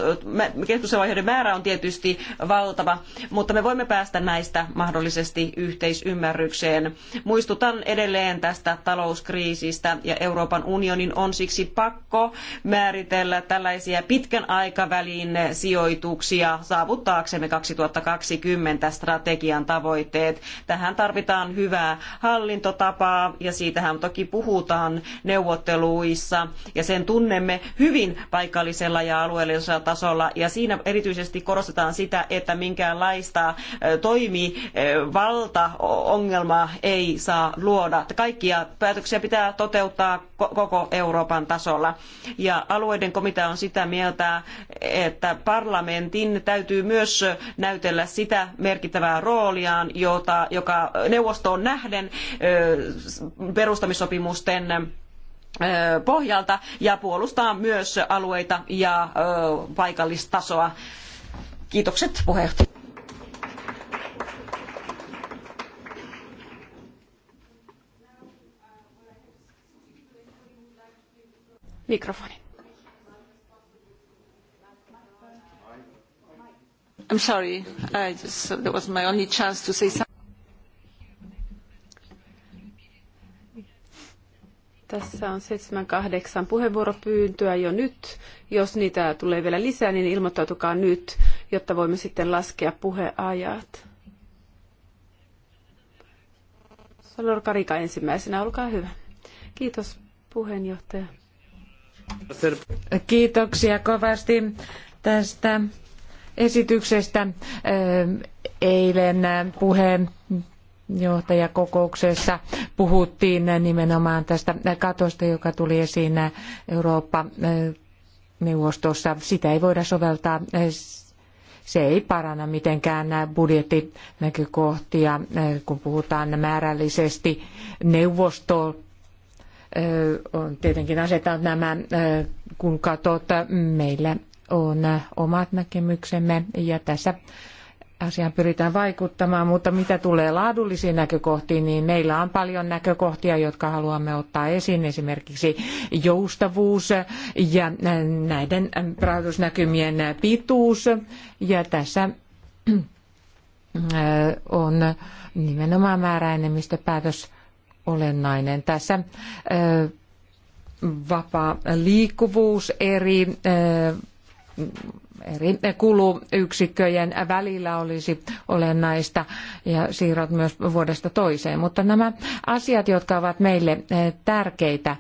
keskusteluaiheiden määrä on tietysti valtava, mutta me voimme päästä näistä mahdollisesti yhteisymmärrykseen. Muistutan edelleen tästä talouskriisistä ja Euroopan unionin on siksi pakko määritellä tällaisia pitkän aikavälin sijoituksia saavuttaaksemme 2020 strategian tavoitteet. Tähän tarvitaan hyvää hallintotapaa ja siitähän toki puhutaan neuvotteluissa ja sen tunnemme hyvin paikallisella ja alueellisella tasolla ja siinä erityisesti korostetaan sitä, että minkäänlaista toimivaltaongelmaa ei saa luoda. Kaikkia päätöksiä pitää toteuttaa koko Euroopan tasolla. Ja alueiden komitea on sitä mieltä, että parlamentin täytyy myös näytellä sitä merkittävää rooliaan, jota, joka neuvostoon nähden perustamissopimusten pohjalta ja puolustaa myös alueita ja paikallistasoa. Kiitokset puheenjohtaja. mikrofoni. I'm sorry, I just, that was my only chance to say something. Tässä on 7-8 puheenvuoropyyntöä jo nyt. Jos niitä tulee vielä lisää, niin ilmoittautukaa nyt, jotta voimme sitten laskea puheajat. Salor Karika ensimmäisenä, olkaa hyvä. Kiitos puheenjohtaja. Kiitoksia kovasti tästä esityksestä. Eilen puheenjohtajakokouksessa puhuttiin nimenomaan tästä katosta, joka tuli esiin Eurooppa neuvostossa. Sitä ei voida soveltaa, se ei paranna mitenkään budjettinäkökohtia, kun puhutaan määrällisesti neuvosto on tietenkin asettanut nämä, kun katsot, meillä on omat näkemyksemme ja tässä asiaan pyritään vaikuttamaan, mutta mitä tulee laadullisiin näkökohtiin, niin meillä on paljon näkökohtia, jotka haluamme ottaa esiin, esimerkiksi joustavuus ja näiden rahoitusnäkymien pituus. Ja tässä on nimenomaan määräenemmistöpäätös päätös olennainen. Tässä vapaa liikkuvuus eri eri kuluyksikköjen välillä olisi olennaista ja siirrot myös vuodesta toiseen. Mutta nämä asiat, jotka ovat meille tärkeitä,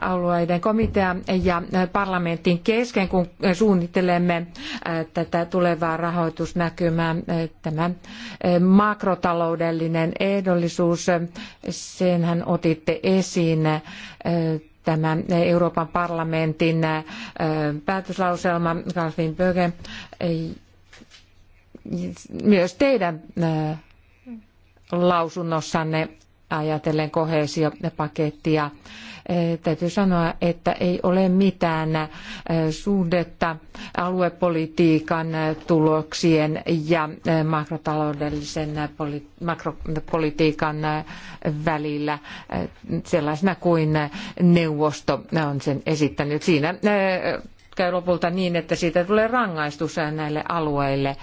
alueiden komitea ja parlamentin kesken, kun suunnittelemme äh, tätä tulevaa rahoitusnäkymää, äh, tämä äh, makrotaloudellinen ehdollisuus, senhän otitte esiin tämä Euroopan parlamentin päätöslauselma, Kalvin Böge, myös teidän lausunnossanne ajatellen koheesiopakettia. pakettia Eh, täytyy sanoa, että ei ole mitään eh, suhdetta aluepolitiikan eh, tuloksien ja makrotaloudellisen makropolitiikan välillä sellaisena kuin neuvosto on sen esittänyt. Siinä käy lopulta niin, että siitä tulee rangaistus näille alueille.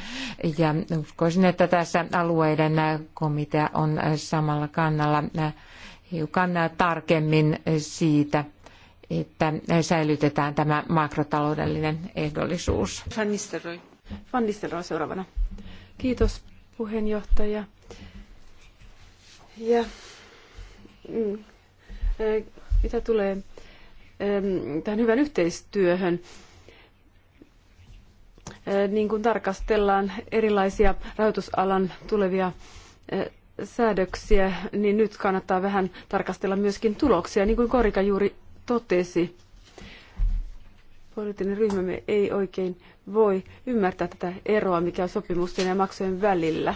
Ja uskoisin, että tässä alueiden komitea on samalla kannalla hiukan tarkemmin siitä, että säilytetään tämä makrotaloudellinen ehdollisuus. Van Nistelrooy. seuraavana. Kiitos puheenjohtaja. Ja, mm, mitä tulee tähän hyvän yhteistyöhön, niin kun tarkastellaan erilaisia rahoitusalan tulevia säädöksiä, niin nyt kannattaa vähän tarkastella myöskin tuloksia, niin kuin Korika juuri totesi. Poliittinen ryhmämme ei oikein voi ymmärtää tätä eroa, mikä on sopimusten ja maksujen välillä.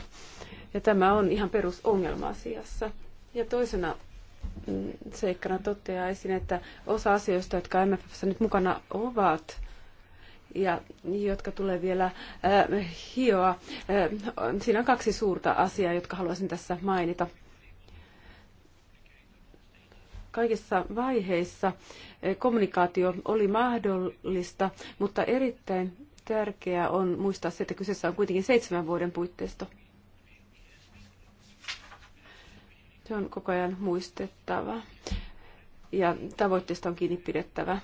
Ja tämä on ihan perusongelma asiassa. Ja toisena mm, seikkana toteaisin, että osa asioista, jotka MFFssä nyt mukana ovat, ja jotka tulee vielä äh, hioa. Äh, siinä on kaksi suurta asiaa, jotka haluaisin tässä mainita. Kaikissa vaiheissa äh, kommunikaatio oli mahdollista, mutta erittäin tärkeää on muistaa se, että kyseessä on kuitenkin seitsemän vuoden puitteisto. Se on koko ajan muistettava ja tavoitteesta on kiinni pidettävä.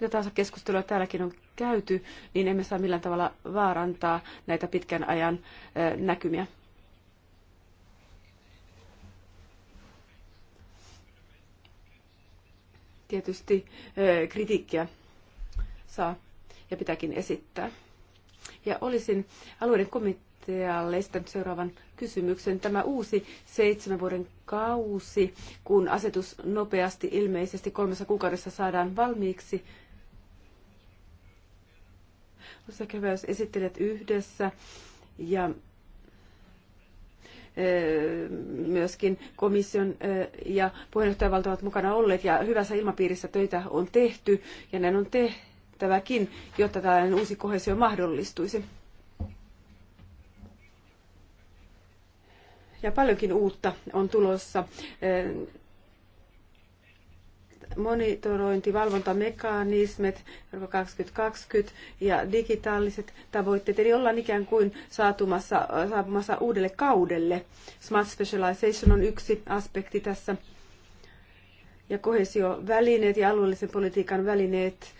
Mitä taas keskustelua täälläkin on käyty, niin emme saa millään tavalla vaarantaa näitä pitkän ajan näkymiä. Tietysti kritiikkiä saa ja pitääkin esittää. Ja olisin alueiden komitean puheenjohtajalle esittänyt seuraavan kysymyksen. Tämä uusi seitsemän vuoden kausi, kun asetus nopeasti ilmeisesti kolmessa kuukaudessa saadaan valmiiksi, sekä myös esittelet yhdessä ja e, myöskin komission e, ja puheenjohtajavalta ovat mukana olleet ja hyvässä ilmapiirissä töitä on tehty ja näin on tehtäväkin, jotta tällainen uusi kohesio mahdollistuisi. ja paljonkin uutta on tulossa. Eh, Monitorointi, valvontamekanismit, 2020 ja digitaaliset tavoitteet. Eli ollaan ikään kuin saapumassa uudelle kaudelle. Smart Specialization on yksi aspekti tässä ja kohesiovälineet ja alueellisen politiikan välineet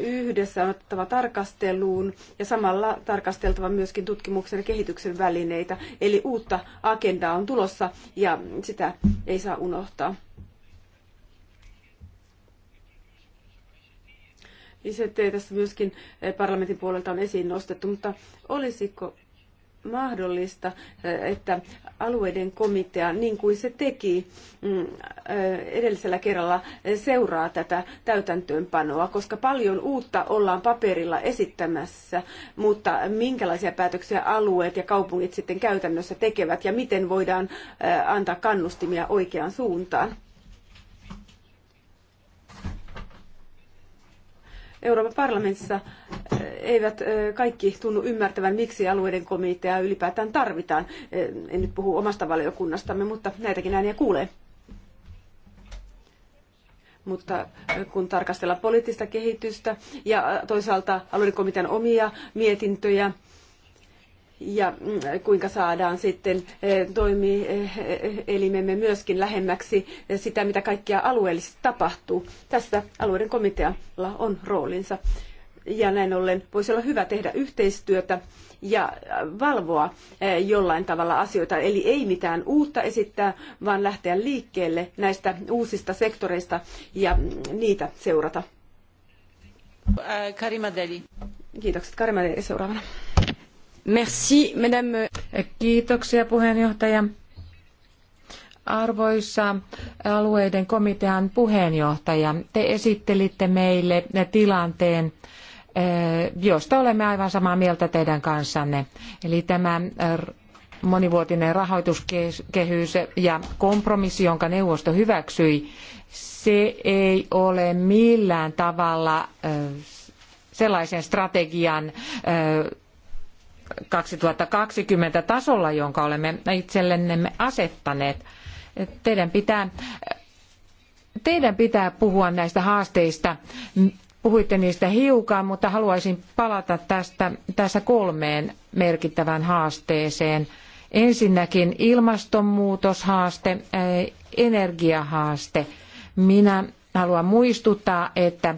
yhdessä on otettava tarkasteluun ja samalla tarkasteltava myöskin tutkimuksen ja kehityksen välineitä. Eli uutta agendaa on tulossa ja sitä ei saa unohtaa. ICT tässä myöskin parlamentin puolelta on esiin nostettu, mutta olisiko mahdollista, eh, että alueiden komitea, niin kuin se teki mm, eh, edellisellä kerralla, eh, seuraa tätä täytäntöönpanoa, koska paljon uutta ollaan paperilla esittämässä, mutta minkälaisia päätöksiä alueet ja kaupungit sitten käytännössä tekevät ja miten voidaan antaa kannustimia oikeaan suuntaan. Euroopan parlamentissa äh, eivät äh, kaikki tunnu ymmärtävän, miksi alueiden komitea ylipäätään tarvitaan. Äh, en nyt puhu omasta valiokunnastamme, mutta näitäkin ääniä kuulee. Mutta kun tarkastellaan poliittista kehitystä ja toisaalta alueiden komitean omia mietintöjä, ja mm, kuinka saadaan sitten eh, toimielimemme eh, myöskin lähemmäksi eh, sitä, mitä kaikkia alueellisesti tapahtuu. Tässä alueiden komitealla on roolinsa. Ja näin ollen voisi olla hyvä tehdä yhteistyötä ja valvoa jollain tavalla asioita. Eli ei mitään uutta esittää, vaan lähteä liikkeelle näistä uusista sektoreista ja mm, niitä seurata. Karima Deli. Kiitokset. Karima Deli seuraavana. Merci, madame. Kiitoksia puheenjohtaja. Arvoisa alueiden komitean puheenjohtaja, te esittelitte meille tilanteen, eh, josta olemme aivan samaa mieltä teidän kanssanne. Eli tämä eh, monivuotinen rahoituskehys ja kompromissi, jonka neuvosto hyväksyi, se ei ole millään tavalla eh, sellaisen strategian 2020 tasolla, jonka olemme itsellemme asettaneet. Teidän pitää, teidän pitää puhua näistä haasteista. Puhuitte niistä hiukan, mutta haluaisin palata tästä, tässä kolmeen merkittävään haasteeseen. Ensinnäkin ilmastonmuutoshaaste, eh, energiahaaste. Minä haluan muistuttaa, että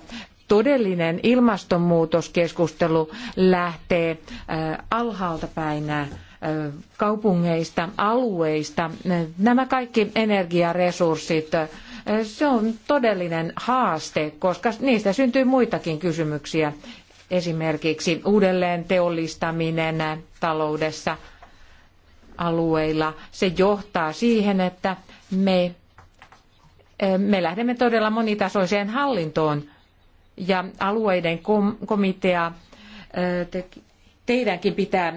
todellinen ilmastonmuutoskeskustelu lähtee äh, alhaalta päin äh, kaupungeista, alueista. Nämä kaikki energiaresurssit, äh, se on todellinen haaste, koska niistä syntyy muitakin kysymyksiä. Esimerkiksi uudelleen teollistaminen taloudessa alueilla, se johtaa siihen, että me, me lähdemme todella monitasoiseen hallintoon ja alueiden komitea teidänkin pitää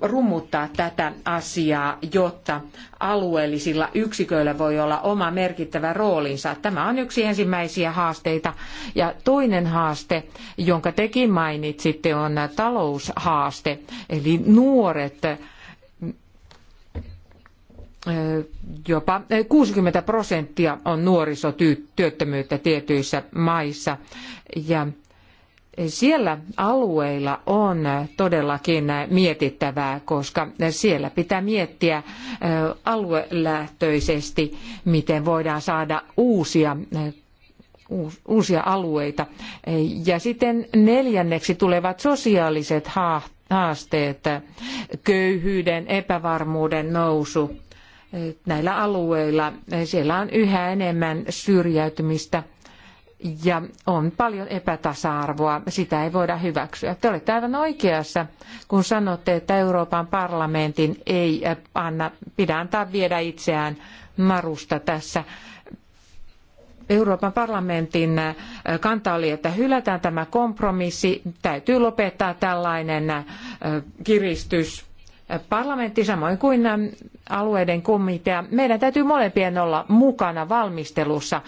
rummuttaa tätä asiaa, jotta alueellisilla yksiköillä voi olla oma merkittävä roolinsa. Tämä on yksi ensimmäisiä haasteita. Ja toinen haaste, jonka tekin mainitsitte, on taloushaaste, eli nuoret jopa 60 prosenttia on nuorisotyöttömyyttä tietyissä maissa. Ja siellä alueilla on todellakin mietittävää, koska siellä pitää miettiä aluelähtöisesti, miten voidaan saada uusia uusia alueita. Ja sitten neljänneksi tulevat sosiaaliset haasteet, köyhyyden, epävarmuuden nousu, näillä alueilla. Siellä on yhä enemmän syrjäytymistä ja on paljon epätasa-arvoa. Sitä ei voida hyväksyä. Te olette aivan oikeassa, kun sanotte, että Euroopan parlamentin ei anna, pidä antaa viedä itseään narusta tässä. Euroopan parlamentin kanta oli, että hylätään tämä kompromissi, täytyy lopettaa tällainen kiristys parlamentti, samoin kuin ähm, alueiden komitea. Meidän täytyy molempien olla mukana valmistelussa äh,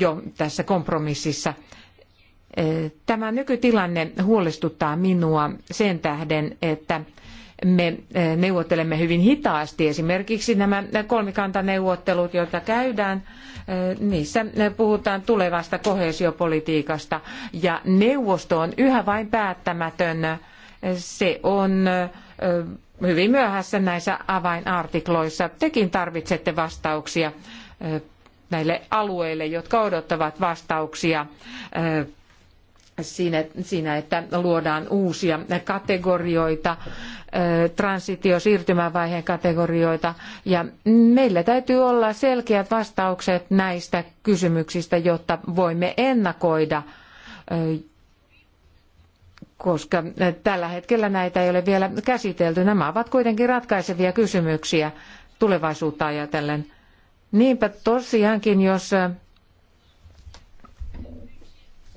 jo tässä kompromississa. Äh, tämä nykytilanne huolestuttaa minua sen tähden, että me äh, neuvottelemme hyvin hitaasti. Esimerkiksi nämä kolmikantaneuvottelut, joita käydään, niissä puhutaan tulevasta koheesiopolitiikasta ja neuvosto on yhä vain päättämätön. Se on hyvin myöhässä näissä avainartikloissa. Tekin tarvitsette vastauksia näille alueille, jotka odottavat vastauksia siinä, että luodaan uusia kategorioita, transitio- siirtymävaiheen kategorioita. Ja meillä täytyy olla selkeät vastaukset näistä kysymyksistä, jotta voimme ennakoida koska eh, tällä hetkellä näitä ei ole vielä käsitelty. Nämä ovat kuitenkin ratkaisevia kysymyksiä tulevaisuutta ajatellen. Niinpä tosiaankin, jos eh,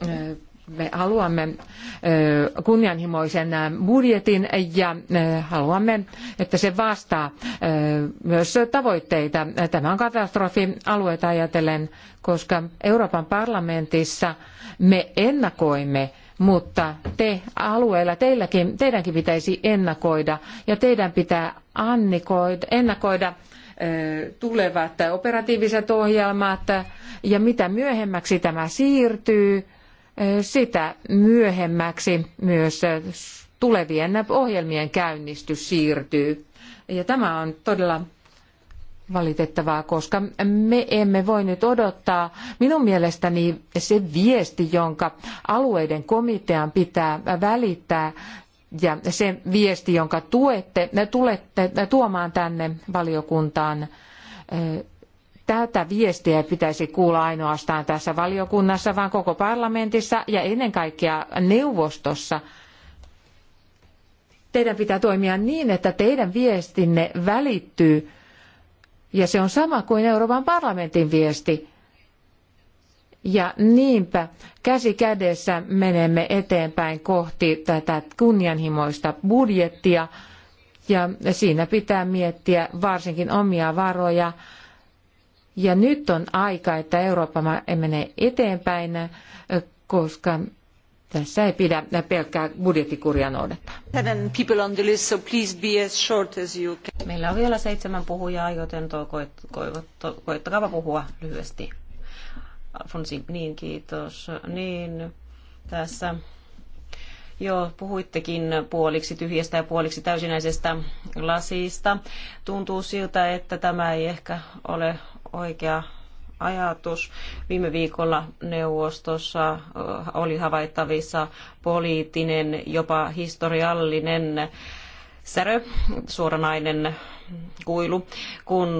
eh, me haluamme kunnianhimoisen budjetin ja haluamme, että se vastaa myös tavoitteita. Tämä on katastrofi alueita ajatellen, koska Euroopan parlamentissa me ennakoimme mutta te alueella teilläkin, teidänkin pitäisi ennakoida ja teidän pitää annikoida, ennakoida tulevat operatiiviset ohjelmat ja mitä myöhemmäksi tämä siirtyy, sitä myöhemmäksi myös tulevien ohjelmien käynnistys siirtyy. Ja tämä on todella valitettavaa, koska me emme voi nyt odottaa. Minun mielestäni se viesti, jonka alueiden komitean pitää välittää, ja se viesti, jonka tuette, tulette tuomaan tänne valiokuntaan, tätä viestiä pitäisi kuulla ainoastaan tässä valiokunnassa, vaan koko parlamentissa ja ennen kaikkea neuvostossa. Teidän pitää toimia niin, että teidän viestinne välittyy ja se on sama kuin Euroopan parlamentin viesti. Ja niinpä käsi kädessä menemme eteenpäin kohti tätä kunnianhimoista budjettia. Ja siinä pitää miettiä varsinkin omia varoja. Ja nyt on aika, että Eurooppa menee eteenpäin, koska tässä ei pidä pelkkää budjettikuria noudattaa. Meillä on vielä seitsemän puhujaa, joten to, koet, koet, koettakaa puhua lyhyesti. Alfonsi, niin kiitos. Niin, tässä Joo, puhuittekin puoliksi tyhjästä ja puoliksi täysinäisestä lasista. Tuntuu siltä, että tämä ei ehkä ole oikea ajatus. Viime viikolla neuvostossa oli havaittavissa poliittinen, jopa historiallinen särö, suoranainen kuilu, kun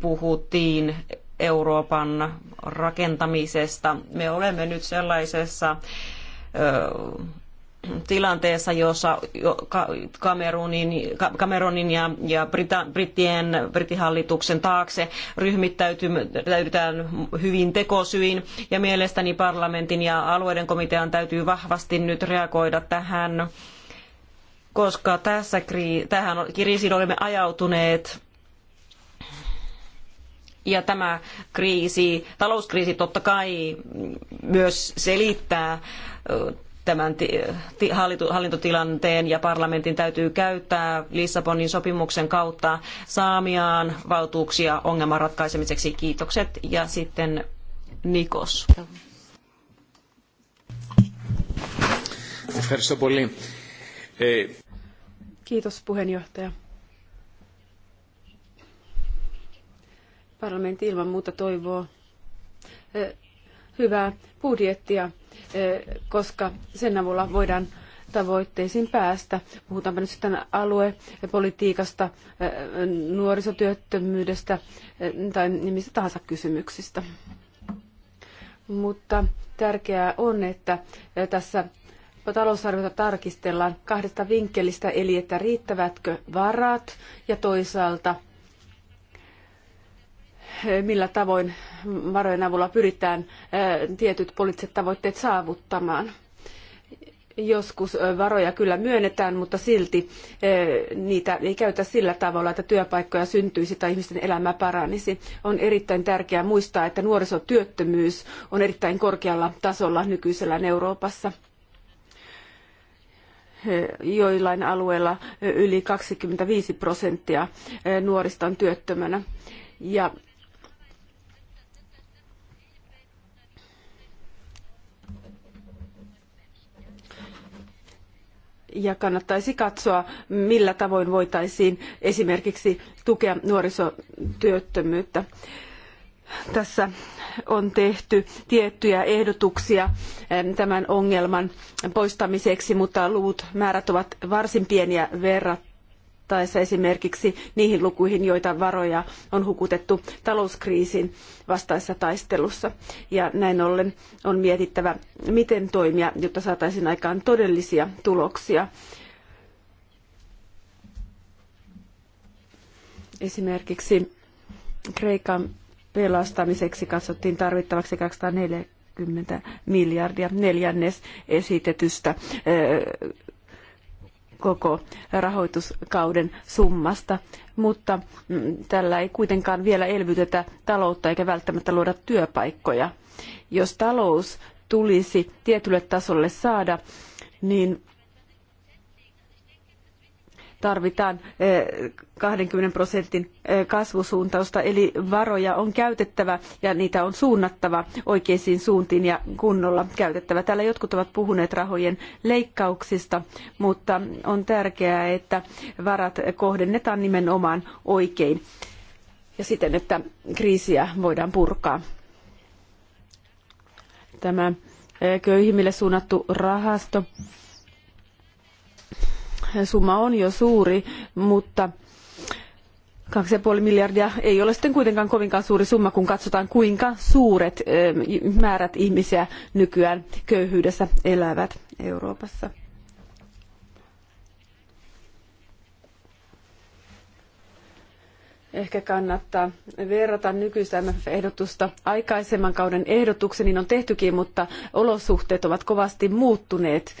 puhuttiin Euroopan rakentamisesta. Me olemme nyt sellaisessa tilanteessa, jossa Kamerunin, Kamerunin ja, ja Brita, Brittien, Brittihallituksen taakse ryhmittäydytään hyvin tekosyin. Ja mielestäni parlamentin ja alueiden komitean täytyy vahvasti nyt reagoida tähän, koska tässä kri, tähän kriisiin olemme ajautuneet ja tämä kriisi, talouskriisi totta kai myös selittää tämän hallintotilanteen ja parlamentin täytyy käyttää Lissabonin sopimuksen kautta saamiaan valtuuksia ongelman ratkaisemiseksi. Kiitokset ja sitten Nikos. Kiitos puheenjohtaja. Parlamentti ilman muuta toivoo hyvää budjettia koska sen avulla voidaan tavoitteisiin päästä. Puhutaanpa nyt sitten aluepolitiikasta, nuorisotyöttömyydestä tai mistä tahansa kysymyksistä. Mutta tärkeää on, että tässä talousarviota tarkistellaan kahdesta vinkkelistä, eli että riittävätkö varat ja toisaalta – millä tavoin varojen avulla pyritään tietyt poliittiset tavoitteet saavuttamaan. Joskus varoja kyllä myönnetään, mutta silti niitä ei käytä sillä tavalla, että työpaikkoja syntyisi tai ihmisten elämä paranisi. On erittäin tärkeää muistaa, että nuorisotyöttömyys on erittäin korkealla tasolla nykyisellään Euroopassa joillain alueilla yli 25 prosenttia nuorista on työttömänä. Ja ja kannattaisi katsoa, millä tavoin voitaisiin esimerkiksi tukea nuorisotyöttömyyttä. Tässä on tehty tiettyjä ehdotuksia tämän ongelman poistamiseksi, mutta luvut määrät ovat varsin pieniä verrattuna viittaessa esimerkiksi niihin lukuihin, joita varoja on hukutettu talouskriisin vastaisessa taistelussa. Ja näin ollen on mietittävä, miten toimia, jotta saataisiin aikaan todellisia tuloksia. Esimerkiksi Kreikan pelastamiseksi katsottiin tarvittavaksi 240 miljardia neljännes esitetystä koko rahoituskauden summasta, mutta mm, tällä ei kuitenkaan vielä elvytetä taloutta eikä välttämättä luoda työpaikkoja. Jos talous tulisi tietylle tasolle saada, niin tarvitaan 20 eh, prosentin eh, kasvusuuntausta, eli varoja on käytettävä ja niitä on suunnattava oikeisiin suuntiin ja kunnolla käytettävä. Täällä jotkut ovat puhuneet rahojen leikkauksista, mutta on tärkeää, että varat kohdennetaan nimenomaan oikein ja siten, että kriisiä voidaan purkaa. Tämä eh, köyhimmille suunnattu rahasto summa on jo suuri, mutta 2,5 miljardia ei ole sitten kuitenkaan kovinkaan suuri summa, kun katsotaan kuinka suuret määrät ihmisiä nykyään köyhyydessä elävät Euroopassa. ehkä kannattaa verrata nykyistä MFF-ehdotusta aikaisemman kauden ehdotukseen, niin on tehtykin, mutta olosuhteet ovat kovasti muuttuneet.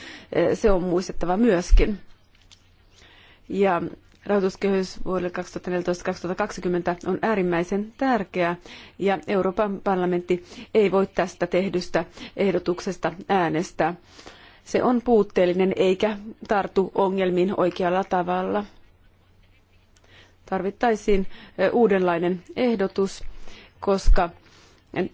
Se on muistettava myöskin ja rahoituskehys vuodelle 2014-2020 on äärimmäisen tärkeä ja Euroopan parlamentti ei voi tästä tehdystä ehdotuksesta äänestää. Se on puutteellinen eikä tartu ongelmiin oikealla tavalla. Tarvittaisiin uudenlainen ehdotus, koska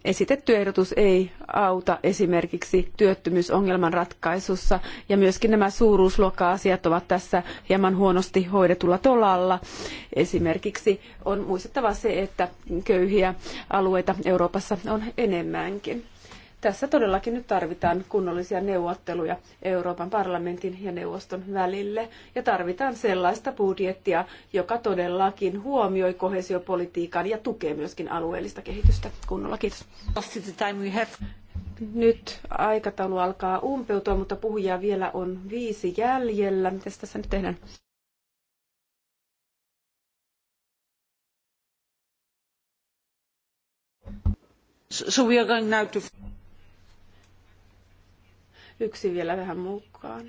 esitetty ehdotus ei auta esimerkiksi työttömyysongelman ratkaisussa ja myöskin nämä suuruusluokka-asiat ovat tässä hieman huonosti hoidetulla tolalla. Esimerkiksi on muistettava se, että köyhiä alueita Euroopassa on enemmänkin. Tässä todellakin nyt tarvitaan kunnollisia neuvotteluja Euroopan parlamentin ja neuvoston välille ja tarvitaan sellaista budjettia, joka todellakin huomioi kohesiopolitiikan ja tukee myöskin alueellista kehitystä kunnolla. Kiitos. Nyt aikataulu alkaa umpeutua, mutta puhujia vielä on viisi jäljellä. Mitäs tässä nyt tehdään? So we are going now to yksi vielä vähän mukaan.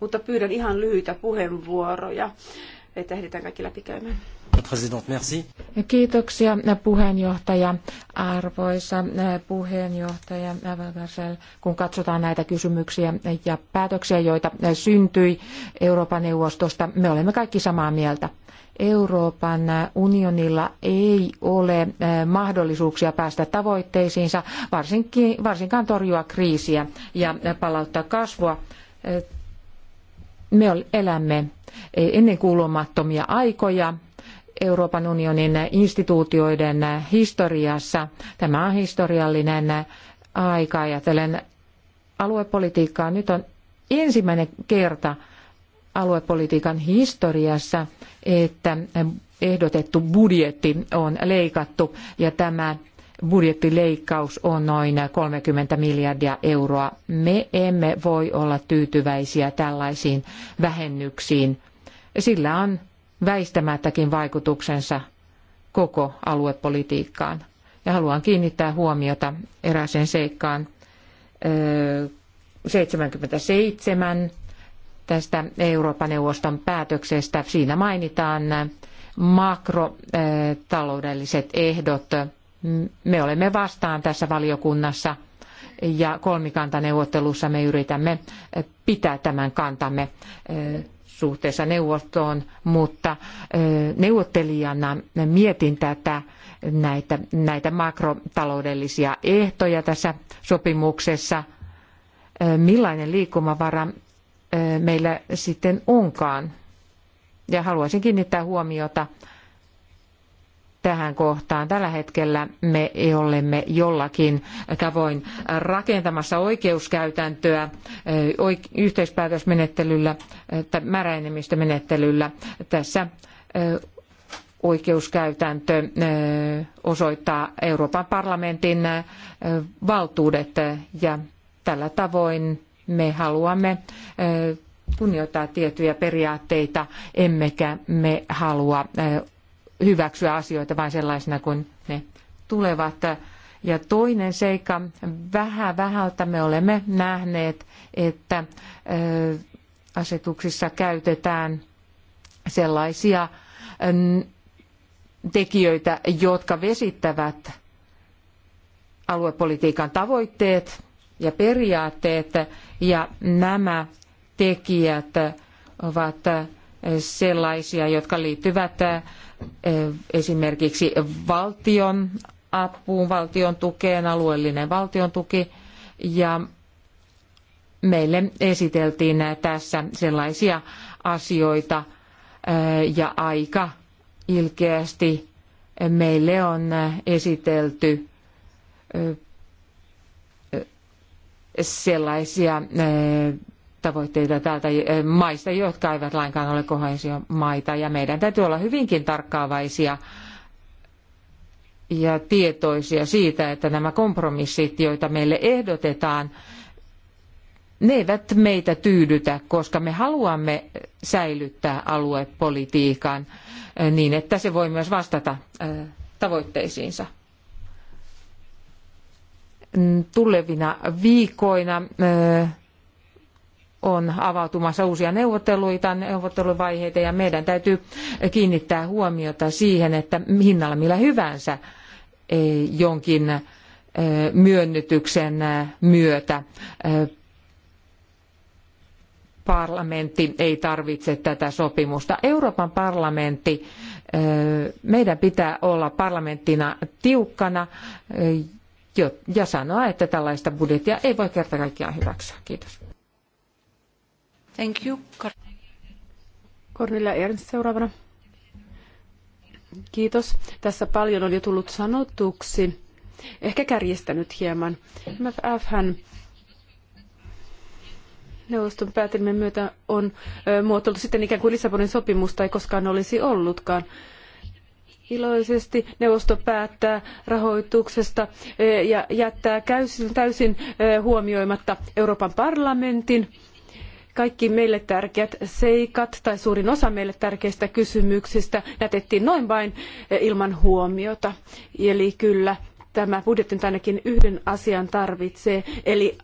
Mutta pyydän ihan lyhyitä puheenvuoroja, että ehditään kaikki läpikäymään. Kiitoksia puheenjohtaja, arvoisa puheenjohtaja Avagasel, Kun katsotaan näitä kysymyksiä ja päätöksiä, joita syntyi Euroopan neuvostosta, me olemme kaikki samaa mieltä. Euroopan unionilla ei ole eh, mahdollisuuksia päästä tavoitteisiinsa, varsinkin, varsinkaan torjua kriisiä ja eh, palauttaa kasvua. Eh, me elämme ennenkuulumattomia aikoja Euroopan unionin instituutioiden historiassa. Tämä on historiallinen aika ajatellen aluepolitiikkaa. Nyt on ensimmäinen kerta aluepolitiikan historiassa, että ehdotettu budjetti on leikattu ja tämä budjettileikkaus on noin 30 miljardia euroa. Me emme voi olla tyytyväisiä tällaisiin vähennyksiin. Sillä on väistämättäkin vaikutuksensa koko aluepolitiikkaan. Ja haluan kiinnittää huomiota erääseen seikkaan. 77 tästä Euroopan neuvoston päätöksestä. Siinä mainitaan makrotaloudelliset ehdot. Me olemme vastaan tässä valiokunnassa ja kolmikantaneuvottelussa me yritämme pitää tämän kantamme eh, suhteessa neuvostoon, mutta eh, neuvottelijana mietin tätä näitä, näitä makrotaloudellisia ehtoja tässä sopimuksessa. Eh, millainen liikkumavara meillä sitten onkaan. Ja haluaisin kiinnittää huomiota tähän kohtaan. Tällä hetkellä me olemme jollakin tavoin rakentamassa oikeuskäytäntöä yhteispäätösmenettelyllä tai määräenemmistömenettelyllä. Tässä oikeuskäytäntö osoittaa Euroopan parlamentin valtuudet ja tällä tavoin me haluamme kunnioittaa tiettyjä periaatteita, emmekä me halua hyväksyä asioita vain sellaisena kuin ne tulevat. Ja toinen seikka, vähän vähältä me olemme nähneet, että asetuksissa käytetään sellaisia tekijöitä, jotka vesittävät aluepolitiikan tavoitteet ja periaatteet ja nämä tekijät ovat sellaisia, jotka liittyvät eh, esimerkiksi valtion apuun, valtion tukeen, alueellinen valtion tuki ja meille esiteltiin tässä sellaisia asioita eh, ja aika ilkeästi meille on esitelty eh, sellaisia eh, tavoitteita täältä eh, maista, jotka eivät lainkaan ole kohesiomaita. Ja meidän täytyy olla hyvinkin tarkkaavaisia ja tietoisia siitä, että nämä kompromissit, joita meille ehdotetaan, ne eivät meitä tyydytä, koska me haluamme säilyttää aluepolitiikan eh, niin, että se voi myös vastata tavoitteisiinsa. Mm, tulevina viikoina on avautumassa uusia neuvotteluita, neuvotteluvaiheita ja meidän täytyy kiinnittää huomiota siihen, että hinnalla millä hyvänsä e, jonkin myönnytyksen myötä parlamentti ei tarvitse tätä sopimusta. Euroopan parlamentti, meidän pitää olla parlamenttina tiukkana jo, ja sanoa, että tällaista budjettia ei voi kerta kaikkiaan hyväksyä. Kiitos. Thank you. Cornelia Ernst seuraavana. Kiitos. Tässä paljon on jo tullut sanotuksi. Ehkä kärjistänyt hieman. MFF hän neuvoston päätelmien myötä on muotoiltu sitten ikään kuin Lissabonin sopimusta ei koskaan olisi ollutkaan iloisesti neuvosto päättää rahoituksesta eh, ja jättää täysin eh, huomioimatta Euroopan parlamentin kaikki meille tärkeät seikat tai suurin osa meille tärkeistä kysymyksistä jätettiin noin vain eh, ilman huomiota. Eli kyllä tämä budjetti nyt ainakin yhden asian tarvitsee, eli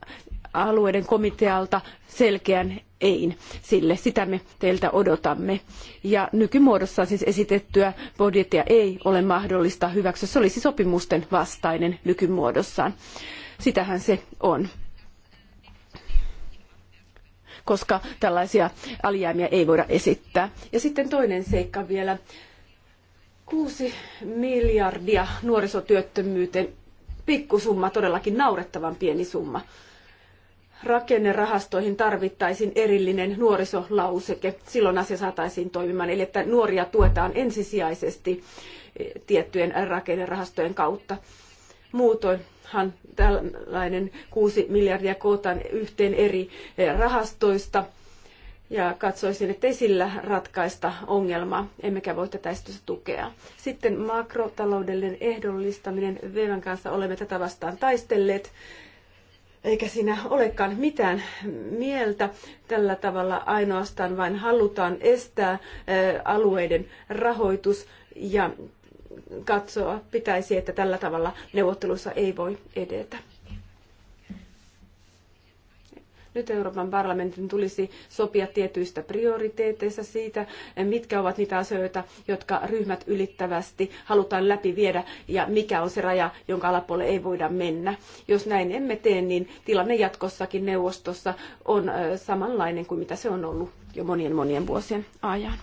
alueiden komitealta selkeän ein sille. Sitä me teiltä odotamme. Ja nykymuodossaan siis esitettyä budjettia ei ole mahdollista hyväksyä. Se olisi sopimusten vastainen nykymuodossaan. Sitähän se on koska tällaisia alijäämiä ei voida esittää. Ja sitten toinen seikka vielä. Kuusi miljardia nuorisotyöttömyyteen. Pikkusumma, todellakin naurettavan pieni summa rakennerahastoihin tarvittaisiin erillinen nuorisolauseke. Silloin asia saataisiin toimimaan, eli että nuoria tuetaan ensisijaisesti eh, tiettyjen rakennerahastojen kautta. Muutoinhan tällainen kuusi miljardia kootaan yhteen eri eh, rahastoista, ja katsoisin, että ei sillä ratkaista ongelmaa, emmekä voi tätä esitystä tukea. Sitten makrotaloudellinen ehdollistaminen. Vevan kanssa olemme tätä vastaan taistelleet eikä siinä olekaan mitään mieltä. Tällä tavalla ainoastaan vain halutaan estää alueiden rahoitus ja katsoa pitäisi, että tällä tavalla neuvottelussa ei voi edetä. Nyt Euroopan parlamentin tulisi sopia tietyistä prioriteeteista siitä, mitkä ovat niitä asioita, jotka ryhmät ylittävästi halutaan läpi viedä ja mikä on se raja, jonka alapuolelle ei voida mennä. Jos näin emme tee, niin tilanne jatkossakin neuvostossa on samanlainen kuin mitä se on ollut jo monien monien vuosien ajan.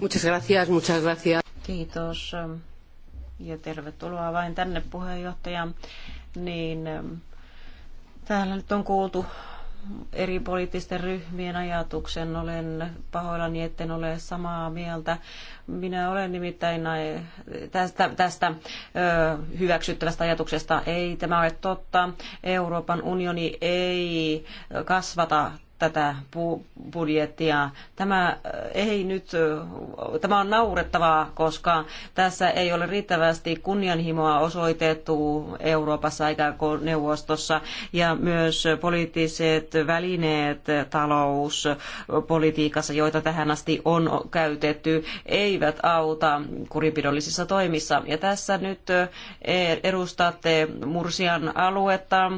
Muchas gracias, muchas gracias. Kiitos ja tervetuloa vain tänne puheenjohtaja. Niin Täällä nyt on kuultu eri poliittisten ryhmien ajatuksen. Olen pahoillani, etten ole samaa mieltä. Minä olen nimittäin tästä, tästä hyväksyttävästä ajatuksesta. Ei tämä ole totta. Euroopan unioni ei kasvata tätä budjettia. Tämä, äh, ei nyt, äh, tämä on naurettavaa, koska tässä ei ole riittävästi kunnianhimoa osoitettu Euroopassa eikä neuvostossa ja myös poliittiset välineet talouspolitiikassa, joita tähän asti on käytetty, eivät auta kuripidollisissa toimissa. Ja tässä nyt äh, edustatte Mursian aluetta,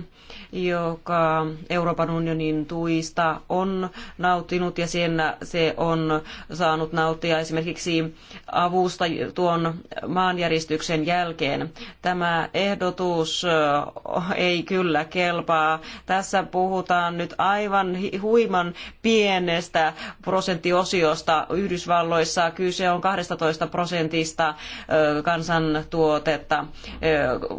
joka Euroopan unionin tuista on nauttinut ja siinä se on saanut nauttia esimerkiksi avusta tuon maanjäristyksen jälkeen. Tämä ehdotus ei kyllä kelpaa. Tässä puhutaan nyt aivan huiman pienestä prosenttiosiosta Yhdysvalloissa. Kyse on 12 prosentista kansantuotetta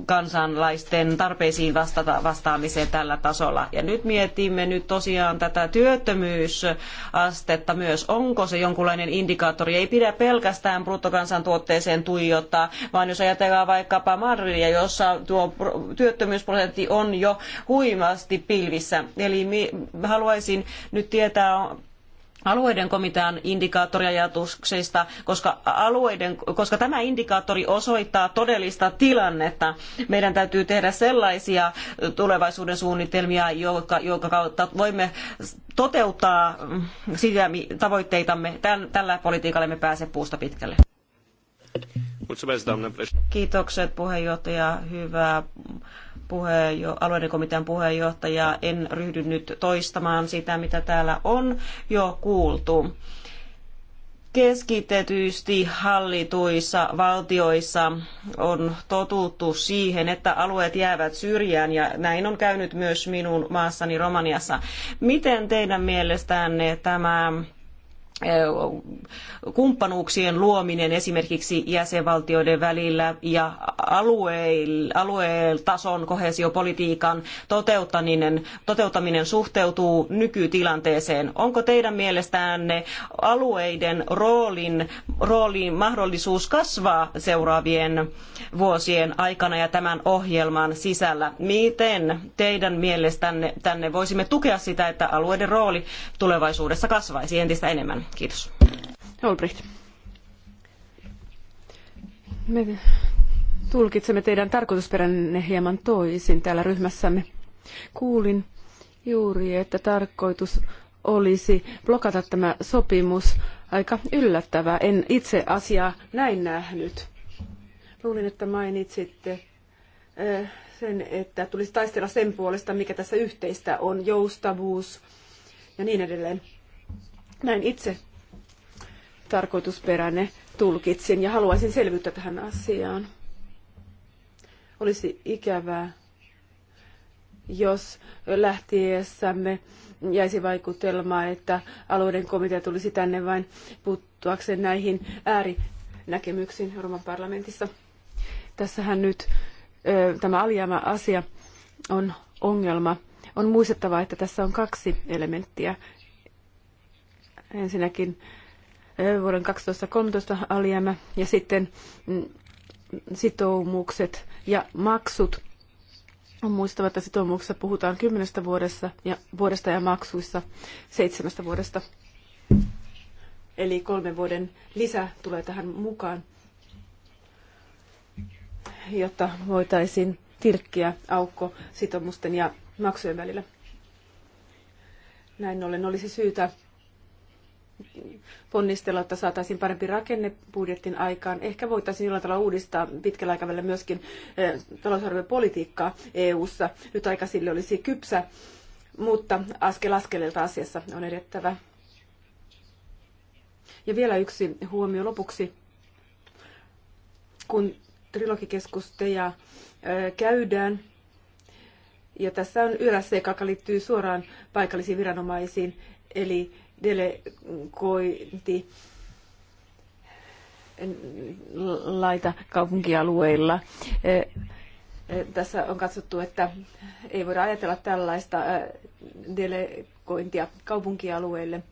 kansalaisten tarpeisiin vastata, vastaamiseen tällä tasolla. Ja nyt mietimme nyt tosiaan tätä tätä työttömyysastetta myös? Onko se jonkunlainen indikaattori? Ei pidä pelkästään bruttokansantuotteeseen tuijottaa, vaan jos ajatellaan vaikkapa Madridia, jossa tuo työttömyysprosentti on jo huimasti pilvissä. Eli haluaisin nyt tietää, alueiden komitean indikaattoriajatuksista, koska, alueiden, koska tämä indikaattori osoittaa todellista tilannetta. Meidän täytyy tehdä sellaisia tulevaisuuden suunnitelmia, jonka, jonka kautta voimme toteuttaa sitä tavoitteitamme. Tän, tällä politiikalla me pääse puusta pitkälle. Kiitokset puheenjohtaja. Hyvää puheenjo- alueiden komitean puheenjohtaja. En ryhdy nyt toistamaan sitä, mitä täällä on jo kuultu keskitetysti hallituissa valtioissa on totuttu siihen, että alueet jäävät syrjään ja näin on käynyt myös minun maassani Romaniassa. Miten teidän mielestänne tämä kumppanuuksien luominen esimerkiksi jäsenvaltioiden välillä ja alueeltason koheesiopolitiikan toteuttaminen, toteuttaminen suhteutuu nykytilanteeseen. Onko teidän mielestänne alueiden roolin, roolin mahdollisuus kasvaa seuraavien vuosien aikana ja tämän ohjelman sisällä? Miten teidän mielestänne tänne voisimme tukea sitä, että alueiden rooli tulevaisuudessa kasvaisi entistä enemmän? Kiitos. Olbricht. Me tulkitsemme teidän tarkoitusperänne hieman toisin täällä ryhmässämme. Kuulin juuri, että tarkoitus olisi blokata tämä sopimus. Aika yllättävää. En itse asiaa näin nähnyt. Luulin, että mainitsitte eh, sen, että tulisi taistella sen puolesta, mikä tässä yhteistä on, joustavuus ja niin edelleen. Näin itse tarkoitusperänne tulkitsin ja haluaisin selvyyttä tähän asiaan. Olisi ikävää, jos lähtiessämme jäisi vaikutelma, että alueiden komitea tulisi tänne vain puuttuakseen näihin äärinäkemyksiin Euroopan parlamentissa. Tässähän nyt tämä alijäämä asia on ongelma. On muistettava, että tässä on kaksi elementtiä. Ensinnäkin vuoden 2013 alijäämä ja sitten mm, sitoumukset ja maksut. On muistava, että sitoumuksessa puhutaan kymmenestä vuodessa ja, vuodesta ja maksuissa seitsemästä vuodesta. Eli kolmen vuoden lisä tulee tähän mukaan, jotta voitaisiin tilkkiä aukko sitoumusten ja maksujen välillä. Näin ollen olisi syytä ponnistella, että saataisiin parempi rakennebudjetin aikaan. Ehkä voitaisiin jollain tavalla uudistaa pitkällä aikavälillä myöskin eh, talousarviopolitiikkaa EU-ssa. Nyt aika sille olisi kypsä, mutta askel askeleelta asiassa on edettävä. Ja vielä yksi huomio lopuksi. Kun trilogikeskusteja eh, käydään, ja tässä on yläseikka, joka liittyy suoraan paikallisiin viranomaisiin, eli delegointi laita kaupunkialueilla. E, e, tässä on katsottu, että ei voida ajatella tällaista e, delegointia kaupunkialueille.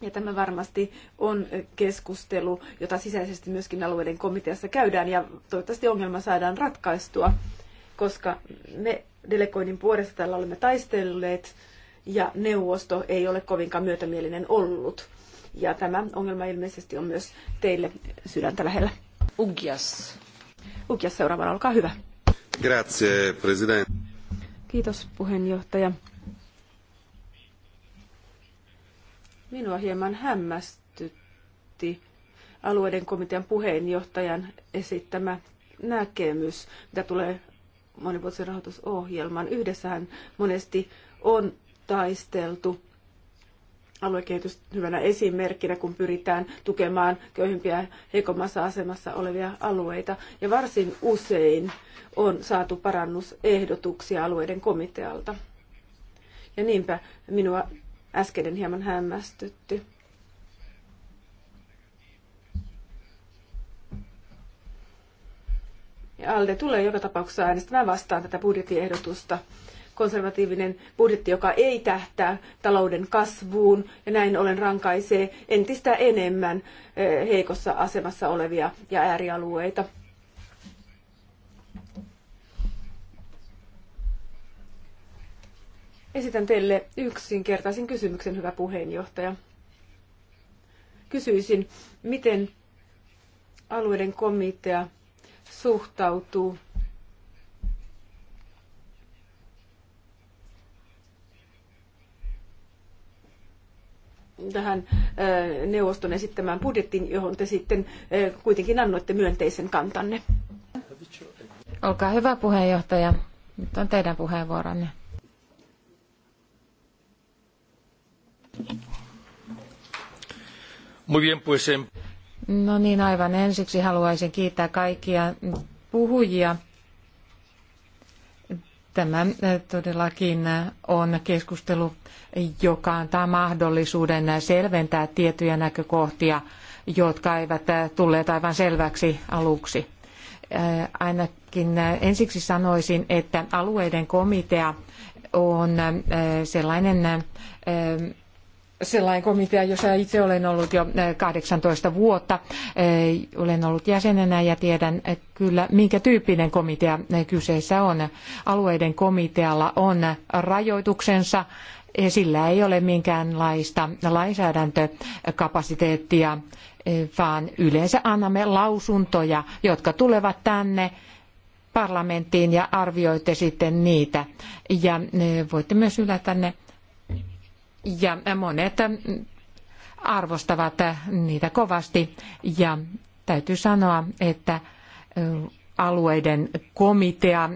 Ja tämä varmasti on keskustelu, jota sisäisesti myöskin alueiden komiteassa käydään ja toivottavasti ongelma saadaan ratkaistua, koska me delegoinnin puolesta täällä olemme taistelleet ja neuvosto ei ole kovinkaan myötämielinen ollut. Ja tämä ongelma ilmeisesti on myös teille sydäntä lähellä. Ugias. Ugias seuraavana, olkaa hyvä. Grazie, president. Kiitos puheenjohtaja. Minua hieman hämmästytti alueiden komitean puheenjohtajan esittämä näkemys, mitä tulee monivuotisen rahoitusohjelman. Yhdessähän monesti on taisteltu aluekehitys hyvänä esimerkkinä, kun pyritään tukemaan köyhimpiä heikommassa asemassa olevia alueita. Ja varsin usein on saatu parannusehdotuksia alueiden komitealta. Ja niinpä minua äskeinen hieman hämmästytti. Ja Alde tulee joka tapauksessa äänestämään vastaan tätä budjettiehdotusta konservatiivinen budjetti, joka ei tähtää talouden kasvuun ja näin ollen rankaisee entistä enemmän eh, heikossa asemassa olevia ja äärialueita. Esitän teille yksinkertaisen kysymyksen, hyvä puheenjohtaja. Kysyisin, miten alueiden komitea suhtautuu tähän neuvoston esittämään budjettiin, johon te sitten kuitenkin annoitte myönteisen kantanne. Olkaa hyvä puheenjohtaja. Nyt on teidän puheenvuoronne. No niin, aivan ensiksi haluaisin kiittää kaikkia puhujia Tämä äh, todellakin äh, on keskustelu, joka antaa mahdollisuuden selventää tiettyjä näkökohtia, jotka eivät äh, tulleet aivan selväksi aluksi. Ainakin ensiksi sanoisin, että alueiden komitea on sellainen sellainen komitea, jossa itse olen ollut jo 18 eh, vuotta. Eh, olen ollut jäsenenä ja tiedän eh, kyllä, minkä tyyppinen komitea kyseessä on. Alueiden komitealla on rajoituksensa. Sillä ei ole minkäänlaista lainsäädäntökapasiteettia, vaan yleensä annamme lausuntoja, jotka tulevat tänne parlamenttiin ja arvioitte sitten niitä. Ja voitte myös ylätä ne ja monet arvostavat niitä kovasti ja täytyy sanoa, että alueiden komitea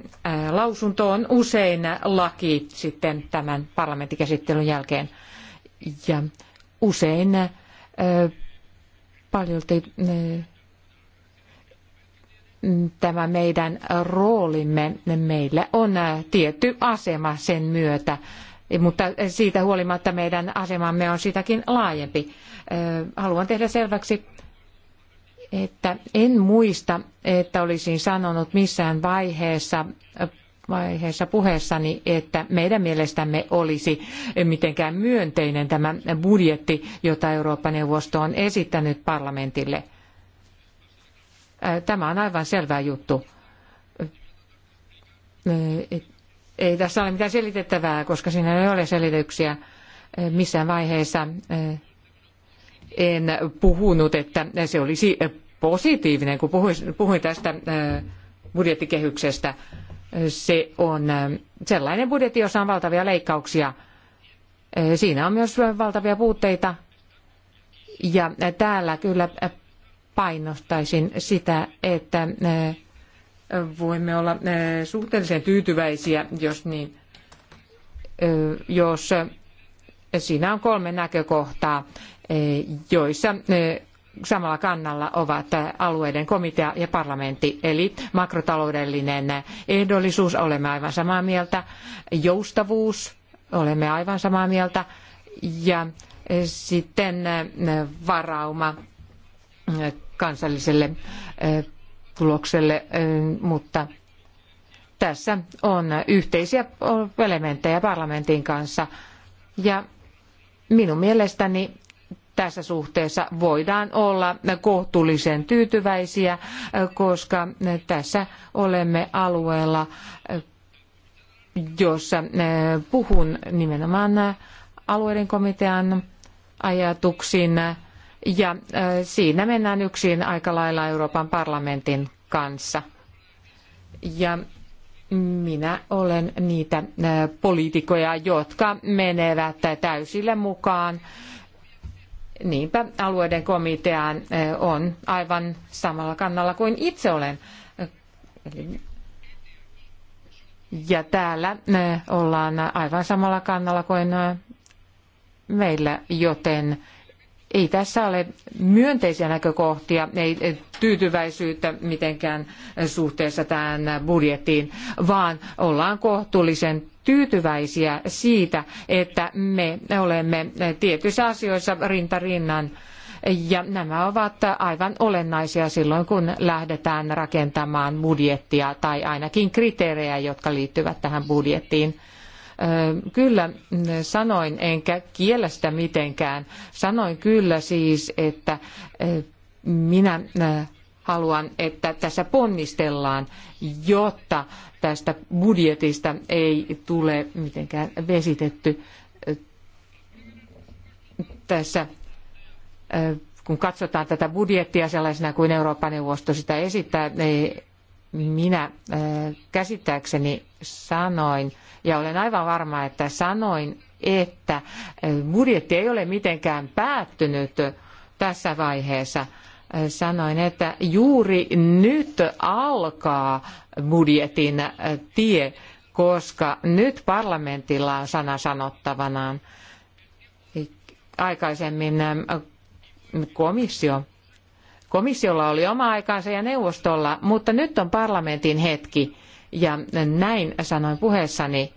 lausunto on usein laki sitten tämän parlamenttikäsittelyn jälkeen ja usein paljolti tämä meidän roolimme, meillä on tietty asema sen myötä mutta siitä huolimatta meidän asemamme on sitäkin laajempi. Haluan tehdä selväksi, että en muista, että olisin sanonut missään vaiheessa vaiheessa puheessani, että meidän mielestämme olisi mitenkään myönteinen tämä budjetti, jota Eurooppa-neuvosto on esittänyt parlamentille. Tämä on aivan selvä juttu ei tässä ole mitään selitettävää, koska siinä ei ole selityksiä eh, missään vaiheessa. Eh, en puhunut, että se olisi positiivinen, kun puhuin tästä eh, budjettikehyksestä. Se on sellainen budjetti, jossa on valtavia leikkauksia. Siinä on myös valtavia puutteita. Ja täällä kyllä painostaisin sitä, että voimme olla eh, suhteellisen tyytyväisiä, jos, niin, eh, jos eh, siinä on kolme näkökohtaa, joissa samalla kannalla ovat alueiden komitea ja parlamentti, eli makrotaloudellinen ehdollisuus, olemme aivan samaa mieltä, joustavuus, olemme aivan samaa mieltä, ja sitten varauma kansalliselle lopputulokselle, mutta tässä on yhteisiä elementtejä parlamentin kanssa. Ja minun mielestäni tässä suhteessa voidaan olla kohtuullisen tyytyväisiä, koska tässä olemme alueella, jossa puhun nimenomaan alueiden komitean ajatuksiin ja äh, siinä mennään yksin aika lailla Euroopan parlamentin kanssa. Ja minä olen niitä äh, poliitikkoja, jotka menevät täysille mukaan. Niinpä alueiden komiteaan äh, on aivan samalla kannalla kuin itse olen. Ja täällä ollaan aivan samalla kannalla kuin meillä, joten ei tässä ole myönteisiä näkökohtia, ei tyytyväisyyttä mitenkään suhteessa tähän budjettiin, vaan ollaan kohtuullisen tyytyväisiä siitä, että me olemme tietyissä asioissa rinta rinnan ja nämä ovat aivan olennaisia silloin, kun lähdetään rakentamaan budjettia tai ainakin kriteerejä, jotka liittyvät tähän budjettiin Kyllä mm, sanoin, enkä kiellä sitä mitenkään. Sanoin kyllä siis, että minä haluan, että tässä ponnistellaan, jotta tästä budjetista ei tule mitenkään vesitetty tässä kun katsotaan tätä budjettia sellaisena kuin Euroopan neuvosto sitä esittää, niin minä äh, käsittääkseni sanoin, ja olen aivan varma, että sanoin, että äh, budjetti ei ole mitenkään päättynyt tässä vaiheessa. Äh, sanoin, että juuri nyt alkaa budjetin tie, koska nyt parlamentilla on sana sanottavanaan. Aikaisemmin ähm, komissio Komissiolla oli oma aikansa ja neuvostolla, mutta nyt on parlamentin hetki. Ja näin sanoin puheessani,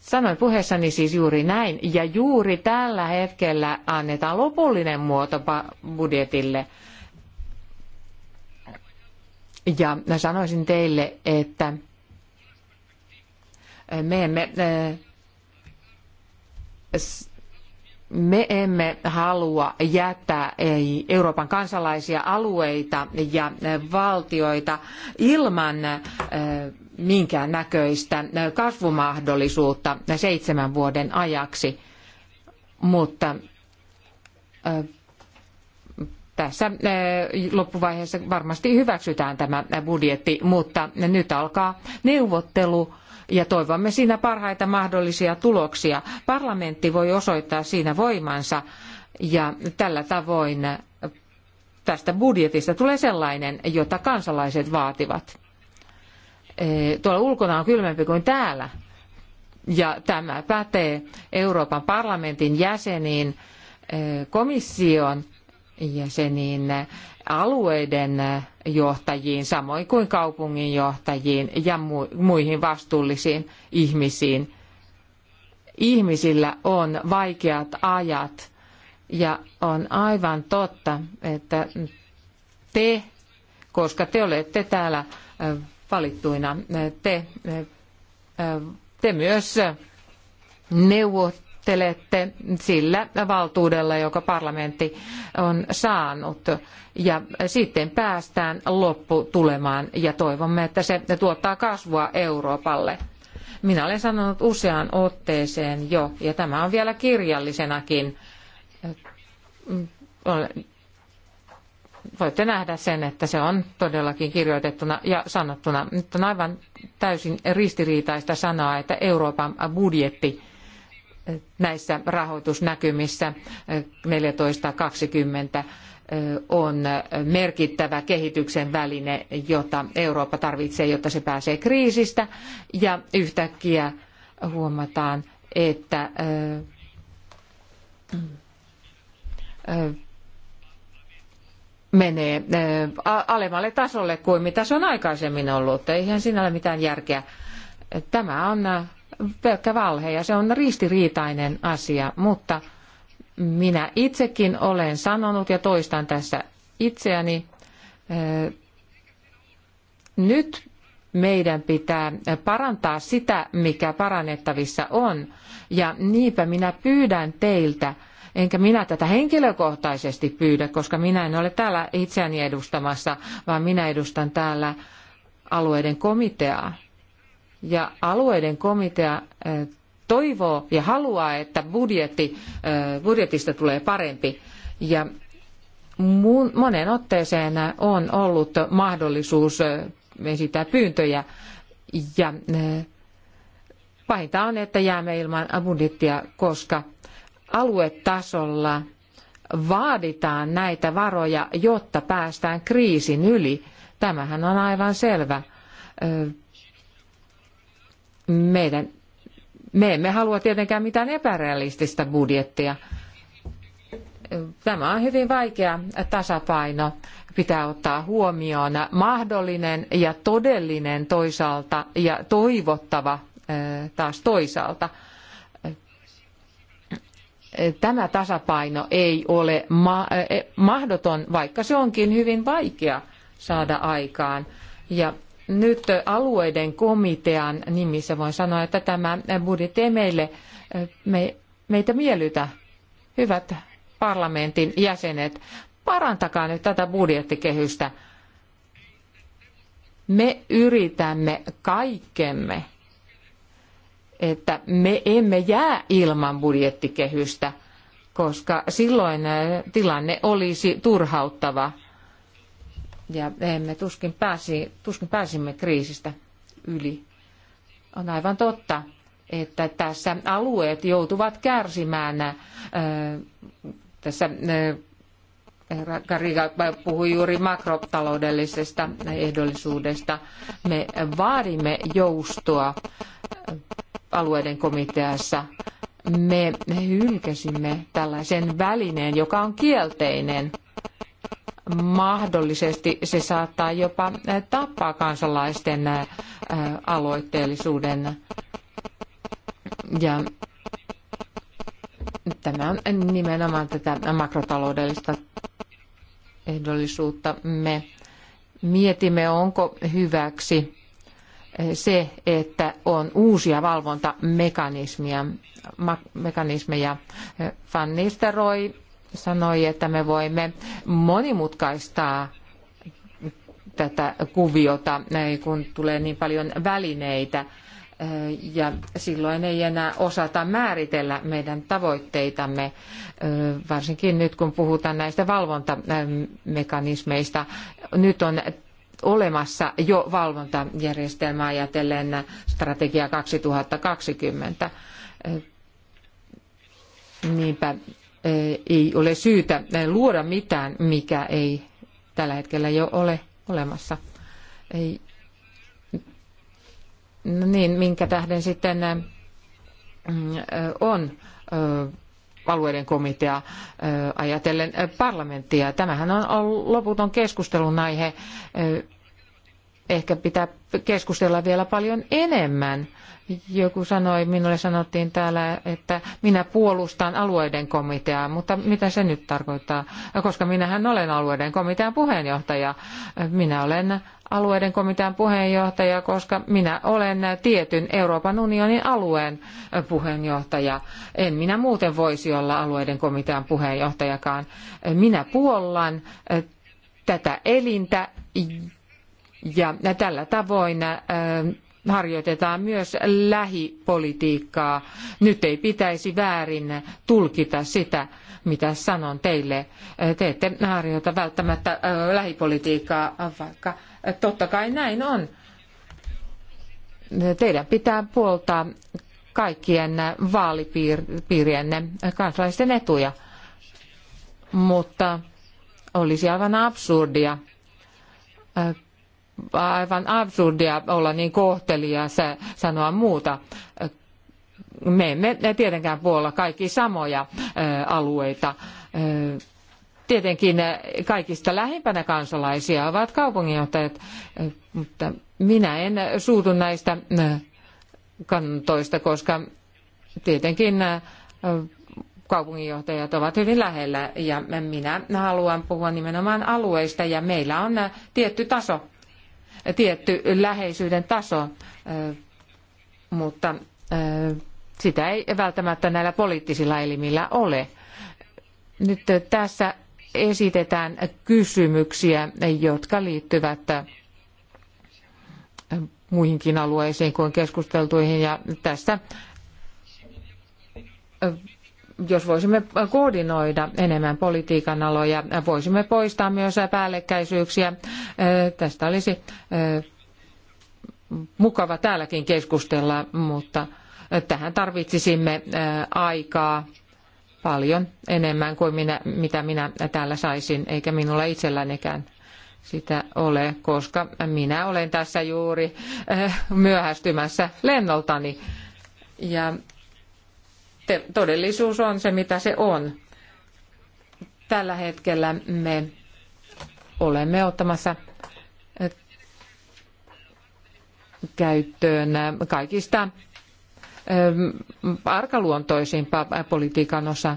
sanoin puheessani siis juuri näin. Ja juuri tällä hetkellä annetaan lopullinen muoto budjetille. Ja sanoisin teille, että me emme äh, me emme halua jättää Euroopan kansalaisia alueita ja valtioita ilman minkään näköistä kasvumahdollisuutta seitsemän vuoden ajaksi. Mutta tässä loppuvaiheessa varmasti hyväksytään tämä budjetti, mutta nyt alkaa neuvottelu ja toivomme siinä parhaita mahdollisia tuloksia. Parlamentti voi osoittaa siinä voimansa ja tällä tavoin tästä budjetista tulee sellainen, jota kansalaiset vaativat. E, tuolla ulkona on kylmempi kuin täällä. Ja tämä pätee Euroopan parlamentin jäseniin, e, komissioon jäseniin, alueiden johtajiin, samoin kuin kaupungin johtajiin ja muihin vastuullisiin ihmisiin. Ihmisillä on vaikeat ajat ja on aivan totta, että te, koska te olette täällä valittuina, te, te myös neuvot, neuvottelette sillä valtuudella, joka parlamentti on saanut. Ja sitten päästään lopputulemaan ja toivomme, että se tuottaa kasvua Euroopalle. Minä olen sanonut useaan otteeseen jo, ja tämä on vielä kirjallisenakin. Voitte nähdä sen, että se on todellakin kirjoitettuna ja sanottuna. Nyt on aivan täysin ristiriitaista sanoa, että Euroopan budjetti näissä rahoitusnäkymissä 14-20 on merkittävä kehityksen väline, jota Eurooppa tarvitsee, jotta se pääsee kriisistä. Ja yhtäkkiä huomataan, että menee alemmalle tasolle kuin mitä se on aikaisemmin ollut. Eihän siinä ole mitään järkeä. Tämä on pelkkä valhe ja se on ristiriitainen asia, mutta minä itsekin olen sanonut ja toistan tässä itseäni. Eh, nyt meidän pitää parantaa sitä, mikä parannettavissa on. Ja niinpä minä pyydän teiltä, enkä minä tätä henkilökohtaisesti pyydä, koska minä en ole täällä itseäni edustamassa, vaan minä edustan täällä alueiden komiteaa. Ja alueiden komitea eh, toivoo ja haluaa, että budjetti, eh, budjetista tulee parempi. Ja monen otteeseen on ollut mahdollisuus eh, esittää pyyntöjä ja pahinta on, että jäämme ilman budjettia, koska aluetasolla vaaditaan näitä varoja, jotta päästään kriisin yli. Tämähän on aivan selvä meidän, me emme halua tietenkään mitään epärealistista budjettia. Tämä on hyvin vaikea tasapaino. Pitää ottaa huomioon mahdollinen ja todellinen toisaalta ja toivottava taas toisaalta tämä tasapaino ei ole mahdoton, vaikka se onkin hyvin vaikea saada aikaan. Ja nyt alueiden komitean nimissä voin sanoa, että tämä budjetti ei meille, me, meitä miellytä. Hyvät parlamentin jäsenet, parantakaa nyt tätä budjettikehystä. Me yritämme kaikkemme, että me emme jää ilman budjettikehystä, koska silloin eh, tilanne olisi turhauttava – ja emme tuskin, pääsi, tuskin pääsimme kriisistä yli. On aivan totta, että tässä alueet joutuvat kärsimään. Tässä Kariga puhui juuri makrotaloudellisesta ehdollisuudesta. Me vaadimme joustoa alueiden komiteassa. Me hylkäsimme tällaisen välineen, joka on kielteinen – mahdollisesti se saattaa jopa eh, tappaa kansalaisten eh, aloitteellisuuden. Ja tämä on nimenomaan tätä makrotaloudellista ehdollisuutta. Me mietimme, onko hyväksi eh, se, että on uusia valvontamekanismeja. Mekanismeja. Van Nistelrooy sanoi, että me voimme monimutkaistaa tätä kuviota, kun tulee niin paljon välineitä eh, ja silloin ei enää osata määritellä meidän tavoitteitamme, eh, varsinkin nyt kun puhutaan näistä valvontamekanismeista. Nyt on olemassa jo valvontajärjestelmä ajatellen strategia 2020. Eh, niinpä ei ole syytä eh, luoda mitään, mikä ei tällä hetkellä jo ole olemassa. Ei. No niin, minkä tähden sitten eh, mm, on eh, alueiden komitea ajatellen parlamenttia. Tämähän on loputon keskustelun aihe ehkä pitää keskustella vielä paljon enemmän. Joku sanoi, minulle sanottiin täällä, että minä puolustan alueiden komiteaa, mutta mitä se nyt tarkoittaa? Koska minähän olen alueiden komitean puheenjohtaja. Minä olen alueiden komitean puheenjohtaja, koska minä olen tietyn Euroopan unionin alueen puheenjohtaja. En minä muuten voisi olla alueiden komitean puheenjohtajakaan. Minä puollan tätä elintä ja tällä tavoin äh, harjoitetaan myös lähipolitiikkaa. Nyt ei pitäisi väärin tulkita sitä, mitä sanon teille. Äh, te ette harjoita välttämättä äh, lähipolitiikkaa, vaikka totta kai näin on. Teidän pitää puoltaa kaikkien vaalipiirienne kansalaisten etuja. Mutta olisi aivan absurdia aivan absurdia olla niin kohtelias sanoa muuta. Me emme tietenkään puolla kaikki samoja alueita. Tietenkin kaikista lähimpänä kansalaisia ovat kaupunginjohtajat, mutta minä en suutu näistä kantoista, koska tietenkin kaupunginjohtajat ovat hyvin lähellä ja minä haluan puhua nimenomaan alueista ja meillä on tietty taso tietty läheisyyden taso, mutta sitä ei välttämättä näillä poliittisilla elimillä ole. Nyt tässä esitetään kysymyksiä, jotka liittyvät muihinkin alueisiin kuin keskusteltuihin ja tässä jos voisimme koordinoida enemmän politiikan aloja, voisimme poistaa myös päällekkäisyyksiä. Tästä olisi mukava täälläkin keskustella, mutta tähän tarvitsisimme aikaa paljon enemmän kuin minä, mitä minä täällä saisin, eikä minulla itsellänikään sitä ole, koska minä olen tässä juuri myöhästymässä lennoltani. Ja todellisuus on se, mitä se on. Tällä hetkellä me olemme ottamassa eh, käyttöön eh, kaikista eh, arkaluontoisimpaa politiikan osa.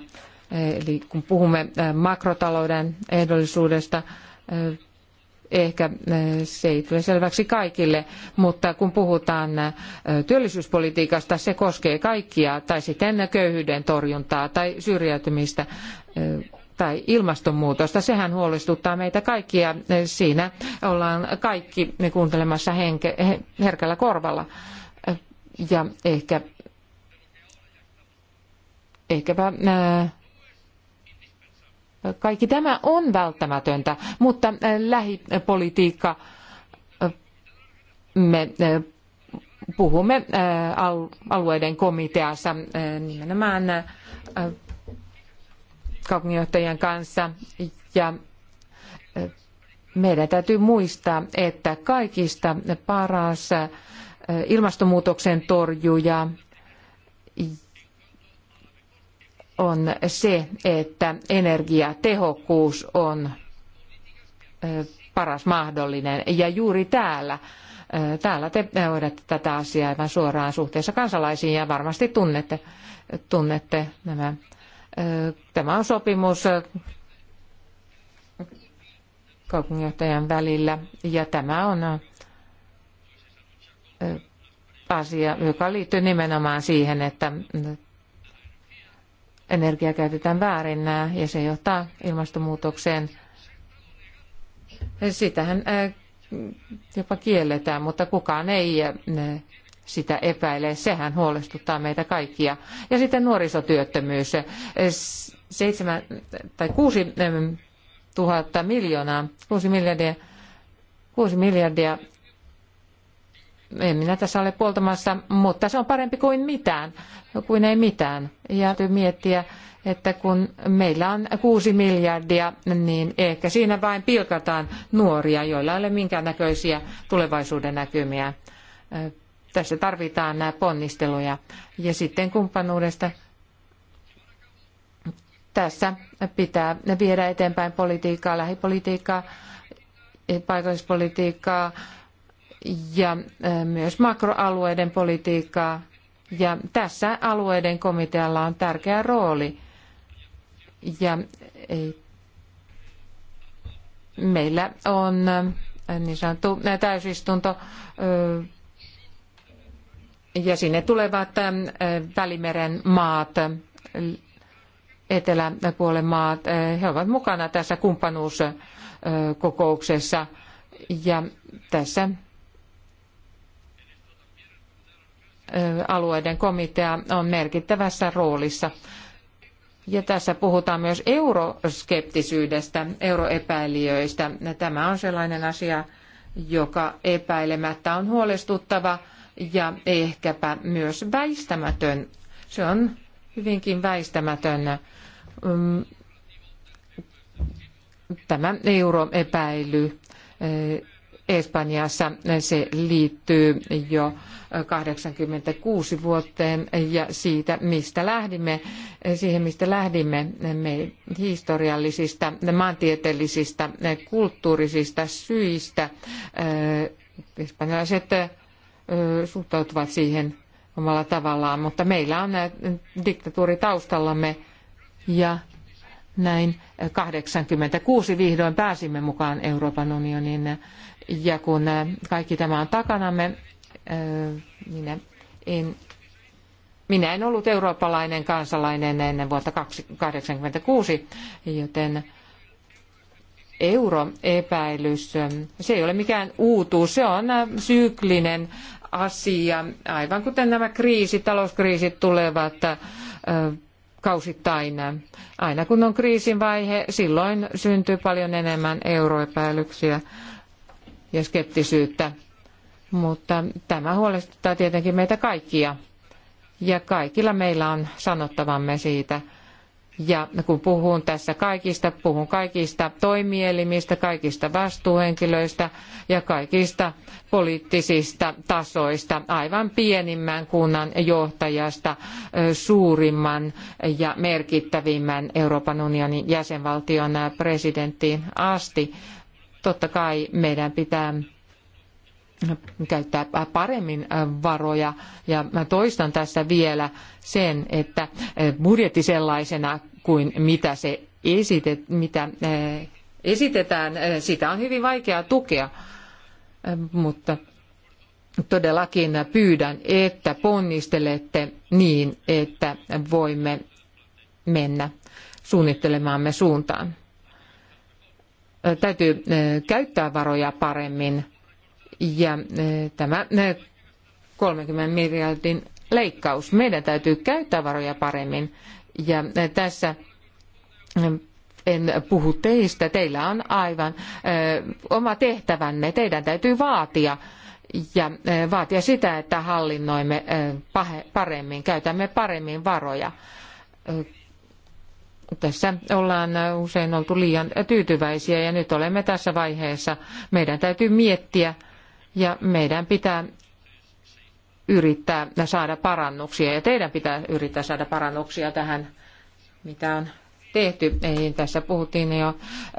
Eli kun puhumme makrotalouden ehdollisuudesta, ehkä eh, se ei tule selväksi kaikille, mutta kun puhutaan eh, työllisyyspolitiikasta, se koskee kaikkia, tai sitten köyhyyden torjuntaa tai syrjäytymistä eh, tai ilmastonmuutosta. Sehän huolestuttaa meitä kaikkia. Siinä ollaan kaikki kuuntelemassa henke, herkällä korvalla. Ja ehkä, ehkäpä ää, kaikki tämä on välttämätöntä, mutta äh, lähipolitiikka, äh, me äh, puhumme alueiden komiteassa nimenomaan kaupunginjohtajien kanssa ja meidän täytyy muistaa, että kaikista paras ilmastonmuutoksen torjuja on se, että energiatehokkuus on paras mahdollinen. Ja juuri täällä, täällä te hoidatte tätä asiaa aivan suoraan suhteessa kansalaisiin ja varmasti tunnette, tunnette nämä. Tämä on sopimus kaupunginjohtajan välillä ja tämä on asia, joka liittyy nimenomaan siihen, että energiaa käytetään väärin ja se johtaa ilmastonmuutokseen. Sitähän jopa kielletään, mutta kukaan ei sitä epäile. Sehän huolestuttaa meitä kaikkia. Ja sitten nuorisotyöttömyys. Seitsemän, tai kuusi tuhatta miljoonaa, kuusi miljardia, kuusi miljardia en minä tässä ole puoltamassa, mutta se on parempi kuin mitään, kuin ei mitään. Ja täytyy miettiä, että kun meillä on kuusi miljardia, niin ehkä siinä vain pilkataan nuoria, joilla ei ole minkäännäköisiä tulevaisuuden näkymiä. Tässä tarvitaan nämä ponnisteluja. Ja sitten kumppanuudesta tässä pitää viedä eteenpäin politiikkaa, lähipolitiikkaa, paikallispolitiikkaa, ja myös makroalueiden politiikkaa. Ja tässä alueiden komitealla on tärkeä rooli. Ja meillä on niin sanottu täysistunto ja sinne tulevat Välimeren maat, eteläpuolen maat, he ovat mukana tässä kumppanuuskokouksessa ja tässä alueiden komitea on merkittävässä roolissa. Ja tässä puhutaan myös euroskeptisyydestä, euroepäilijöistä. Tämä on sellainen asia, joka epäilemättä on huolestuttava ja ehkäpä myös väistämätön. Se on hyvinkin väistämätön mm, tämä euroepäily Espanjassa se liittyy jo 86 vuoteen ja siitä, mistä lähdimme, siihen mistä lähdimme me historiallisista, maantieteellisistä, kulttuurisista syistä. Äh, espanjalaiset äh, suhtautuvat siihen omalla tavallaan, mutta meillä on äh, diktatuuri taustallamme ja näin 86 vihdoin pääsimme mukaan Euroopan unionin ja kun äh, kaikki tämä on takanamme, äh, minä en, minä en ollut eurooppalainen kansalainen ennen vuotta 1986, joten euroepäilys, ähm, se ei ole mikään uutuus, se on äh, syklinen asia, aivan kuten nämä kriisit, talouskriisit tulevat kausittain. Aina kun on kriisin vaihe, silloin syntyy paljon enemmän euroepäilyksiä ja skeptisyyttä. Mutta tämä huolestuttaa tietenkin meitä kaikkia. Ja kaikilla meillä on sanottavamme siitä. Ja kun puhun tässä kaikista, puhun kaikista toimielimistä, kaikista vastuuhenkilöistä ja kaikista poliittisista tasoista, aivan pienimmän kunnan johtajasta suurimman ja merkittävimmän Euroopan unionin jäsenvaltion presidenttiin asti. Totta kai meidän pitää käyttää paremmin varoja. Ja mä toistan tässä vielä sen, että budjetti sellaisena kuin mitä se esitet, mitä eh, esitetään, eh, sitä on hyvin vaikea tukea. Eh, mutta todellakin pyydän, että ponnistelette niin, että voimme mennä suunnittelemaamme suuntaan täytyy käyttää varoja paremmin. Ja tämä 30 miljardin leikkaus, meidän täytyy käyttää varoja paremmin. Ja tässä en puhu teistä, teillä on aivan oma tehtävänne, teidän täytyy vaatia ja vaatia sitä, että hallinnoimme paremmin, käytämme paremmin varoja tässä ollaan usein oltu liian tyytyväisiä ja nyt olemme tässä vaiheessa. Meidän täytyy miettiä ja meidän pitää yrittää saada parannuksia ja teidän pitää yrittää saada parannuksia tähän, mitä on tehty. Ei, tässä puhuttiin jo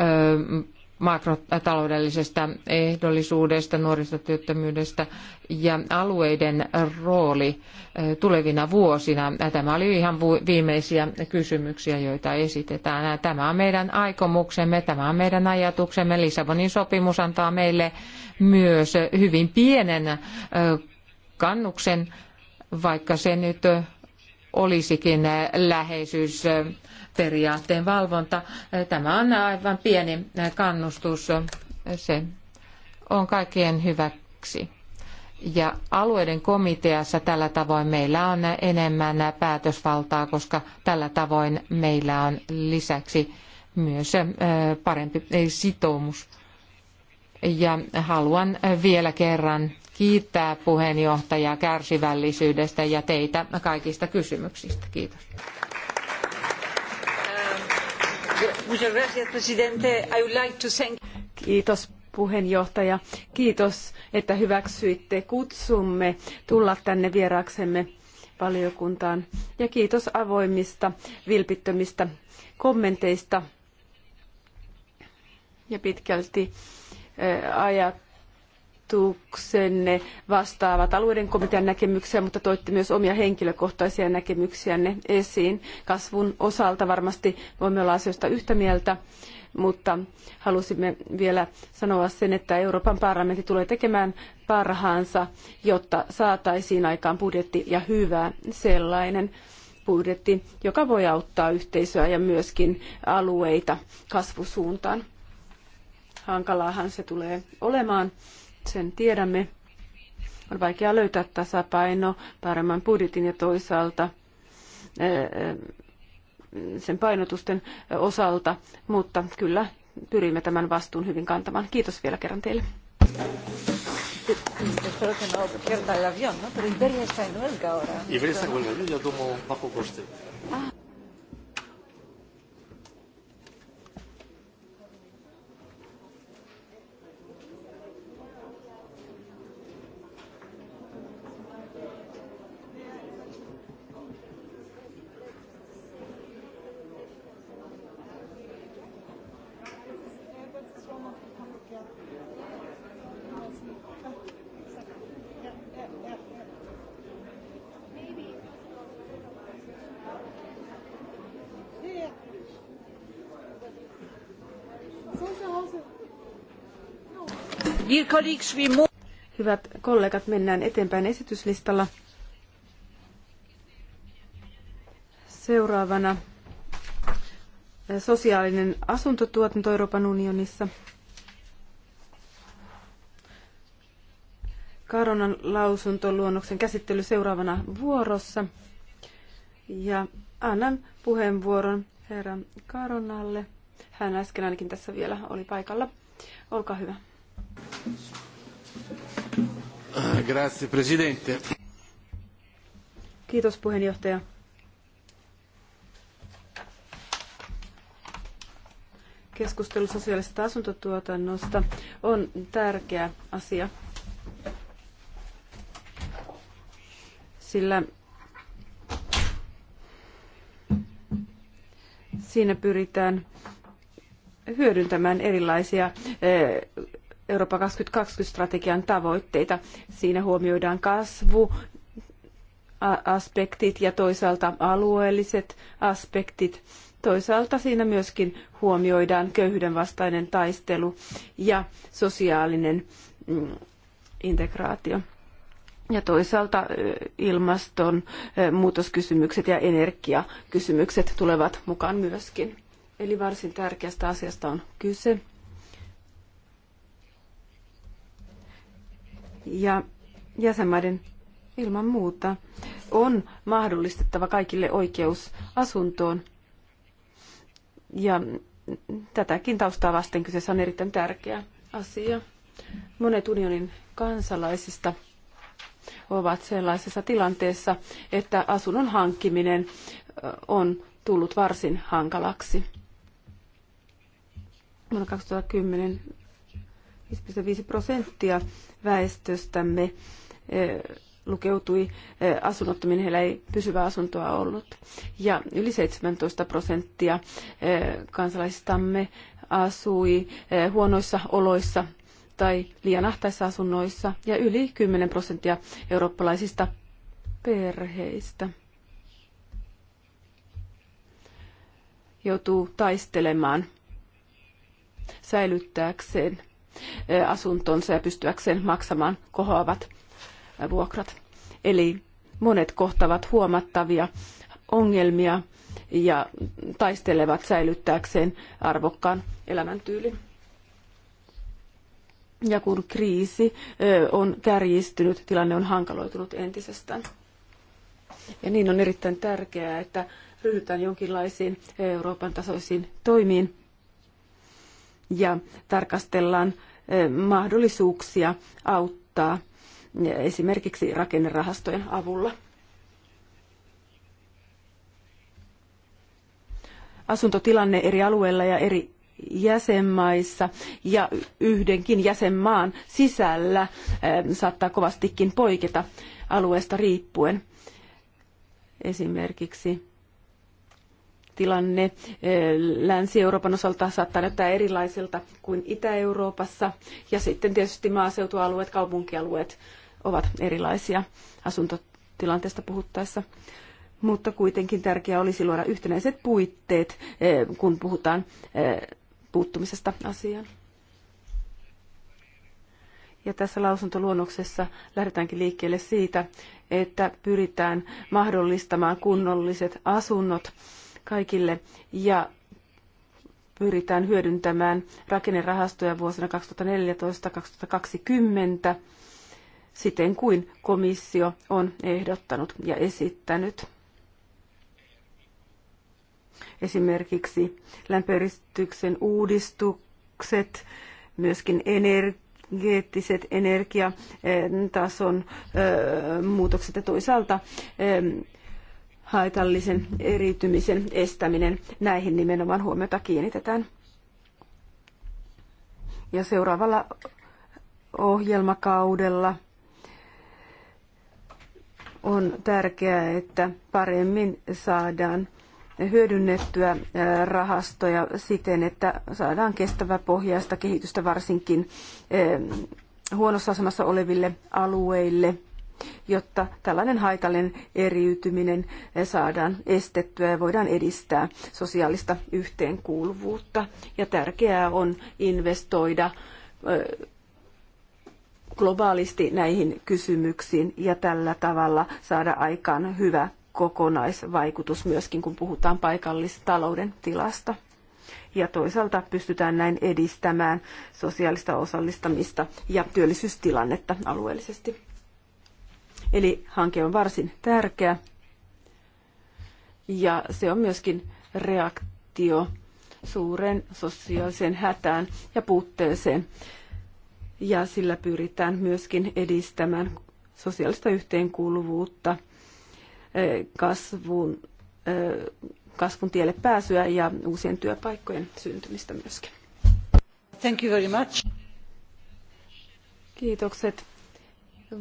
ö, makrotaloudellisesta ehdollisuudesta, nuorisotyöttömyydestä ja alueiden rooli tulevina vuosina. Tämä oli ihan viimeisiä kysymyksiä, joita esitetään. Tämä on meidän aikomuksemme, tämä on meidän ajatuksemme. Lissabonin sopimus antaa meille myös hyvin pienen kannuksen, vaikka se nyt olisikin läheisyys periaatteen valvonta. Tämä on aivan pieni kannustus. Se on kaikkien hyväksi. Ja alueiden komiteassa tällä tavoin meillä on enemmän päätösvaltaa, koska tällä tavoin meillä on lisäksi myös parempi sitoumus. Ja haluan vielä kerran kiittää puheenjohtajaa kärsivällisyydestä ja teitä kaikista kysymyksistä. Kiitos. Muchas gracias, Kiitos puheenjohtaja. Kiitos, että hyväksyitte kutsumme tulla tänne vieraaksemme valiokuntaan. Ja kiitos avoimista, vilpittömistä kommenteista ja pitkälti eh, ajat ehdotuksenne vastaavat alueiden komitean näkemyksiä, mutta toitte myös omia henkilökohtaisia näkemyksiänne esiin. Kasvun osalta varmasti voimme olla asioista yhtä mieltä, mutta halusimme vielä sanoa sen, että Euroopan parlamentti tulee tekemään parhaansa, jotta saataisiin aikaan budjetti ja hyvä sellainen budjetti, joka voi auttaa yhteisöä ja myöskin alueita kasvusuuntaan hankalaahan se tulee olemaan, sen tiedämme. On vaikea löytää tasapaino paremman budjetin ja toisaalta eh, eh, sen painotusten osalta, mutta kyllä pyrimme tämän vastuun hyvin kantamaan. Kiitos vielä kerran teille. Espero que no pierda el avión, ¿no? Pero Iberia está en huelga ahora. Iberia está en huelga, yo tomo bajo coste. Ah. Hyvät kollegat, mennään eteenpäin esityslistalla. Seuraavana eh, sosiaalinen asuntotuotanto Euroopan unionissa. Karonan lausuntoluonnoksen käsittely seuraavana vuorossa. Ja annan puheenvuoron herra Karonalle. Hän äsken ainakin tässä vielä oli paikalla. Olkaa hyvä. Grazie, presidente. Kiitos puheenjohtaja. Keskustelu sosiaalisesta asuntotuotannosta on tärkeä asia, sillä siinä pyritään hyödyntämään erilaisia eh, Eurooppa 2020-strategian tavoitteita. Siinä huomioidaan kasvu, aspektit ja toisaalta alueelliset aspektit. Toisaalta siinä myöskin huomioidaan köyhyyden vastainen taistelu ja sosiaalinen mm, integraatio. Ja toisaalta ilmaston muutoskysymykset ja energiakysymykset tulevat mukaan myöskin. Eli varsin tärkeästä asiasta on kyse. ja jäsenmaiden ilman muuta on mahdollistettava kaikille oikeus asuntoon. Ja tätäkin taustaa vasten kyseessä on erittäin tärkeä asia. Monet unionin kansalaisista ovat sellaisessa tilanteessa, että asunnon hankkiminen on tullut varsin hankalaksi. Vuonna 2010 5,5 prosenttia väestöstämme eh, lukeutui eh, asunnottomiin, heillä ei pysyvää asuntoa ollut. Ja yli 17 prosenttia eh, kansalaisistamme asui huonoissa oloissa tai liian ahtaissa asunnoissa ja yli 10 prosenttia eurooppalaisista perheistä joutuu taistelemaan säilyttääkseen asuntonsa ja pystyäkseen maksamaan kohoavat vuokrat. Eli monet kohtavat huomattavia ongelmia ja taistelevat säilyttääkseen arvokkaan elämäntyylin. Ja kun kriisi on kärjistynyt, tilanne on hankaloitunut entisestään. Ja niin on erittäin tärkeää, että ryhdytään jonkinlaisiin Euroopan tasoisiin toimiin ja tarkastellaan eh, mahdollisuuksia auttaa eh, esimerkiksi rakennerahastojen avulla. Asuntotilanne eri alueilla ja eri jäsenmaissa ja yhdenkin jäsenmaan sisällä eh, saattaa kovastikin poiketa alueesta riippuen. Esimerkiksi tilanne eh, Länsi-Euroopan osalta saattaa näyttää erilaiselta kuin Itä-Euroopassa. Ja sitten tietysti maaseutualueet, kaupunkialueet ovat erilaisia asuntotilanteesta puhuttaessa. Mutta kuitenkin tärkeää olisi luoda yhtenäiset puitteet, eh, kun puhutaan eh, puuttumisesta asiaan. Ja tässä lausuntoluonnoksessa lähdetäänkin liikkeelle siitä, että pyritään mahdollistamaan kunnolliset asunnot kaikille ja pyritään hyödyntämään rakennerahastoja vuosina 2014-2020 siten kuin komissio on ehdottanut ja esittänyt. Esimerkiksi lämpöeristyksen uudistukset, myöskin energeettiset energiatason muutokset ja toisaalta haitallisen eriytymisen estäminen. Näihin nimenomaan huomiota kiinnitetään. Ja seuraavalla ohjelmakaudella on tärkeää, että paremmin saadaan hyödynnettyä rahastoja siten, että saadaan kestävä pohjaista kehitystä varsinkin huonossa asemassa oleville alueille – jotta tällainen haitallinen eriytyminen saadaan estettyä ja voidaan edistää sosiaalista yhteenkuuluvuutta. Ja tärkeää on investoida globaalisti näihin kysymyksiin ja tällä tavalla saada aikaan hyvä kokonaisvaikutus myöskin, kun puhutaan paikallistalouden tilasta. Ja toisaalta pystytään näin edistämään sosiaalista osallistamista ja työllisyystilannetta alueellisesti. Eli hanke on varsin tärkeä ja se on myöskin reaktio suuren sosiaaliseen hätään ja puutteeseen. Ja sillä pyritään myöskin edistämään sosiaalista yhteenkuuluvuutta, eh, kasvun, eh, kasvun tielle pääsyä ja uusien työpaikkojen syntymistä myöskin. Thank you very much. Kiitokset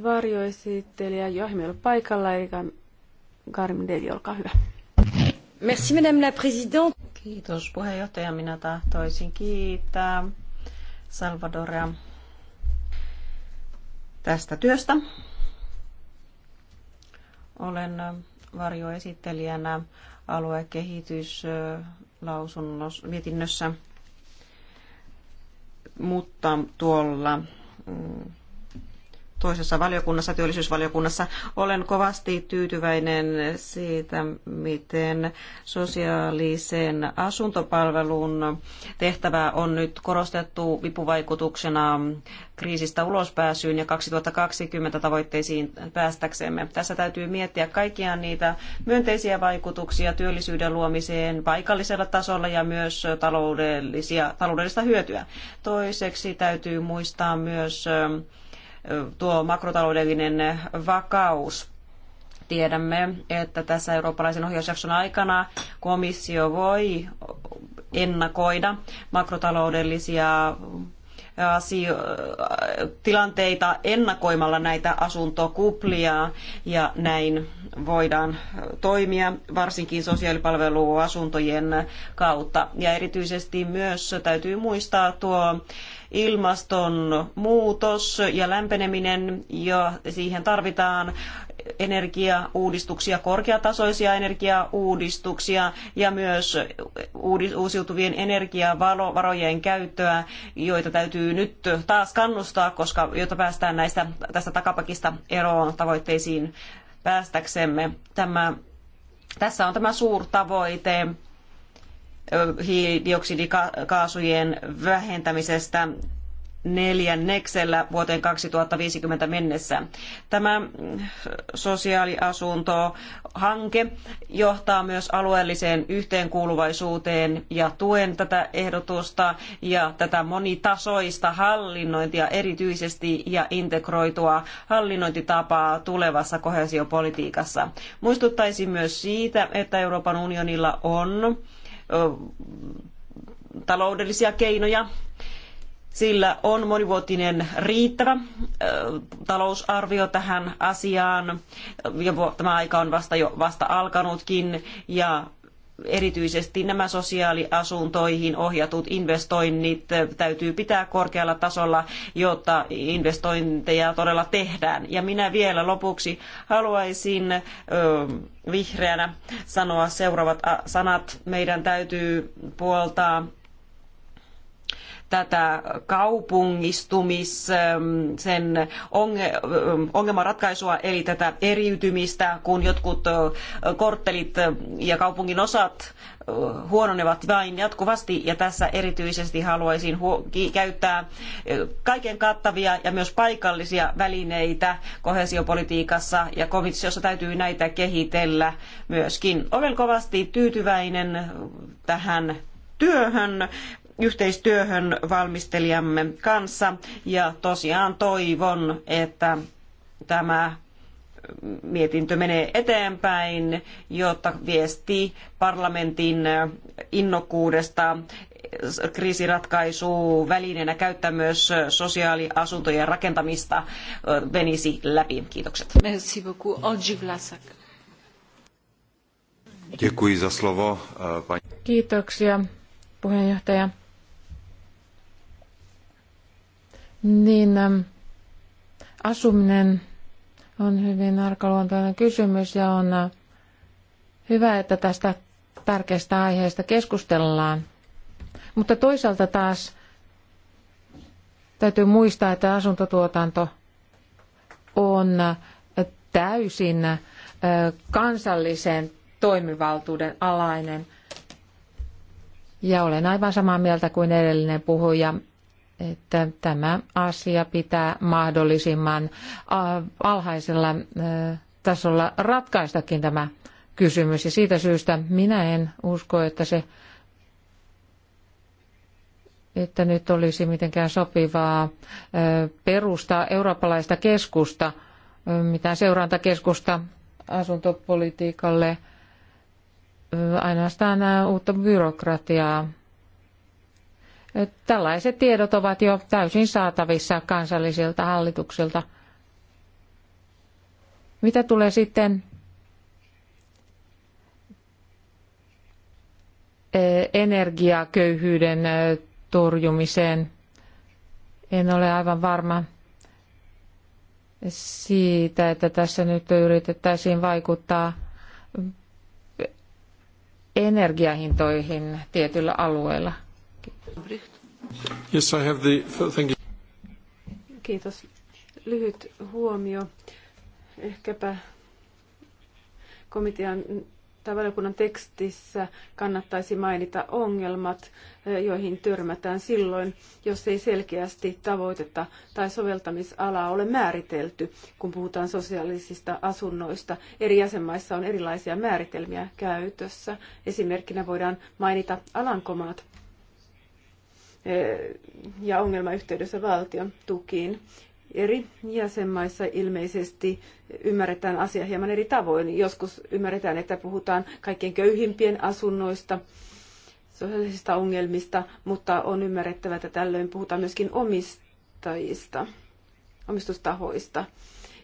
varjoesittelijä Joachim ei ole paikalla, eli Karim Deli, olkaa hyvä. Merci, madame la présidente. Kiitos puheenjohtaja. Minä tahtoisin kiittää Salvadoria tästä työstä. Olen varjoesittelijänä aluekehityslausunnossa mietinnössä, mutta tuolla mm, toisessa valiokunnassa, työllisyysvaliokunnassa. Olen kovasti tyytyväinen siitä, miten sosiaalisen asuntopalvelun tehtävää on nyt korostettu vipuvaikutuksena kriisistä ulospääsyyn ja 2020 tavoitteisiin päästäksemme. Tässä täytyy miettiä kaikkia niitä myönteisiä vaikutuksia työllisyyden luomiseen paikallisella tasolla ja myös taloudellisia, taloudellista hyötyä. Toiseksi täytyy muistaa myös tuo makrotaloudellinen vakaus. Tiedämme, että tässä eurooppalaisen ohjausjakson aikana komissio voi ennakoida makrotaloudellisia tilanteita ennakoimalla näitä asuntokuplia ja näin voidaan toimia varsinkin sosiaalipalveluasuntojen kautta. Ja erityisesti myös täytyy muistaa tuo ilmastonmuutos ja lämpeneminen ja siihen tarvitaan energiauudistuksia, korkeatasoisia energiauudistuksia ja myös uusiutuvien energiavarojen käyttöä, joita täytyy nyt taas kannustaa, koska jotta päästään näistä, tästä takapakista eroon tavoitteisiin päästäksemme. Tämä, tässä on tämä suurtavoite hiilidioksidikaasujen vähentämisestä neljänneksellä vuoteen 2050 mennessä. Tämä sosiaaliasuntohanke johtaa myös alueelliseen yhteenkuuluvaisuuteen ja tuen tätä ehdotusta ja tätä monitasoista hallinnointia erityisesti ja integroitua hallinnointitapaa tulevassa koheesiopolitiikassa. Muistuttaisin myös siitä, että Euroopan unionilla on taloudellisia keinoja sillä on monivuotinen riittävä talousarvio tähän asiaan. Tämä aika on vasta jo vasta alkanutkin ja erityisesti nämä sosiaaliasuntoihin ohjatut investoinnit täytyy pitää korkealla tasolla, jotta investointeja todella tehdään. Ja minä vielä lopuksi haluaisin ö, vihreänä sanoa seuraavat sanat. Meidän täytyy puoltaa tätä kaupungistumis, ähm, sen ähm, ongelman ratkaisua, eli tätä eriytymistä, kun jotkut äh, korttelit ja kaupungin osat äh, huononevat vain jatkuvasti ja tässä erityisesti haluaisin käyttää äh, kaiken kattavia ja myös paikallisia välineitä koheesiopolitiikassa ja komissiossa täytyy näitä kehitellä myöskin. Olen kovasti tyytyväinen tähän työhön yhteistyöhön valmistelijamme kanssa ja tosiaan toivon, että tämä mietintö menee eteenpäin, jotta viesti parlamentin innokkuudesta kriisiratkaisu välineenä käyttää myös sosiaaliasuntojen rakentamista venisi läpi. Kiitokset. Merci beaucoup. Olgi Vlasak. Děkuji za slovo. Kiitoksia, puheenjohtaja. niin ähm, asuminen on hyvin arkaluontoinen kysymys ja on äh, hyvä, että tästä tärkeästä aiheesta keskustellaan. Mutta toisaalta taas täytyy muistaa, että asuntotuotanto on äh, täysin äh, kansallisen toimivaltuuden alainen. Ja olen aivan samaa mieltä kuin edellinen puhuja että tämä asia pitää mahdollisimman äh, alhaisella äh, tasolla ratkaistakin tämä kysymys. Ja siitä syystä minä en usko, että se että nyt olisi mitenkään sopivaa äh, perustaa eurooppalaista keskusta, mitään seurantakeskusta asuntopolitiikalle, ainoastaan uutta byrokratiaa Tällaiset tiedot ovat jo täysin saatavissa kansallisilta hallituksilta. Mitä tulee sitten e, energiaköyhyyden e, torjumiseen? En ole aivan varma siitä, että tässä nyt yritettäisiin vaikuttaa energiahintoihin tietyillä alueilla. Yes, I have the, thank you. Kiitos. Lyhyt huomio. Ehkäpä komitean tai valiokunnan tekstissä kannattaisi mainita ongelmat, eh, joihin törmätään silloin, jos ei selkeästi tavoitetta tai soveltamisalaa ole määritelty, kun puhutaan sosiaalisista asunnoista. Eri jäsenmaissa on erilaisia määritelmiä käytössä. Esimerkkinä voidaan mainita Alankomaat, ja ongelmayhteydessä valtion tukiin. Eri jäsenmaissa ilmeisesti ymmärretään asia hieman eri tavoin. Joskus ymmärretään, että puhutaan kaikkein köyhimpien asunnoista, sosiaalisista ongelmista, mutta on ymmärrettävä, että tällöin puhutaan myöskin omistajista, omistustahoista.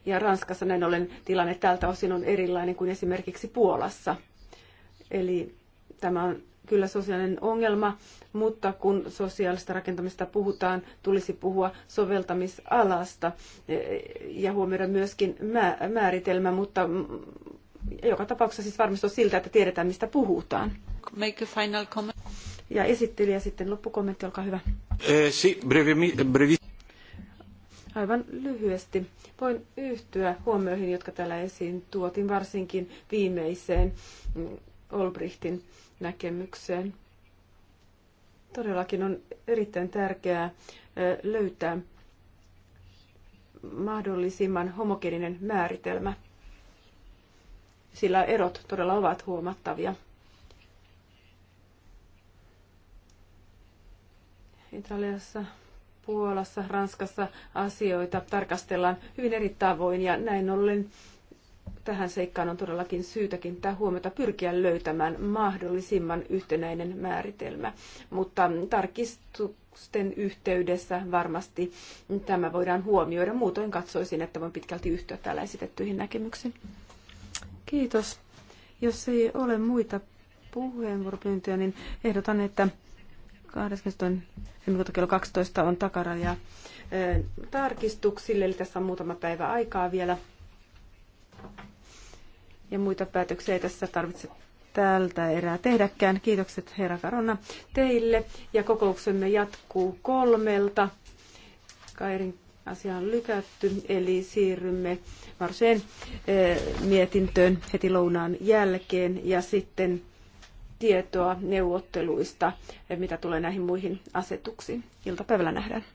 Ja Ranskassa näin ollen tilanne tältä osin on erilainen kuin esimerkiksi Puolassa. Eli tämä on kyllä sosiaalinen ongelma, mutta kun sosiaalista rakentamista puhutaan, tulisi puhua soveltamisalasta ja huomioida myöskin määritelmä, mutta joka tapauksessa siis varmistua siltä, että tiedetään, mistä puhutaan. Make a final comment. Ja esittelijä sitten loppukommentti, olkaa hyvä. Eh, si, brevi, brevi. Aivan lyhyesti. Voin yhtyä huomioihin, jotka täällä esiin tuotiin, varsinkin viimeiseen mm, Olbrichtin näkemykseen. Todellakin on erittäin tärkeää löytää mahdollisimman homogeeninen määritelmä, sillä erot todella ovat huomattavia. Italiassa, Puolassa, Ranskassa asioita tarkastellaan hyvin eri tavoin ja näin ollen tähän seikkaan on todellakin syytä kiinnittää huomiota pyrkiä löytämään mahdollisimman yhtenäinen määritelmä. Mutta tarkistusten yhteydessä varmasti tämä voidaan huomioida. Muutoin katsoisin, että voin pitkälti yhtyä täällä esitettyihin näkemyksiin. Kiitos. Jos ei ole muita puheenvuoropyyntöjä, niin ehdotan, että 20. kello 12 on takaraja tarkistuksille, eli tässä on muutama päivä aikaa vielä ja muita päätöksiä ei tässä tarvitse tältä erää tehdäkään. Kiitokset herra Karona teille ja kokouksemme jatkuu kolmelta. Kairin asia on lykätty, eli siirrymme varsin eh, mietintöön heti lounaan jälkeen ja sitten tietoa neuvotteluista, eh, mitä tulee näihin muihin asetuksiin. Iltapäivällä nähdään.